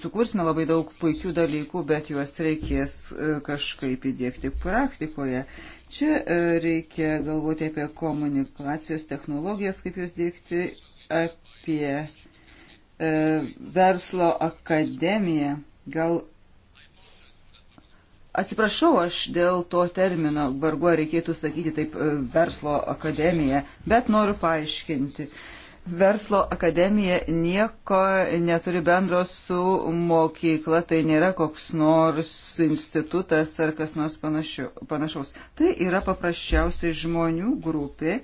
sukursime labai daug puikių dalykų, bet juos reikės e, kažkaip įdėkti praktikoje. Čia e, reikia galvoti apie komunikacijos technologijas, kaip jūs dėkti, apie e, verslo akademiją. Gal atsiprašau aš dėl to termino, vargu ar reikėtų sakyti taip e, verslo akademija, bet noriu paaiškinti. E, Verslo akademija nieko neturi bendro su mokykla, tai nėra koks nors institutas ar kas nors panašiu, panašaus. Tai yra paprasčiausiai žmonių grupė.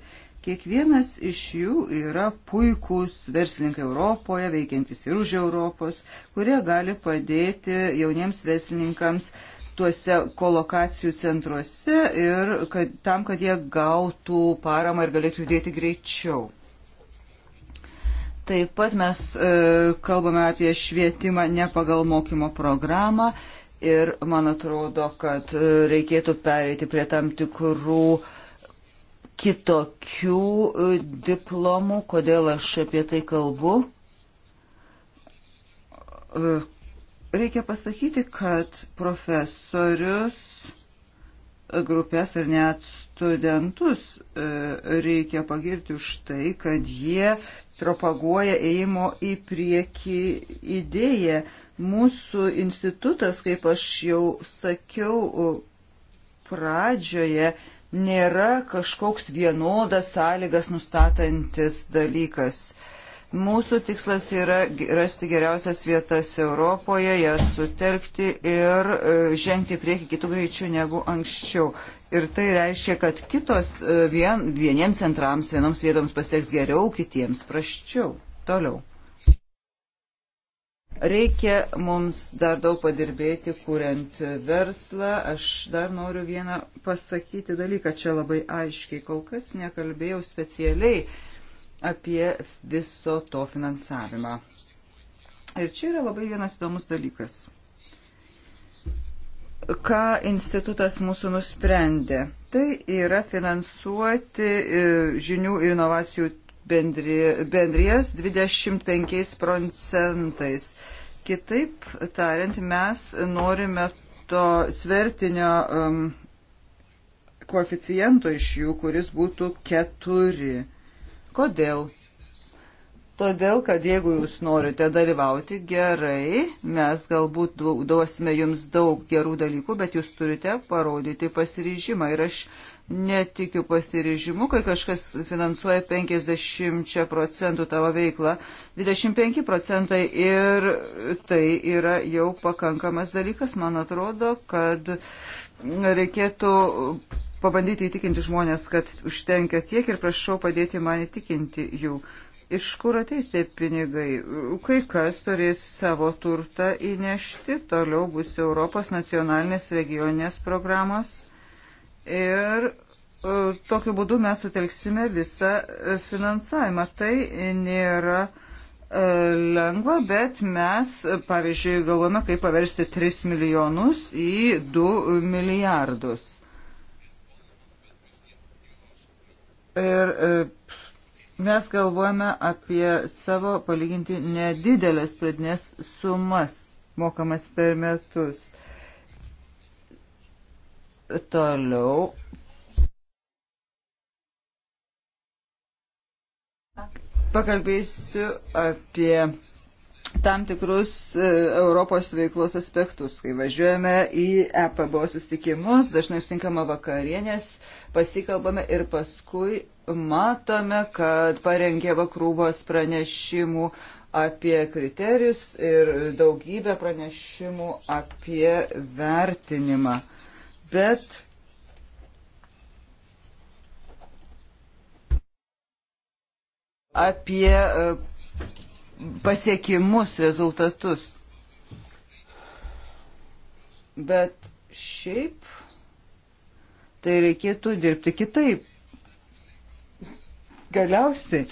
Kiekvienas iš jų yra puikūs verslininkai Europoje, veikiantis ir už Europos, kurie gali padėti jauniems verslininkams tuose kolokacijų centruose ir kad, tam, kad jie gautų paramą ir galėtų judėti greičiau. Taip pat mes e, kalbame apie švietimą ne pagal mokymo programą ir man atrodo, kad e, reikėtų pereiti prie tam tikrų kitokių e, diplomų, kodėl aš apie tai kalbu. E, reikia pasakyti, kad profesorius grupės ir net studentus reikia pagirti už tai, kad jie propaguoja ėjimo į priekį idėją. Mūsų institutas, kaip aš jau sakiau pradžioje, nėra kažkoks vienodas sąlygas nustatantis dalykas. Mūsų tikslas yra rasti geriausias vietas Europoje, jas sutelkti ir e, žengti prieki kitų greičių negu anksčiau. Ir tai reiškia, kad kitos e, vien, vieniems centrams, vienoms vietoms pasieks geriau, kitiems praščiau. Toliau. Reikia mums dar daug padirbėti, kuriant verslą. Aš dar noriu vieną pasakyti dalyką čia labai aiškiai. Kol kas nekalbėjau specialiai apie viso to finansavimą. Ir čia yra labai vienas įdomus dalykas ką institutas mūsų nusprendė. Tai yra finansuoti e, žinių ir inovacijų bendrijas 25 procentais. Kitaip tariant, mes norime to svertinio um, koeficiento iš jų, kuris būtų keturi. Kodėl? Todėl, kad jeigu jūs norite dalyvauti gerai, mes galbūt duosime jums daug gerų dalykų, bet jūs turite parodyti pasiryžimą. Ir aš netikiu pasiryžimu, kai kažkas finansuoja 50 procentų tavo veiklą, 25 procentai ir tai yra jau pakankamas dalykas. Man atrodo, kad reikėtų pabandyti įtikinti žmonės, kad užtenka tiek ir prašau padėti man įtikinti jų. Iš kur ateis tie pinigai? Kai kas turės savo turtą įnešti, toliau bus Europos nacionalinės regioninės programos ir e, tokiu būdu mes sutelksime visą e, finansavimą. Tai nėra e, lengva, bet mes, pavyzdžiui, galvome, kaip paversti 3 milijonus į 2 milijardus. Ir Mes galvojame apie savo palyginti nedidelės pradinės sumas mokamas per metus. Toliau. Pakalbėsiu apie tam tikrus e, Europos veiklos aspektus. Kai važiuojame į EPBO susitikimus, dažnai sutinkama vakarienės, pasikalbame ir paskui matome, kad parengė vakrūvos pranešimų apie kriterijus ir daugybę pranešimų apie vertinimą. Bet apie e, pasiekimus, rezultatus. Bet šiaip tai reikėtų dirbti kitaip Galiausiai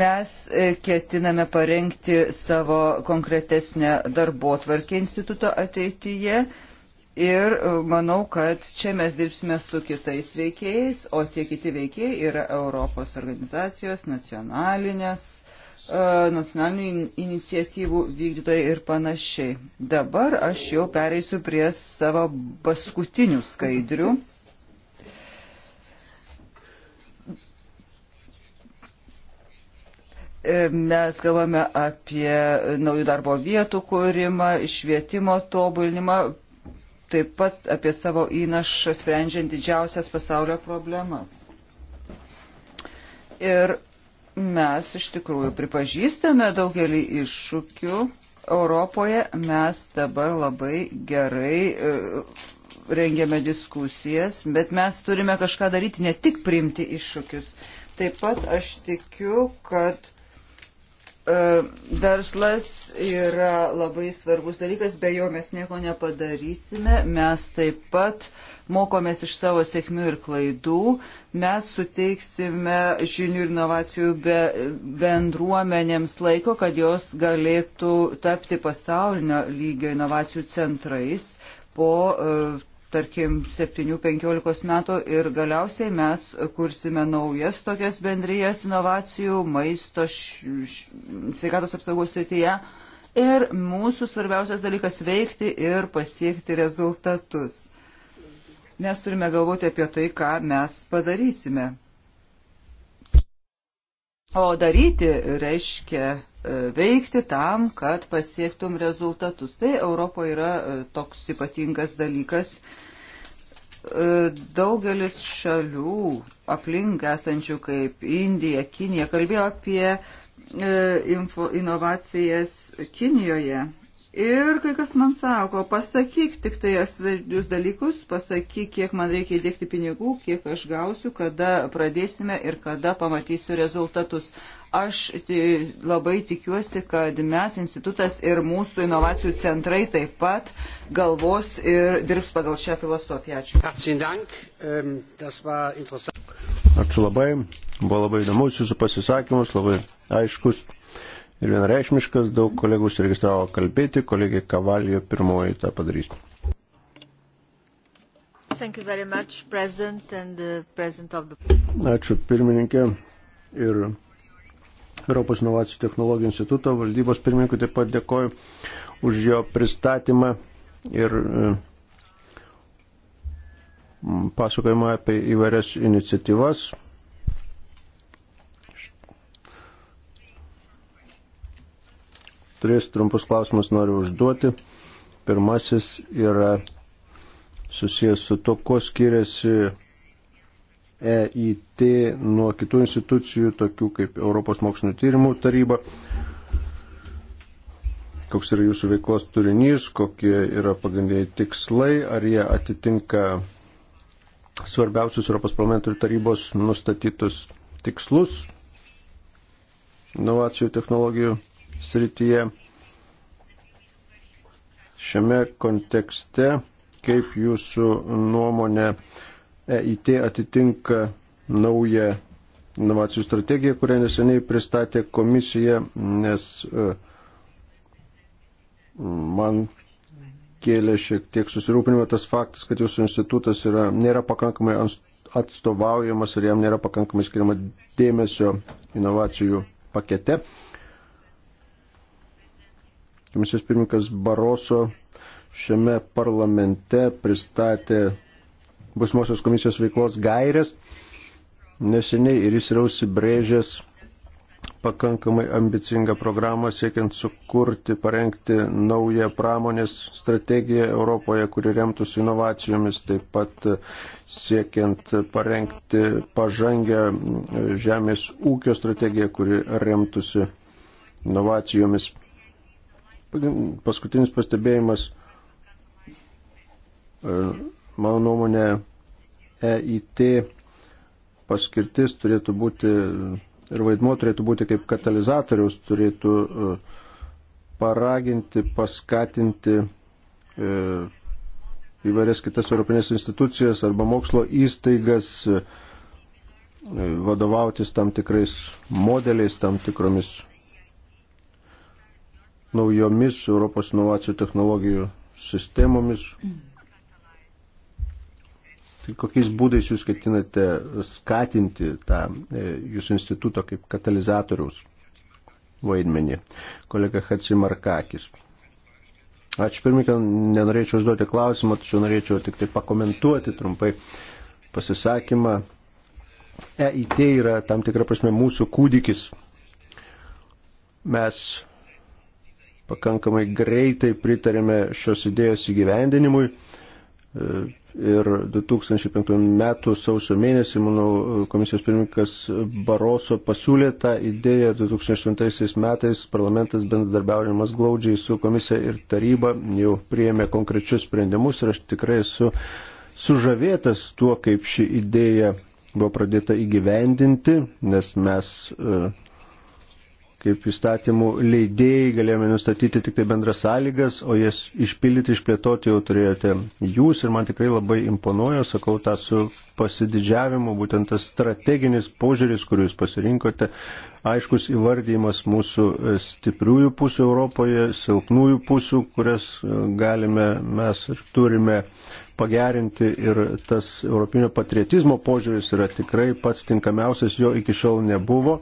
mes e, ketiname parengti savo konkretesnę darbo tvarkę instituto ateityje. Ir e, manau, kad čia mes dirbsime su kitais veikėjais, o tie kiti veikėjai yra Europos organizacijos, nacionalinės, e, nacionalinių iniciatyvų vykdytojai ir panašiai. Dabar aš jau pereisiu prie savo paskutinių skaidrių. Mes galvojame apie naujų darbo vietų kūrimą, švietimo tobulinimą, taip pat apie savo įnašą sprendžiant didžiausias pasaulio problemas. Ir mes iš tikrųjų pripažįstame daugelį iššūkių. Europoje mes dabar labai gerai e, rengiame diskusijas, bet mes turime kažką daryti, ne tik priimti iššūkius. Taip pat aš tikiu, kad E, verslas yra labai svarbus dalykas, be jo mes nieko nepadarysime. Mes taip pat mokomės iš savo sėkmių ir klaidų. Mes suteiksime žinių ir inovacijų be, bendruomenėms laiko, kad jos galėtų tapti pasaulinio lygio inovacijų centrais po uh, tarkim, 7-15 metų ir galiausiai mes kursime naujas tokias bendrijas inovacijų, maisto, š, š, sveikatos apsaugos srityje. Ir mūsų svarbiausias dalykas - veikti ir pasiekti rezultatus. Nes turime galvoti apie tai, ką mes padarysime. O daryti reiškia E, veikti tam, kad pasiektum rezultatus. Tai Europoje yra e, toks ypatingas dalykas. E, daugelis šalių aplink esančių kaip Indija, Kinija kalbėjo apie info, inovacijas Kinijoje. Ir kai kas man sako, pasakyk tik tai asverdius dalykus, pasakyk, kiek man reikia įdėkti pinigų, kiek aš gausiu, kada pradėsime ir kada pamatysiu rezultatus. Aš labai tikiuosi, kad mes, institutas ir mūsų inovacijų centrai taip pat galvos ir dirbs pagal šią filosofiją. Ačiū. Ähm, Ačiū
labai. Buvo labai įdomus jūsų pasisakymus, labai aiškus ir vienareikšmiškas. Daug kolegų užsiregistravo kalbėti, kolegė Kavalijo pirmoji tą padarys.
Much, president uh, the...
Ačiū pirmininkė ir Europos inovacijų technologijų instituto valdybos pirmininkui taip pat dėkoju už jo pristatymą ir e, pasakojimą apie įvairias iniciatyvas. Tris trumpus klausimus noriu užduoti. Pirmasis yra susijęs su to, kuo skiriasi EIT nuo kitų institucijų, tokių kaip Europos mokslinio tyrimų taryba. Koks yra jūsų veiklos turinys, kokie yra pagrindiniai tikslai, ar jie atitinka svarbiausius Europos parlamento ir tarybos nustatytus tikslus inovacijų technologijų srityje. Šiame kontekste, kaip jūsų nuomonė, EIT atitinka naują inovacijų strategiją, kurią neseniai pristatė komisija, nes e, man kėlė šiek tiek susirūpinimą tas faktas, kad jūsų institutas yra, nėra pakankamai atstovaujamas ir jam nėra pakankamai skiriama dėmesio inovacijų pakete. Komisijos pirmininkas Baroso šiame parlamente pristatė busmosios komisijos veiklos gairės neseniai ir jis yra užsibrėžęs pakankamai ambicingą programą siekiant sukurti, parengti naują pramonės strategiją Europoje, kuri remtųsi inovacijomis, taip pat siekiant parengti pažangę žemės ūkio strategiją, kuri remtųsi inovacijomis. Paskutinis pastebėjimas Mano nuomonė, EIT paskirtis turėtų būti ir vaidmuo turėtų būti kaip katalizatorius, turėtų e, paraginti, paskatinti e, įvairias kitas europinės institucijas arba mokslo įstaigas e, vadovautis tam tikrais modeliais, tam tikromis naujomis Europos inovacijų technologijų sistemomis. Mm. Tai kokiais būdais jūs ketinate skatinti tą e, jūsų instituto kaip katalizatoriaus vaidmenį? Kolega Hatsimarkakis. Ačiū pirmininkai, nenorėčiau užduoti klausimą, tačiau norėčiau tik tai pakomentuoti trumpai pasisakymą. EIT yra tam tikra prasme mūsų kūdikis. Mes pakankamai greitai pritarėme šios idėjos įgyvendinimui. E, Ir 2005 metų sausio mėnesį, manau, komisijos pirmininkas Baroso pasiūlė tą idėją. 2008 metais parlamentas bendradarbiaujamas glaudžiai su komisija ir taryba jau priėmė konkrečius sprendimus ir aš tikrai esu sužavėtas tuo, kaip ši idėja buvo pradėta įgyvendinti, nes mes e, kaip įstatymų leidėjai galėjome nustatyti tik tai bendras sąlygas, o jas išpildyti, išplėtoti jau turėjote jūs ir man tikrai labai imponuoja, sakau tą su pasididžiavimu, būtent tas strateginis požiūris, kurį jūs pasirinkote, aiškus įvardymas mūsų stipriųjų pusių Europoje, silpnųjų pusių, kurias galime mes ir turime pagerinti ir tas europinio patriotizmo požiūris yra tikrai pats tinkamiausias, jo iki šiol nebuvo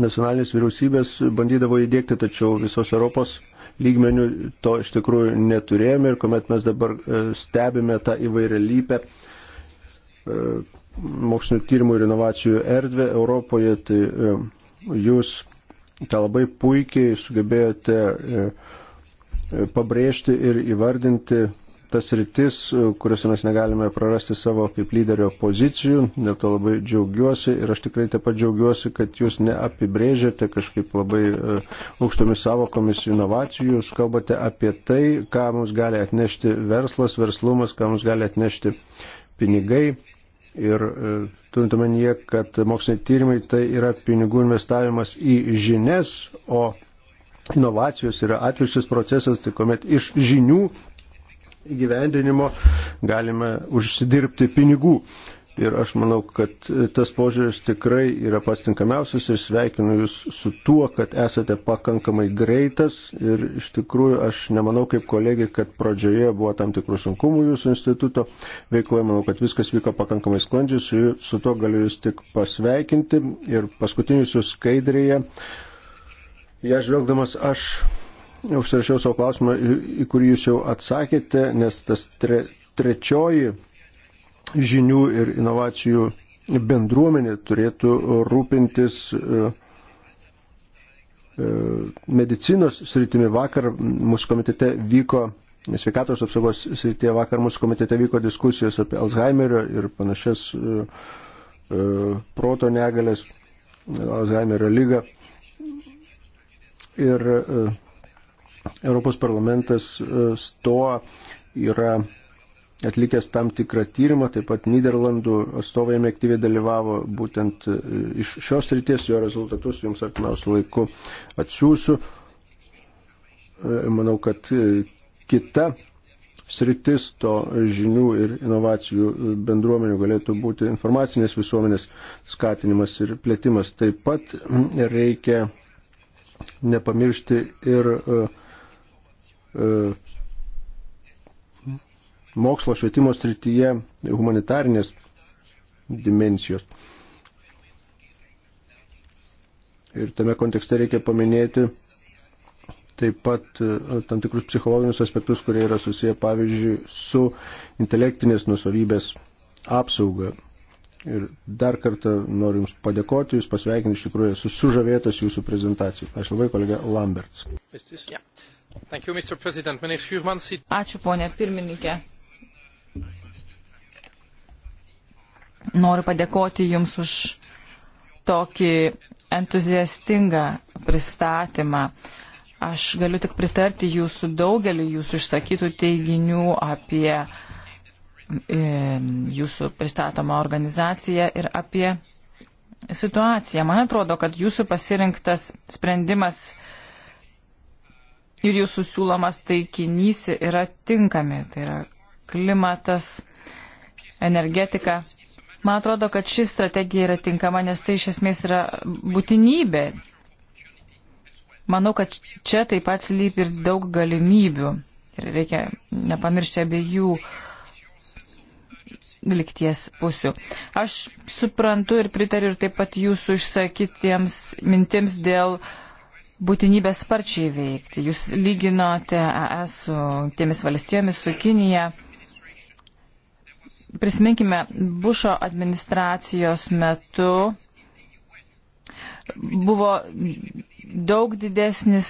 nacionalinės vyriausybės bandydavo įdėkti, tačiau visos Europos lygmenių to iš tikrųjų neturėjome ir kuomet mes dabar e, stebime tą įvairią lypę e, mokslinio tyrimų ir inovacijų erdvę Europoje, tai e, jūs tą labai puikiai sugebėjote pabrėžti ir įvardinti tas rytis, e, kuriuose mes negalime prarasti savo kaip lyderio pozicijų, dėl to labai džiaugiuosi ir aš tikrai taip pat džiaugiuosi, kad jūs neapibrėžiate kažkaip labai e, aukštomis savokomis inovacijų, jūs kalbate apie tai, ką mums gali atnešti verslas, verslumas, ką mums gali atnešti pinigai. Ir e, turint omenyje, kad moksliniai tyrimai tai yra pinigų investavimas į žinias, o inovacijos yra atviršis procesas, tai kuomet iš žinių įgyvendinimo galime užsidirbti pinigų. Ir aš manau, kad tas požiūris tikrai yra pats tinkamiausias ir sveikinu Jūs su tuo, kad esate pakankamai greitas. Ir iš tikrųjų aš nemanau kaip kolegė, kad pradžioje buvo tam tikrų sunkumų Jūsų instituto veikloje. Manau, kad viskas vyko pakankamai sklandžiai. Su, su to galiu Jūs tik pasveikinti. Ir paskutinius Jūs skaidrėje, ją žvelgdamas aš užsirašiau savo klausimą, į kurį jūs jau atsakėte, nes tas tre, trečioji žinių ir inovacijų bendruomenė turėtų rūpintis e, e, medicinos sritimi. Vakar mūsų komitete vyko, sveikatos apsaugos srityje vakar mūsų komitete vyko diskusijos apie Alzheimerio ir panašias e, proto negalės, Alzheimerio lygą. Ir uh, Europos parlamentas e, stoa yra atlikęs tam tikrą tyrimą, taip pat Niderlandų atstovai jame aktyviai dalyvavo būtent e, iš šios ryties, jo rezultatus jums artimiausiu laiku atsiųsiu. E, manau, kad kita sritis to žinių ir inovacijų bendruomenių galėtų būti informacinės visuomenės skatinimas ir plėtimas. Taip pat reikia nepamiršti ir uh, E, mokslo švietimo srityje humanitarinės dimensijos. Ir tame kontekste reikia paminėti taip pat e, tam tikrus psichologinius aspektus, kurie yra susiję, pavyzdžiui, su intelektinės nusavybės apsauga. Ir dar kartą noriu Jums padėkoti, Jūs pasveikinti, iš tikrųjų esu sužavėtas Jūsų prezentacijai. Aš labai kolega Lamberts.
Yeah. You, Ačiū, ponė pirmininkė. Noriu padėkoti Jums už tokį entuziastingą pristatymą. Aš galiu tik pritarti Jūsų daugeliu Jūsų išsakytų teiginių apie e, Jūsų pristatomą organizaciją ir apie situaciją. Man atrodo, kad Jūsų pasirinktas sprendimas ir jūsų siūlomas taikinys yra tinkami, tai yra klimatas, energetika. Man atrodo, kad ši strategija yra tinkama, nes tai iš esmės yra būtinybė. Manau, kad čia taip pat slypi ir daug galimybių. Ir reikia nepamiršti abiejų likties pusių. Aš suprantu ir pritariu ir taip pat jūsų išsakytiems mintims dėl uh, būtinybę sparčiai veikti. Jūs lyginote ES su tėmis valstijomis, su Kinija. Prisiminkime, Bušo administracijos metu buvo daug didesnis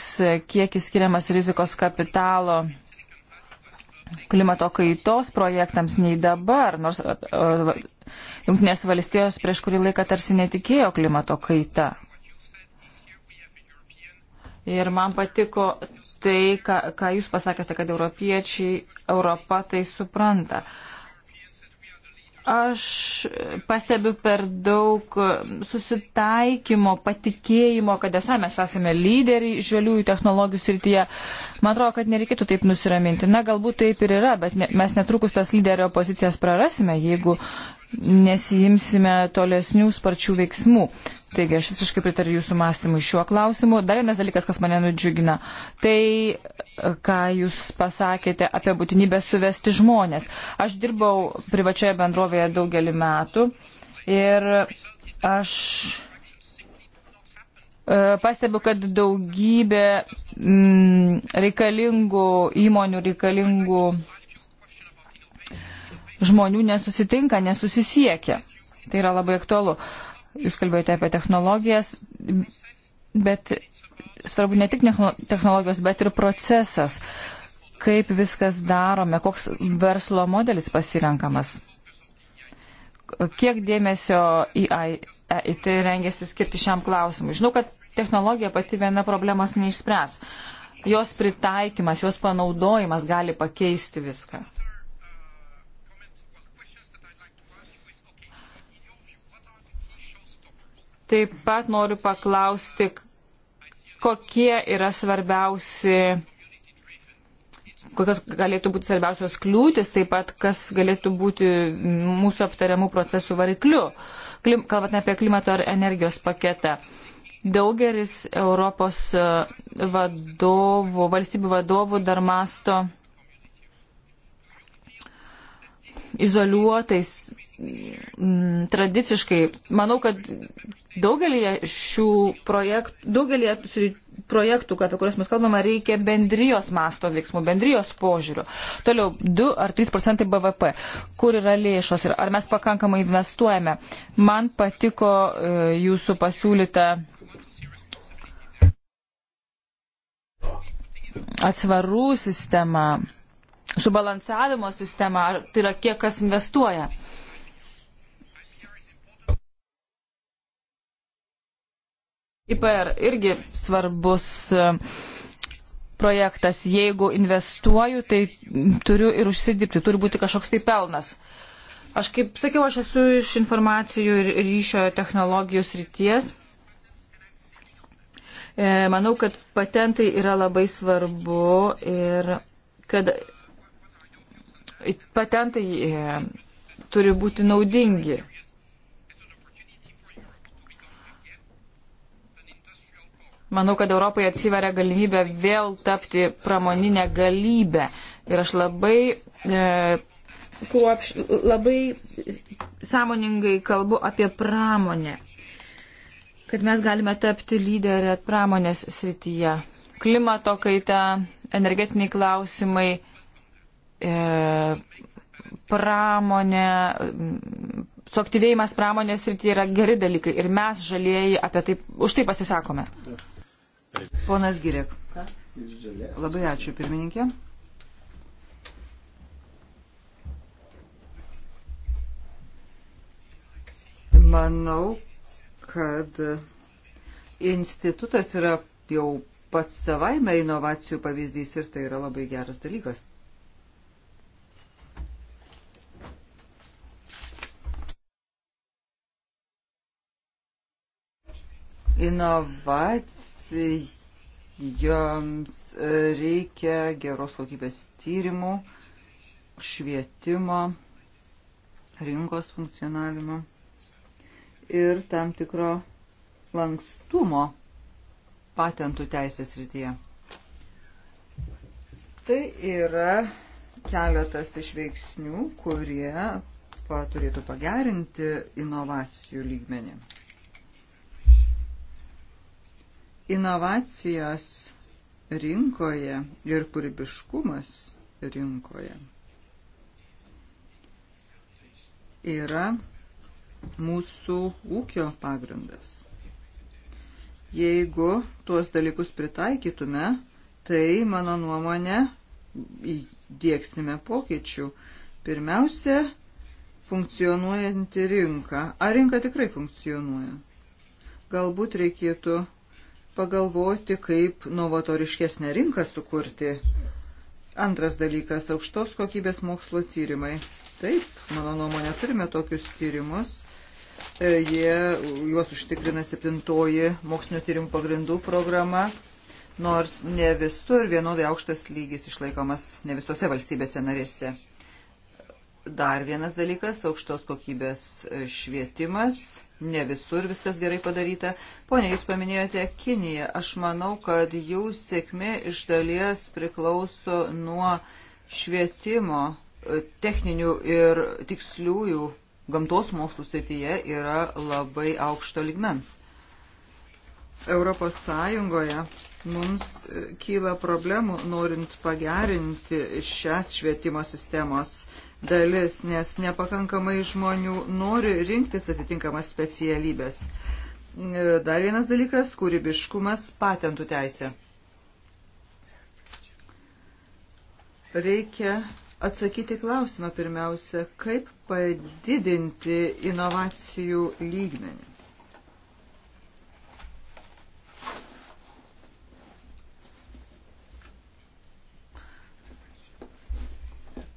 kiekis skiriamas rizikos kapitalo klimato kaitos projektams nei dabar, nors e, e, Junktinės valstijos prieš kurį laiką tarsi netikėjo klimato kaita. Ir man patiko tai, ką, ką jūs pasakėte, kad europiečiai Europą tai supranta. Aš pastebiu per daug susitaikymo, patikėjimo, kad esame mes esame lyderiai žaliųjų technologijų srityje. Man atrodo, kad nereikėtų taip nusiraminti. Na, galbūt taip ir yra, bet ne, mes netrukus tas lyderio pozicijas prarasime, jeigu nesijimsime tolesnių sparčių veiksmų. Taigi aš visiškai pritariu jūsų mąstymui šiuo klausimu. Dar vienas dalykas, kas mane nudžiugina, tai ką jūs pasakėte apie būtinybę suvesti žmonės. Aš dirbau privačioje bendrovėje daugelį metų ir aš e, pastebiu, kad daugybė m, mm, reikalingų įmonių, reikalingų žmonių nesusitinka, nesusisiekia. Tai yra labai aktualu. Uh, Jūs kalbėjote apie technologijas, bet svarbu ne tik technologijos, bet ir procesas, kaip viskas darome, koks verslo modelis pasirenkamas. Kiek dėmesio EIT rengėsi skirti šiam klausimui? Žinau, kad technologija pati viena problemos neišspręs. Jos pritaikymas, jos panaudojimas gali pakeisti viską. Taip pat noriu paklausti, kokie yra svarbiausi, kokios galėtų būti svarbiausios kliūtis, taip pat kas galėtų būti mūsų aptariamų procesų varikliu, Klim, kalbant apie klimato ar energijos paketą. Daugelis Europos e, vadovų, valstybių vadovų dar masto izoliuotais m, mm, tradiciškai, manau, kad daugelį šių projektų, daugelį projektų, apie kuriuos mes kalbame, reikia bendrijos masto veiksmų, bendrijos požiūrių. Toliau, 2 ar 3 procentai BVP, kur yra lėšos ir ar mes pakankamai investuojame. Man patiko e, jūsų pasiūlyta atsvarų sistema, subalansavimo sistema, tai yra kiek kas investuoja. Uh, IPR irgi svarbus e, projektas. Jeigu investuoju, tai turiu ir užsidirbti, turi būti kažkoks tai pelnas. Aš kaip sakiau, aš esu iš informacijų ir ryšio technologijos ryties. E, manau, kad patentai yra labai svarbu ir kad patentai e, turi būti naudingi. Manau, kad Europai atsiveria galimybė vėl tapti pramoninę galybę. Ir aš labai, e, kruopš, labai sąmoningai kalbu apie pramonę. Kad mes galime tapti lyderę pramonės srityje. Klimato kaita, energetiniai klausimai, e, pramonė, suaktyvėjimas pramonės srityje yra geri dalykai ir mes žalieji apie tai, už tai pasisakome. Yes.
Ponas Girek. Labai ačiū, pirmininkė. Manau, kad institutas yra jau pats savaime inovacijų pavyzdys ir tai yra labai geras dalykas. Inovacija Tai joms e, reikia geros kokybės tyrimų, švietimo, rinkos funkcionavimo ir tam tikro lankstumo patentų teisės rytyje. Tai yra keletas iš veiksnių, kurie turėtų pagerinti inovacijų lygmenį. Inovacijos rinkoje ir kūrybiškumas rinkoje yra mūsų ūkio pagrindas. Jeigu tuos dalykus pritaikytume, tai, mano nuomonė, įdėksime pokyčių. Pirmiausia, funkcionuojanti rinka. Ar rinka tikrai funkcionuoja? Galbūt reikėtų pagalvoti, kaip novatoriškesnę rinką sukurti. Antras dalykas - aukštos kokybės mokslo tyrimai. Taip, mano nuomonė, turime tokius tyrimus. E, jie, juos užtikrina septintoji mokslinio tyrimų pagrindų programa, nors ne visur vienodai aukštas lygis išlaikomas ne visose valstybėse narėse. Dar vienas dalykas - aukštos kokybės švietimas. Ne visur viskas gerai padaryta. Pone, jūs paminėjote Kiniją. Aš manau, kad jų sėkmė iš dalies priklauso nuo švietimo e, techninių ir tiksliųjų gamtos mokslų srityje yra labai aukšto ligmens. Europos Sąjungoje mums e, kyla problemų norint pagerinti šias švietimo sistemos dalis, nes nepakankamai žmonių nori rinktis atitinkamas specialybės. Dar vienas dalykas - kūrybiškumas patentų teisė. Reikia atsakyti klausimą pirmiausia, kaip padidinti inovacijų lygmenį.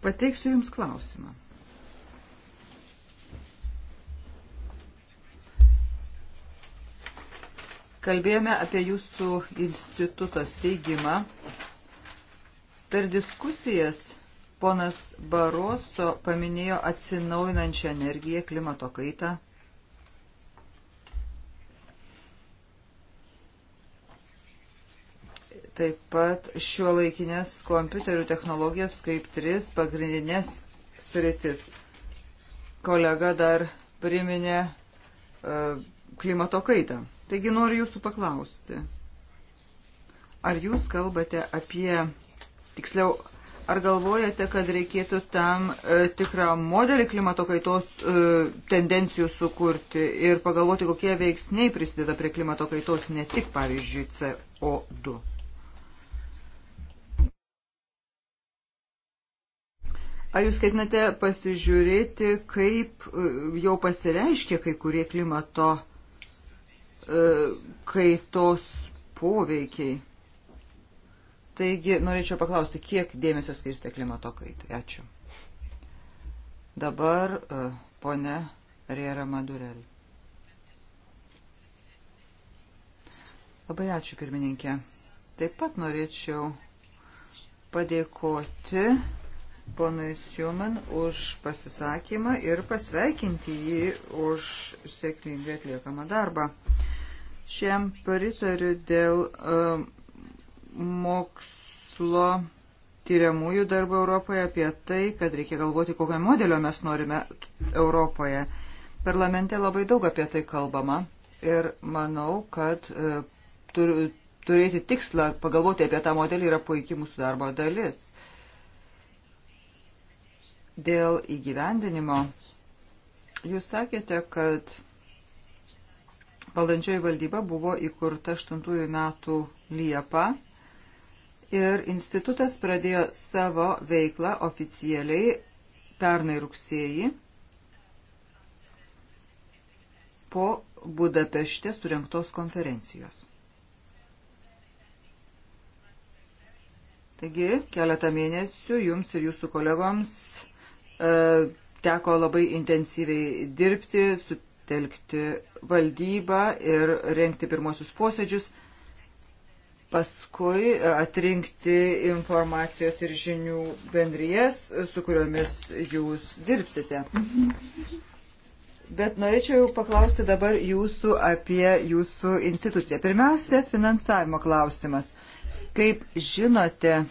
Pateiksiu Jums klausimą. Kalbėjome apie Jūsų instituto steigimą. Per diskusijas ponas Baroso paminėjo atsinaujinančią energiją, klimato kaitą. taip pat šio laikinės kompiuterių technologijas kaip tris pagrindinės sritis. Kolega dar priminė uh, klimato kaitą. Taigi noriu jūsų paklausti, ar jūs kalbate apie, tiksliau, ar galvojate, kad reikėtų tam e, tikrą modelį klimato kaitos e, tendencijų sukurti ir pagalvoti, kokie veiksniai prisideda prie klimato kaitos, ne tik, pavyzdžiui, CO2? Ar jūs ketinate pasižiūrėti, kaip e, jau pasireiškia kai kurie klimato e, kaitos poveikiai? Taigi, norėčiau paklausti, kiek dėmesio skirsite klimato kaitai? Ačiū. Dabar e, ponė Riera Madurel. Labai ačiū, pirmininkė. Taip pat norėčiau padėkoti ponui Siuman už pasisakymą ir pasveikinti jį už sėkmingai atliekamą darbą. Šiam pritariu dėl uh, mokslo tyriamųjų darbų Europoje apie tai, kad reikia galvoti, kokią modelio mes norime Europoje. Parlamente labai daug apie tai kalbama ir manau, kad uh, e, tur, turėti tikslą pagalvoti apie tą modelį yra puikiai mūsų darbo dalis. Dėl įgyvendinimo, jūs sakėte, kad valdančioji valdyba buvo įkurta 8 metų Liepą ir institutas pradėjo savo veiklą oficialiai pernai rugsėjį po Budapešte surinktos konferencijos. Taigi, keletą mėnesių jums ir jūsų kolegoms E, teko labai intensyviai dirbti, sutelkti valdybą ir renkti pirmosius posėdžius, paskui e, atrinkti informacijos ir žinių bendrijas, e, su kuriomis jūs dirbsite. Bet norėčiau paklausti dabar jūsų apie jūsų instituciją. Pirmiausia, finansavimo klausimas. Kaip žinote,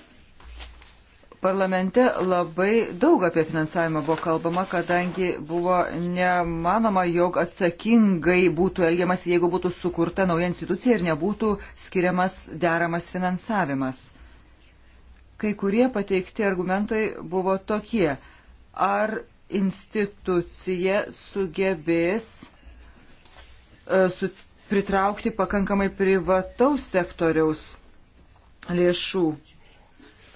Parlamente labai daug apie finansavimą buvo kalbama, kadangi buvo nemanoma, jog atsakingai būtų elgiamas, jeigu būtų sukurta nauja institucija ir nebūtų skiriamas deramas finansavimas. Kai kurie pateikti argumentai buvo tokie. Ar institucija sugebės e, su, pritraukti pakankamai privataus sektoriaus lėšų?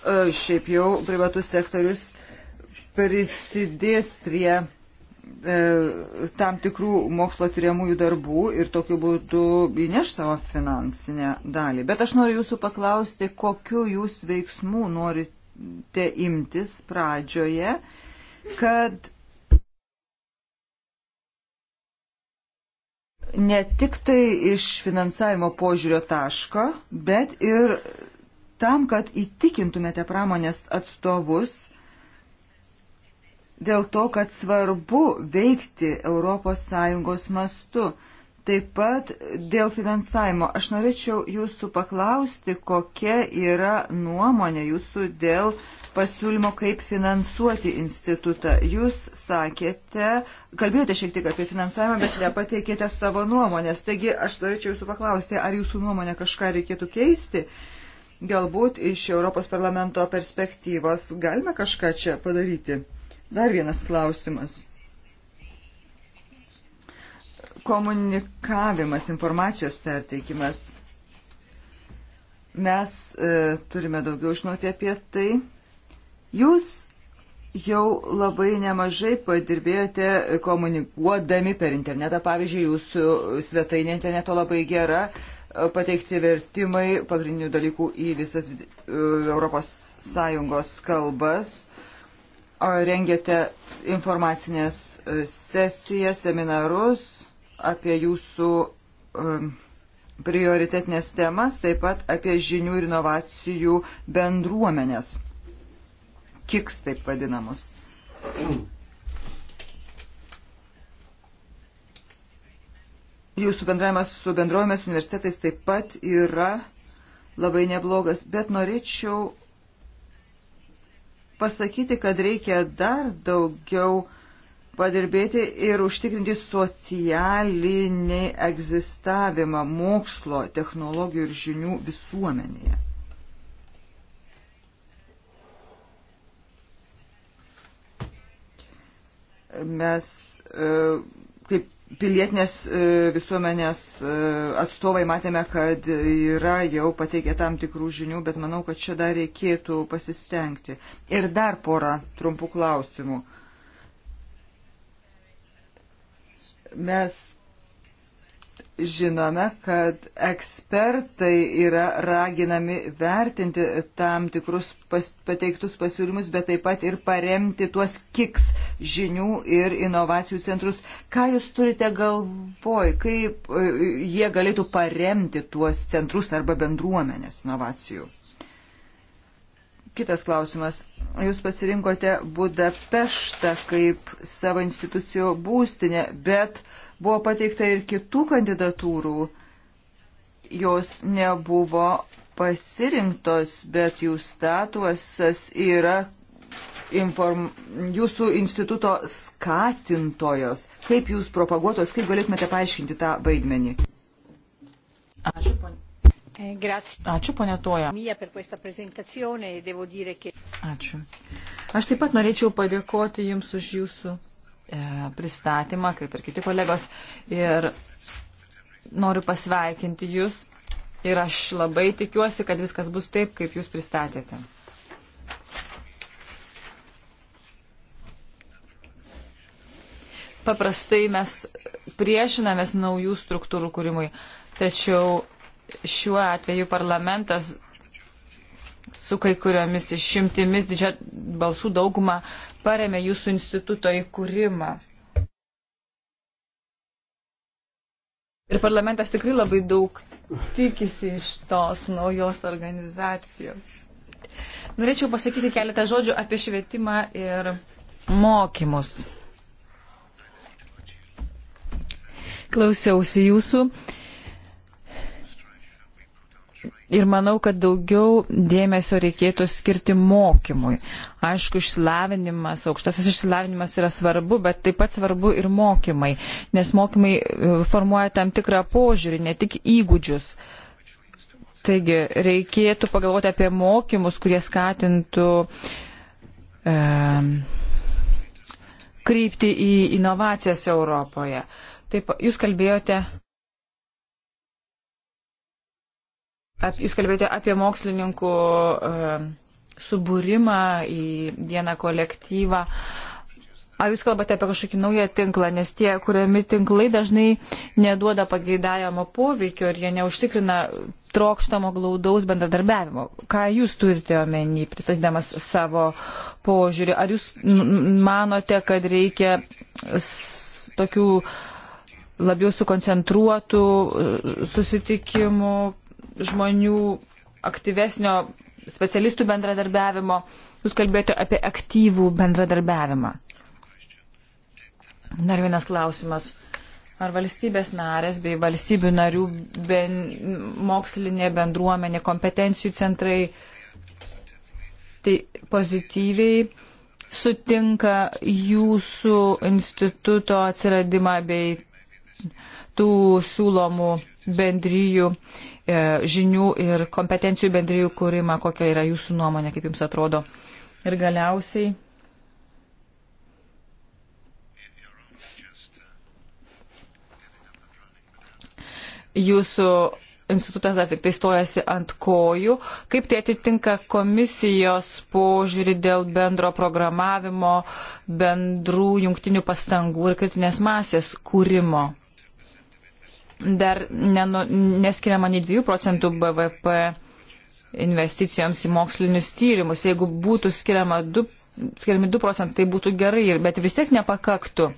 E, šiaip jau privatus sektorius prisidės prie e, tam tikrų mokslo tyriamųjų darbų ir tokiu būdu įneš savo finansinę dalį. Bet aš noriu jūsų paklausti, kokiu jūs veiksmų norite imtis pradžioje, kad ne tik tai iš finansavimo požiūrio taško, bet ir tam, kad įtikintumėte pramonės atstovus dėl to, kad svarbu veikti ES mastu. Taip pat dėl finansavimo. Aš norėčiau jūsų paklausti, kokia yra nuomonė jūsų dėl pasiūlymo, kaip finansuoti institutą. Jūs sakėte, kalbėjote šiek tiek apie finansavimą, bet nepateikėte savo nuomonės. Taigi aš norėčiau jūsų paklausti, ar jūsų nuomonė kažką reikėtų keisti Galbūt iš Europos parlamento perspektyvos galime kažką čia padaryti. Dar vienas klausimas. Komunikavimas, informacijos perteikimas. Mes e, turime daugiau žinoti apie tai. Jūs jau labai nemažai padirbėjote komunikuodami per internetą. Pavyzdžiui, jūsų svetainė interneto labai gera. E, pateikti vertimai pagrindinių dalykų į visas e, Europos Sąjungos kalbas. Rengiate informacinės e, sesijas, seminarus apie jūsų e, prioritetinės temas, taip pat apie žinių ir inovacijų bendruomenės. KIKS taip vadinamus. jūsų bendravimas su bendrovėmis universitetais taip pat yra labai neblogas, bet norėčiau pasakyti, kad reikia dar daugiau padirbėti ir užtikrinti socialinį egzistavimą mokslo, technologijų ir žinių visuomenėje. Mes e, pilietinės e, visuomenės e, atstovai matėme, kad yra jau pateikę tam tikrų žinių, bet manau, kad čia dar reikėtų pasistengti. Ir dar porą trumpų klausimų. Mes žinome, kad ekspertai yra raginami vertinti tam tikrus pas, pateiktus pasiūlymus, bet taip pat ir paremti tuos kiks žinių ir inovacijų centrus. Ką jūs turite galvoj, kaip e, jie galėtų paremti tuos centrus arba bendruomenės inovacijų? Kitas klausimas. Jūs pasirinkote Budapeštą kaip savo institucijų būstinę, bet uh, Buvo pateikta ir kitų kandidatūrų, jos nebuvo pasirinktos, bet jų statusas yra inform... jūsų instituto skatintojos. Kaip jūs propaguotos, kaip galėtumėte paaiškinti tą vaidmenį?
Ačiū, ponė. Eh, grazie.
Ačiū, ponė Toja. Ačiū. Aš taip
pat norėčiau padėkoti Jums už Jūsų E, pristatymą, kaip ir kiti kolegos. Ir noriu pasveikinti Jūs ir aš labai tikiuosi, kad viskas bus taip, kaip Jūs pristatėte. Paprastai mes priešinamės naujų struktūrų kūrimui, tačiau šiuo atveju parlamentas su kai kuriomis išimtimis didžia balsų dauguma paremė jūsų instituto įkūrimą. Ir parlamentas tikrai labai daug tikisi iš tos naujos organizacijos. Norėčiau pasakyti keletą žodžių apie švietimą ir mokymus. Klausiausi jūsų Ir manau, kad daugiau dėmesio reikėtų skirti mokymui. Aišku, išsilavinimas, aukštasis išsilavinimas yra svarbu, bet taip pat svarbu ir mokymai, nes mokymai e, formuoja tam tikrą požiūrį, ne tik įgūdžius. Taigi, reikėtų pagalvoti apie mokymus, kurie skatintų e, krypti į inovacijas Europoje. Taip, jūs kalbėjote ap, jūs kalbėjote apie mokslininkų uh, subūrimą į vieną kolektyvą. Ar jūs kalbate apie kažkokį naują tinklą, nes tie, kuriami tinklai dažnai neduoda pageidavimo poveikio ir jie neužtikrina trokštamo glaudaus bendradarbiavimo. Ką jūs turite omeny, pristatydamas savo požiūrį? Ar jūs manote, kad reikia tokių labiau sukoncentruotų e, susitikimų, žmonių aktyvesnio specialistų bendradarbiavimo. Jūs kalbėjote apie aktyvų bendradarbiavimą. Dar vienas klausimas. Ar valstybės narės bei valstybių narių ben, mokslinė bendruomenė, kompetencijų centrai tai pozityviai sutinka jūsų instituto atsiradimą bei tų siūlomų bendryjų E, žinių ir kompetencijų bendrijų kūrimą, kokia yra jūsų nuomonė, kaip jums atrodo. Ir galiausiai. Jūsų institutas dar tik tai stojasi ant kojų. Kaip tai atitinka komisijos požiūrį dėl bendro programavimo, bendrų jungtinių pastangų ir kritinės masės kūrimo? dar nenu, neskiriama nei 2 procentų BVP investicijoms į mokslinius tyrimus. Jeigu būtų skiriama 2, skiriami 2 procentai, tai būtų gerai, bet vis tiek nepakaktų.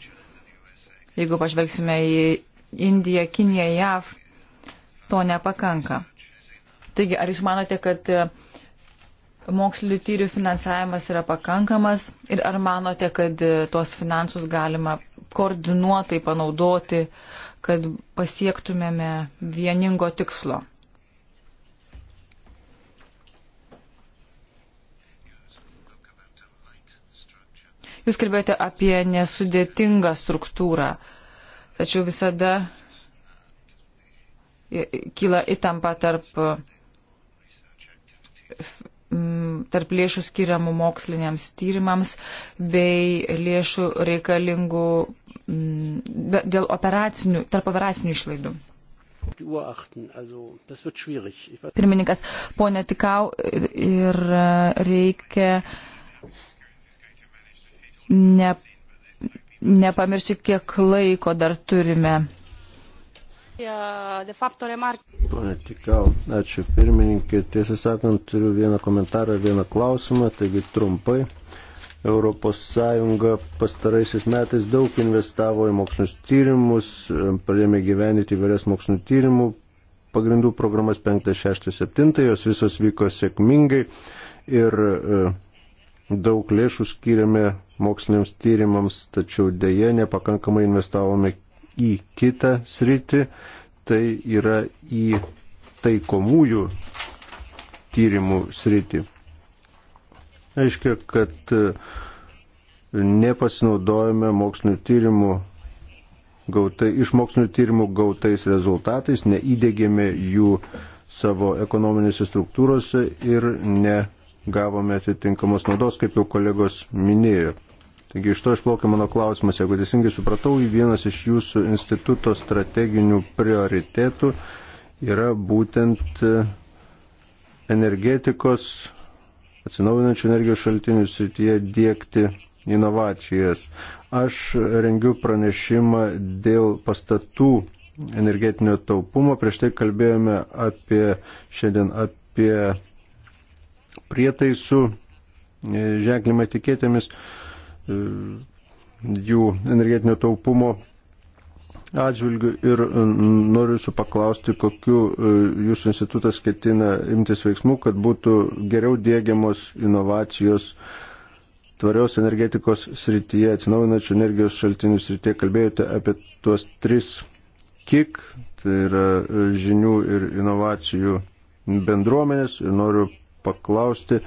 Jeigu pažvelgsime į Indiją, Kiniją, JAV, to nepakanka. Taigi, ar jūs manote, kad e, mokslinių tyrių finansavimas yra pakankamas ir ar manote, kad e, tuos finansus galima koordinuotai panaudoti kad pasiektumėme vieningo tikslo. Jūs kalbėjote apie nesudėtingą struktūrą, tačiau visada kyla įtampa tarp, mm, tarp lėšų skiriamų moksliniams tyrimams bei lėšų reikalingų Mm, dėl operacinių, tarp operacinių išlaidų. Pirmininkas, ponė Tikau, ir e, reikia ne, nepamiršti, kiek laiko dar turime. Pane
Tikau, ačiū pirmininkė. Tiesą sakant, turiu vieną komentarą, vieną klausimą, taigi trumpai. ES pastaraisiais metais daug investavo į mokslinius tyrimus, pradėjome gyveninti įvairias mokslinių tyrimų pagrindų programas 5, 6, 7, jos visos vyko sėkmingai ir e, daug lėšų skiriame moksliniams tyrimams, tačiau dėje nepakankamai investavome į kitą sritį, tai yra į taikomųjų tyrimų sritį reiškia, kad e, nepasinaudojame mokslinių tyrimų gautai, iš mokslinių tyrimų gautais rezultatais, neįdėgėme jų savo ekonominėse struktūrose ir negavome atitinkamos naudos, kaip jau kolegos minėjo. Taigi iš to išplaukia mano klausimas, jeigu teisingai supratau, vienas iš jūsų instituto strateginių prioritetų yra būtent e, energetikos atsinaujinančių energijos šaltinių srityje dėkti inovacijas. Aš rengiu pranešimą dėl pastatų energetinio taupumo. Prieš tai kalbėjome apie šiandien apie prietaisų e, ženklimą etiketėmis e, jų energetinio taupumo atžvilgių ir e, noriu jūsų paklausti, kokiu e, jūsų institutas ketina imtis veiksmų, kad būtų geriau dėgiamos inovacijos tvarios energetikos srityje, atsinaujinačių energijos šaltinių srityje. Kalbėjote apie tuos tris kik, tai yra e, žinių ir inovacijų bendruomenės ir noriu paklausti,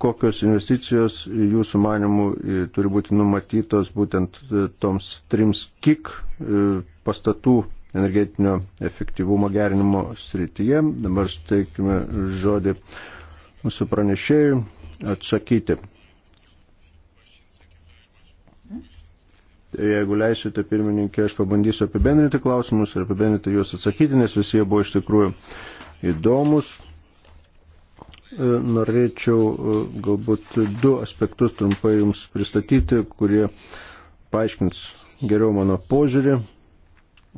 kokios investicijos jūsų manimų e, turi būti numatytos būtent e, toms trims kik e, pastatų energetinio efektyvumo gerinimo srityje. Dabar suteikime žodį mūsų pranešėjui atsakyti. Tai jeigu leisite, pirmininkė, aš pabandysiu apibendrinti klausimus ir apibendrinti juos atsakyti, nes visi jie buvo iš tikrųjų įdomus norėčiau e, galbūt du aspektus trumpai jums pristatyti, kurie paaiškins geriau mano požiūrį.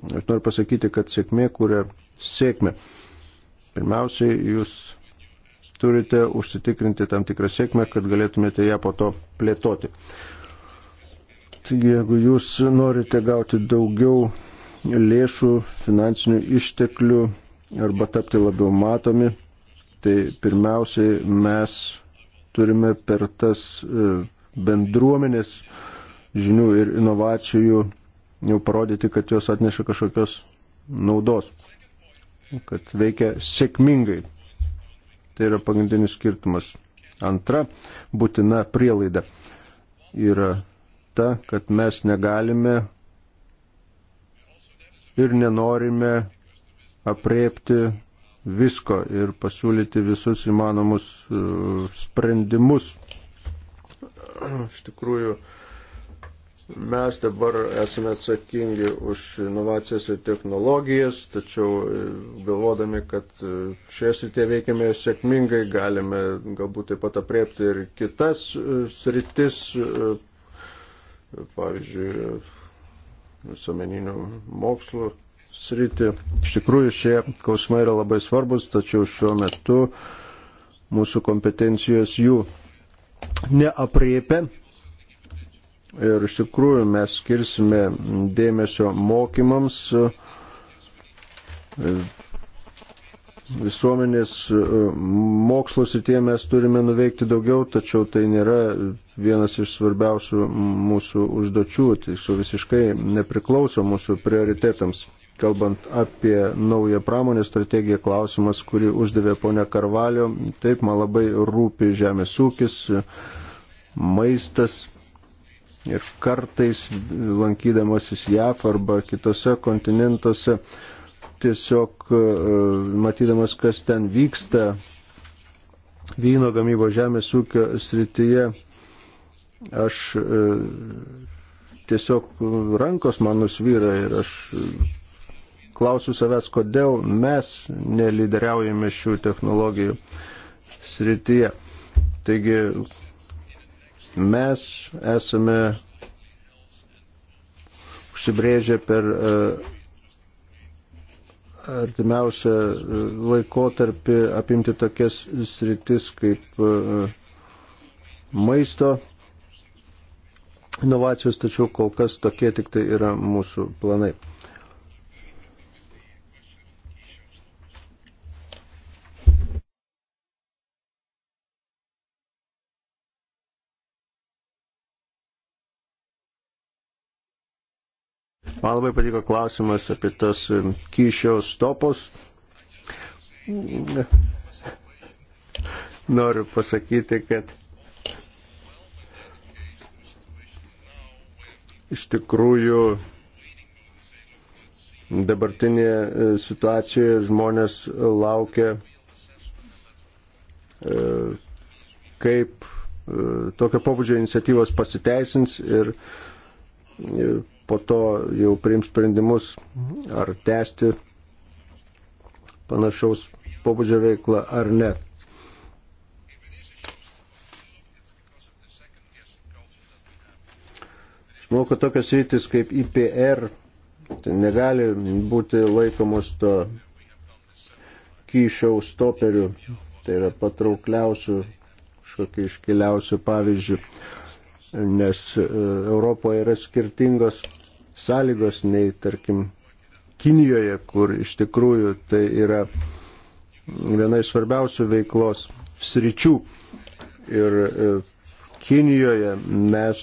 Aš noriu pasakyti, kad sėkmė kuria sėkmę. Pirmiausiai, jūs turite užsitikrinti tam tikrą sėkmę, kad galėtumėte ją po to plėtoti. Taigi, jeigu jūs norite gauti daugiau lėšų, finansinių išteklių arba tapti labiau matomi, Tai pirmiausiai mes turime per tas e, bendruomenės žinių ir inovacijų jau parodyti, kad jos atneša kažkokios naudos, kad veikia sėkmingai. Tai yra pagrindinis skirtumas. Antra būtina prielaida yra ta, kad mes negalime ir nenorime apriepti visko ir pasiūlyti visus įmanomus e, sprendimus. Iš tikrųjų, mes dabar esame atsakingi už inovacijas ir technologijas, tačiau e, galvodami, kad e, šioje srityje veikiame sėkmingai, galime galbūt taip pat apriepti ir kitas sritis, pavyzdžiui, visuomeninių mokslų sritį. Iš tikrųjų šie klausimai yra labai svarbus, tačiau šiuo metu mūsų kompetencijos jų neapriepia. Ir iš tikrųjų mes skirsime dėmesio mokymams e, visuomenės e, mokslus ir tie mes turime nuveikti daugiau, tačiau tai nėra vienas iš svarbiausių mūsų užduočių, tai su visiškai nepriklauso mūsų prioritetams kalbant apie naują pramonės strategiją, klausimas, kurį uždavė ponia Karvalio. Taip, man labai rūpi žemės ūkis, maistas. Ir kartais, lankydamasis JAF arba kitose kontinentuose, tiesiog e, matydamas, kas ten vyksta vyno gamybo žemės ūkio srityje, aš e, tiesiog rankos man nusvyra ir aš klausiu savęs, kodėl mes nelideriaujame šių technologijų srityje. Taigi mes esame užsibrėžę per e, artimiausią e, laikotarpį apimti tokias sritis kaip e, maisto inovacijos, tačiau kol kas tokie tik tai yra mūsų planai. Man labai patiko klausimas apie tas e, kyšio stopos. Noriu pasakyti, kad iš tikrųjų dabartinėje situacijoje žmonės laukia, e, kaip e, tokio pobūdžio iniciatyvos pasiteisins ir po to jau priims sprendimus ar tęsti panašaus pobūdžio veiklą ar ne. Aš manau, kad tokios rytis kaip IPR tai negali būti laikomos to kyšiau stoperių, tai yra patraukliausių, kažkokiu iškiliausių pavyzdžių, nes e, Europoje yra skirtingos sąlygos nei, tarkim, Kinijoje, kur iš tikrųjų tai yra viena iš svarbiausių veiklos sričių. Ir e, Kinijoje mes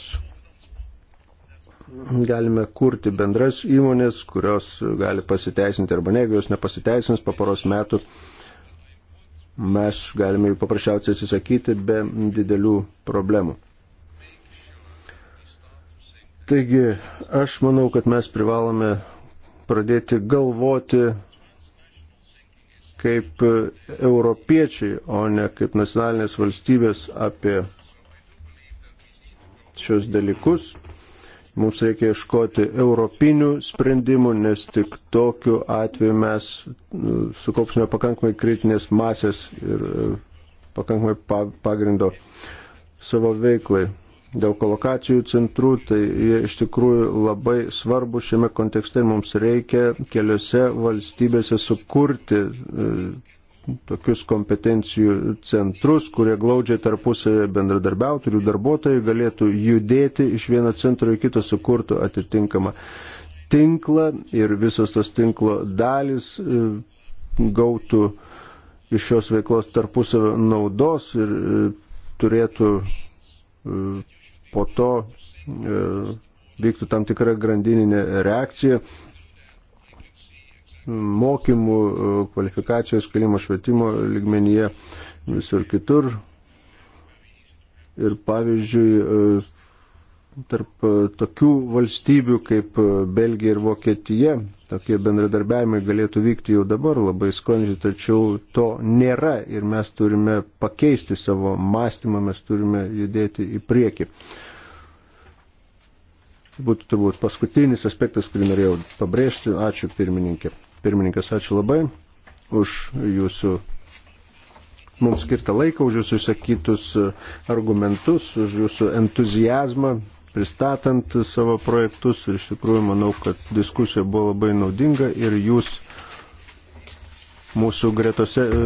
galime kurti bendras įmonės, kurios gali pasiteisinti arba ne, jeigu jos nepasiteisins po poros metų, mes galime jų paprasčiausiai atsisakyti be didelių problemų. Taigi, aš manau, kad mes privalome pradėti galvoti kaip europiečiai, o ne kaip nacionalinės valstybės apie šios dalykus. Mums reikia iškoti europinių sprendimų, nes tik tokiu atveju mes nu, sukaupsime pakankamai kritinės masės ir e, pakankamai pagrindo savo veiklai dėl kolokacijų centrų, tai jie iš tikrųjų labai svarbu šiame kontekste ir mums reikia keliose valstybėse sukurti e, tokius kompetencijų centrus, kurie glaudžiai tarpusavėje bendradarbiautų ir jų darbuotojai galėtų judėti iš vieno centro į kitą, sukurtų atitinkamą tinklą ir visos tos tinklo dalis e, gautų iš šios veiklos tarpusavio naudos ir e, turėtų po to e, vyktų tam tikra grandininė reakcija mokymų, e, kvalifikacijos, kelimo švietimo ligmenyje, visur kitur. Ir pavyzdžiui, e, tarp tokių valstybių kaip Belgija ir Vokietija, tokie bendradarbiavimai galėtų vykti jau dabar labai sklandžiai, tačiau to nėra ir mes turime pakeisti savo mąstymą, mes turime judėti į priekį. Tai būtų turbūt paskutinis aspektas, kurį norėjau pabrėžti. Ačiū pirmininkė. Pirmininkas, ačiū labai už jūsų mums skirtą laiką, už jūsų išsakytus argumentus, už jūsų entuzijazmą pristatant savo projektus. Ir iš tikrųjų manau, kad diskusija buvo labai naudinga ir jūs mūsų gretose e,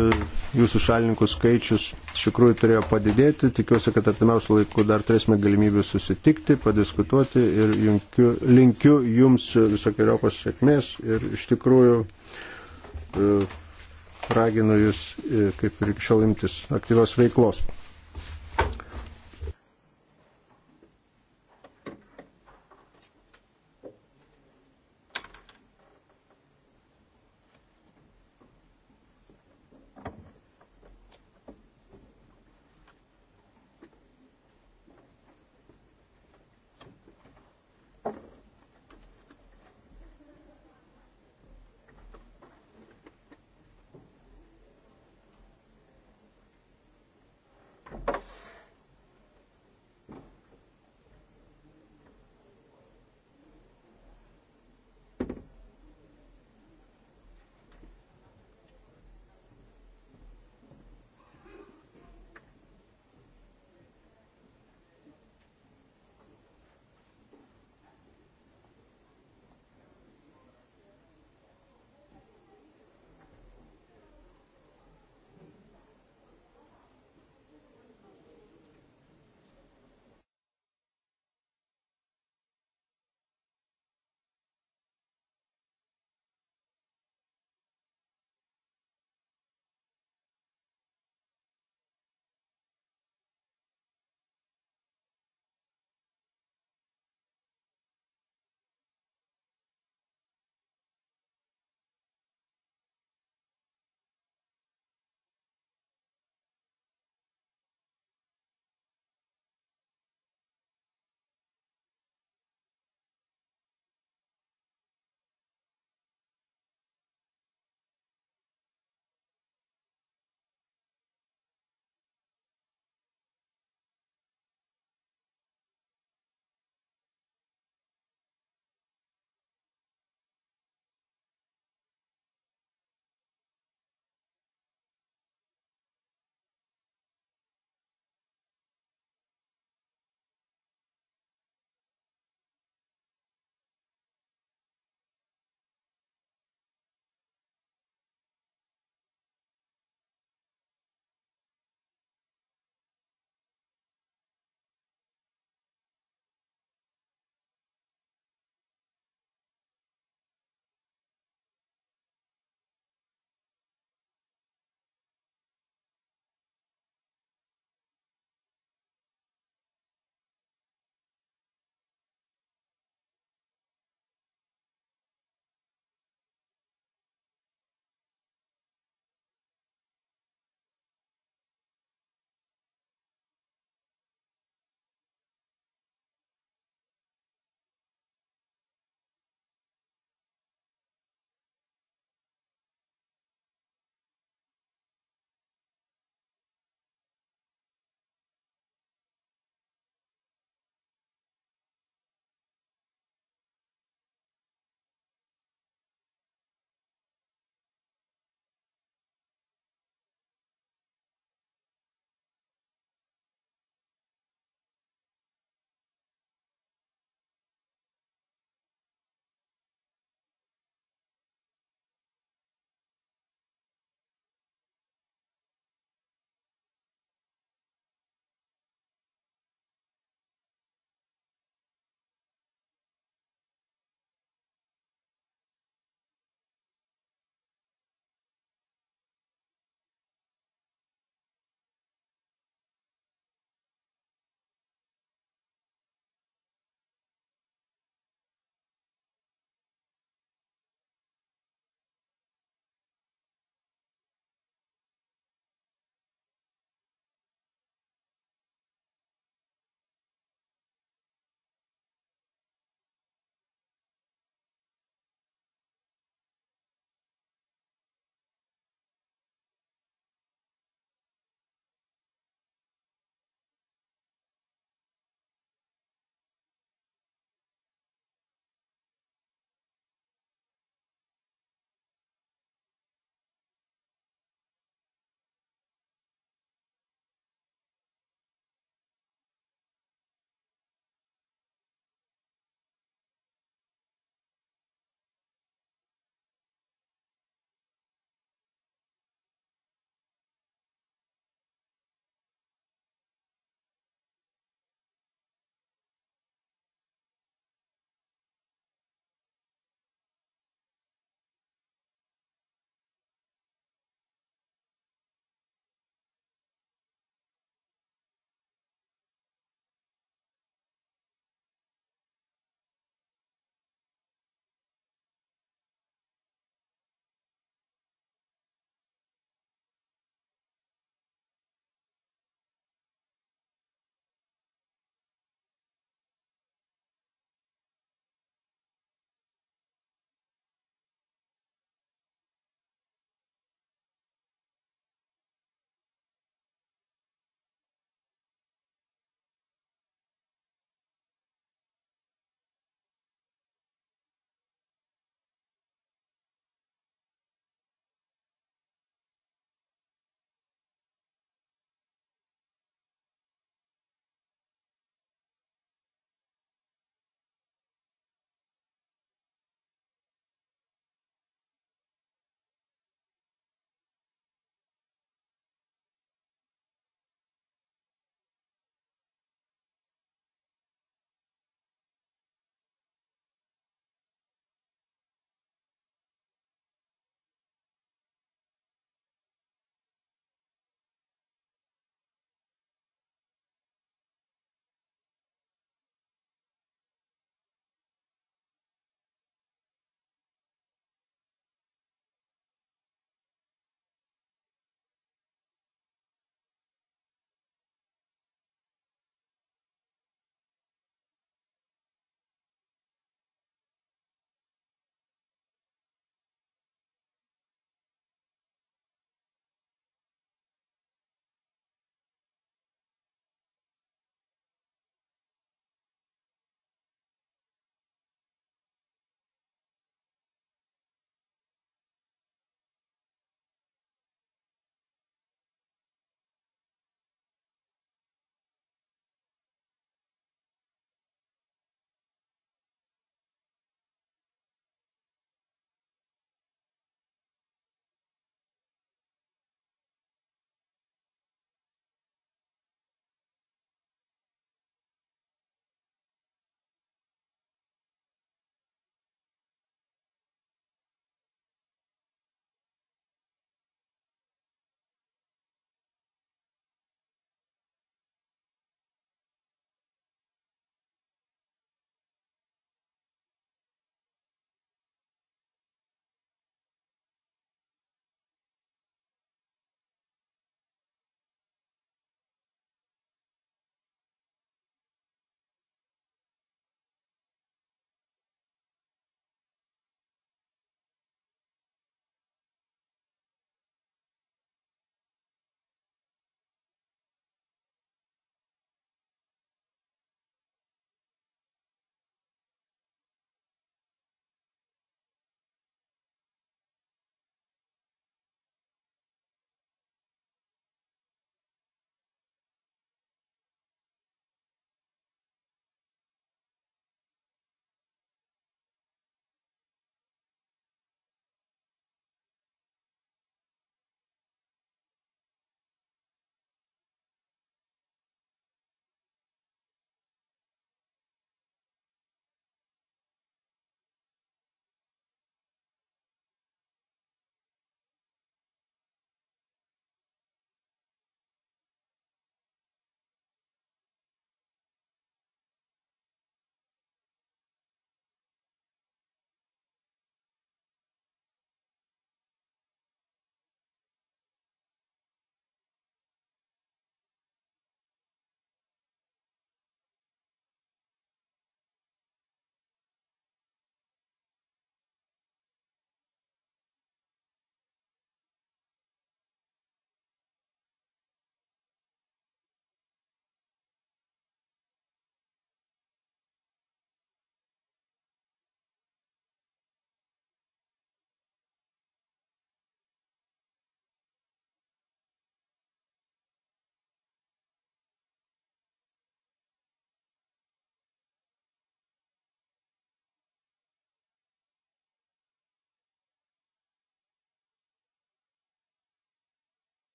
jūsų šalininkų skaičius iš tikrųjų turėjo padidėti. Tikiuosi, kad artimiausiu laiku dar turėsime galimybę susitikti, padiskutuoti ir junkiu, linkiu jums visokiojopos sėkmės ir iš tikrųjų e, raginu jūs e, kaip ir iki šiol imtis aktyvios veiklos.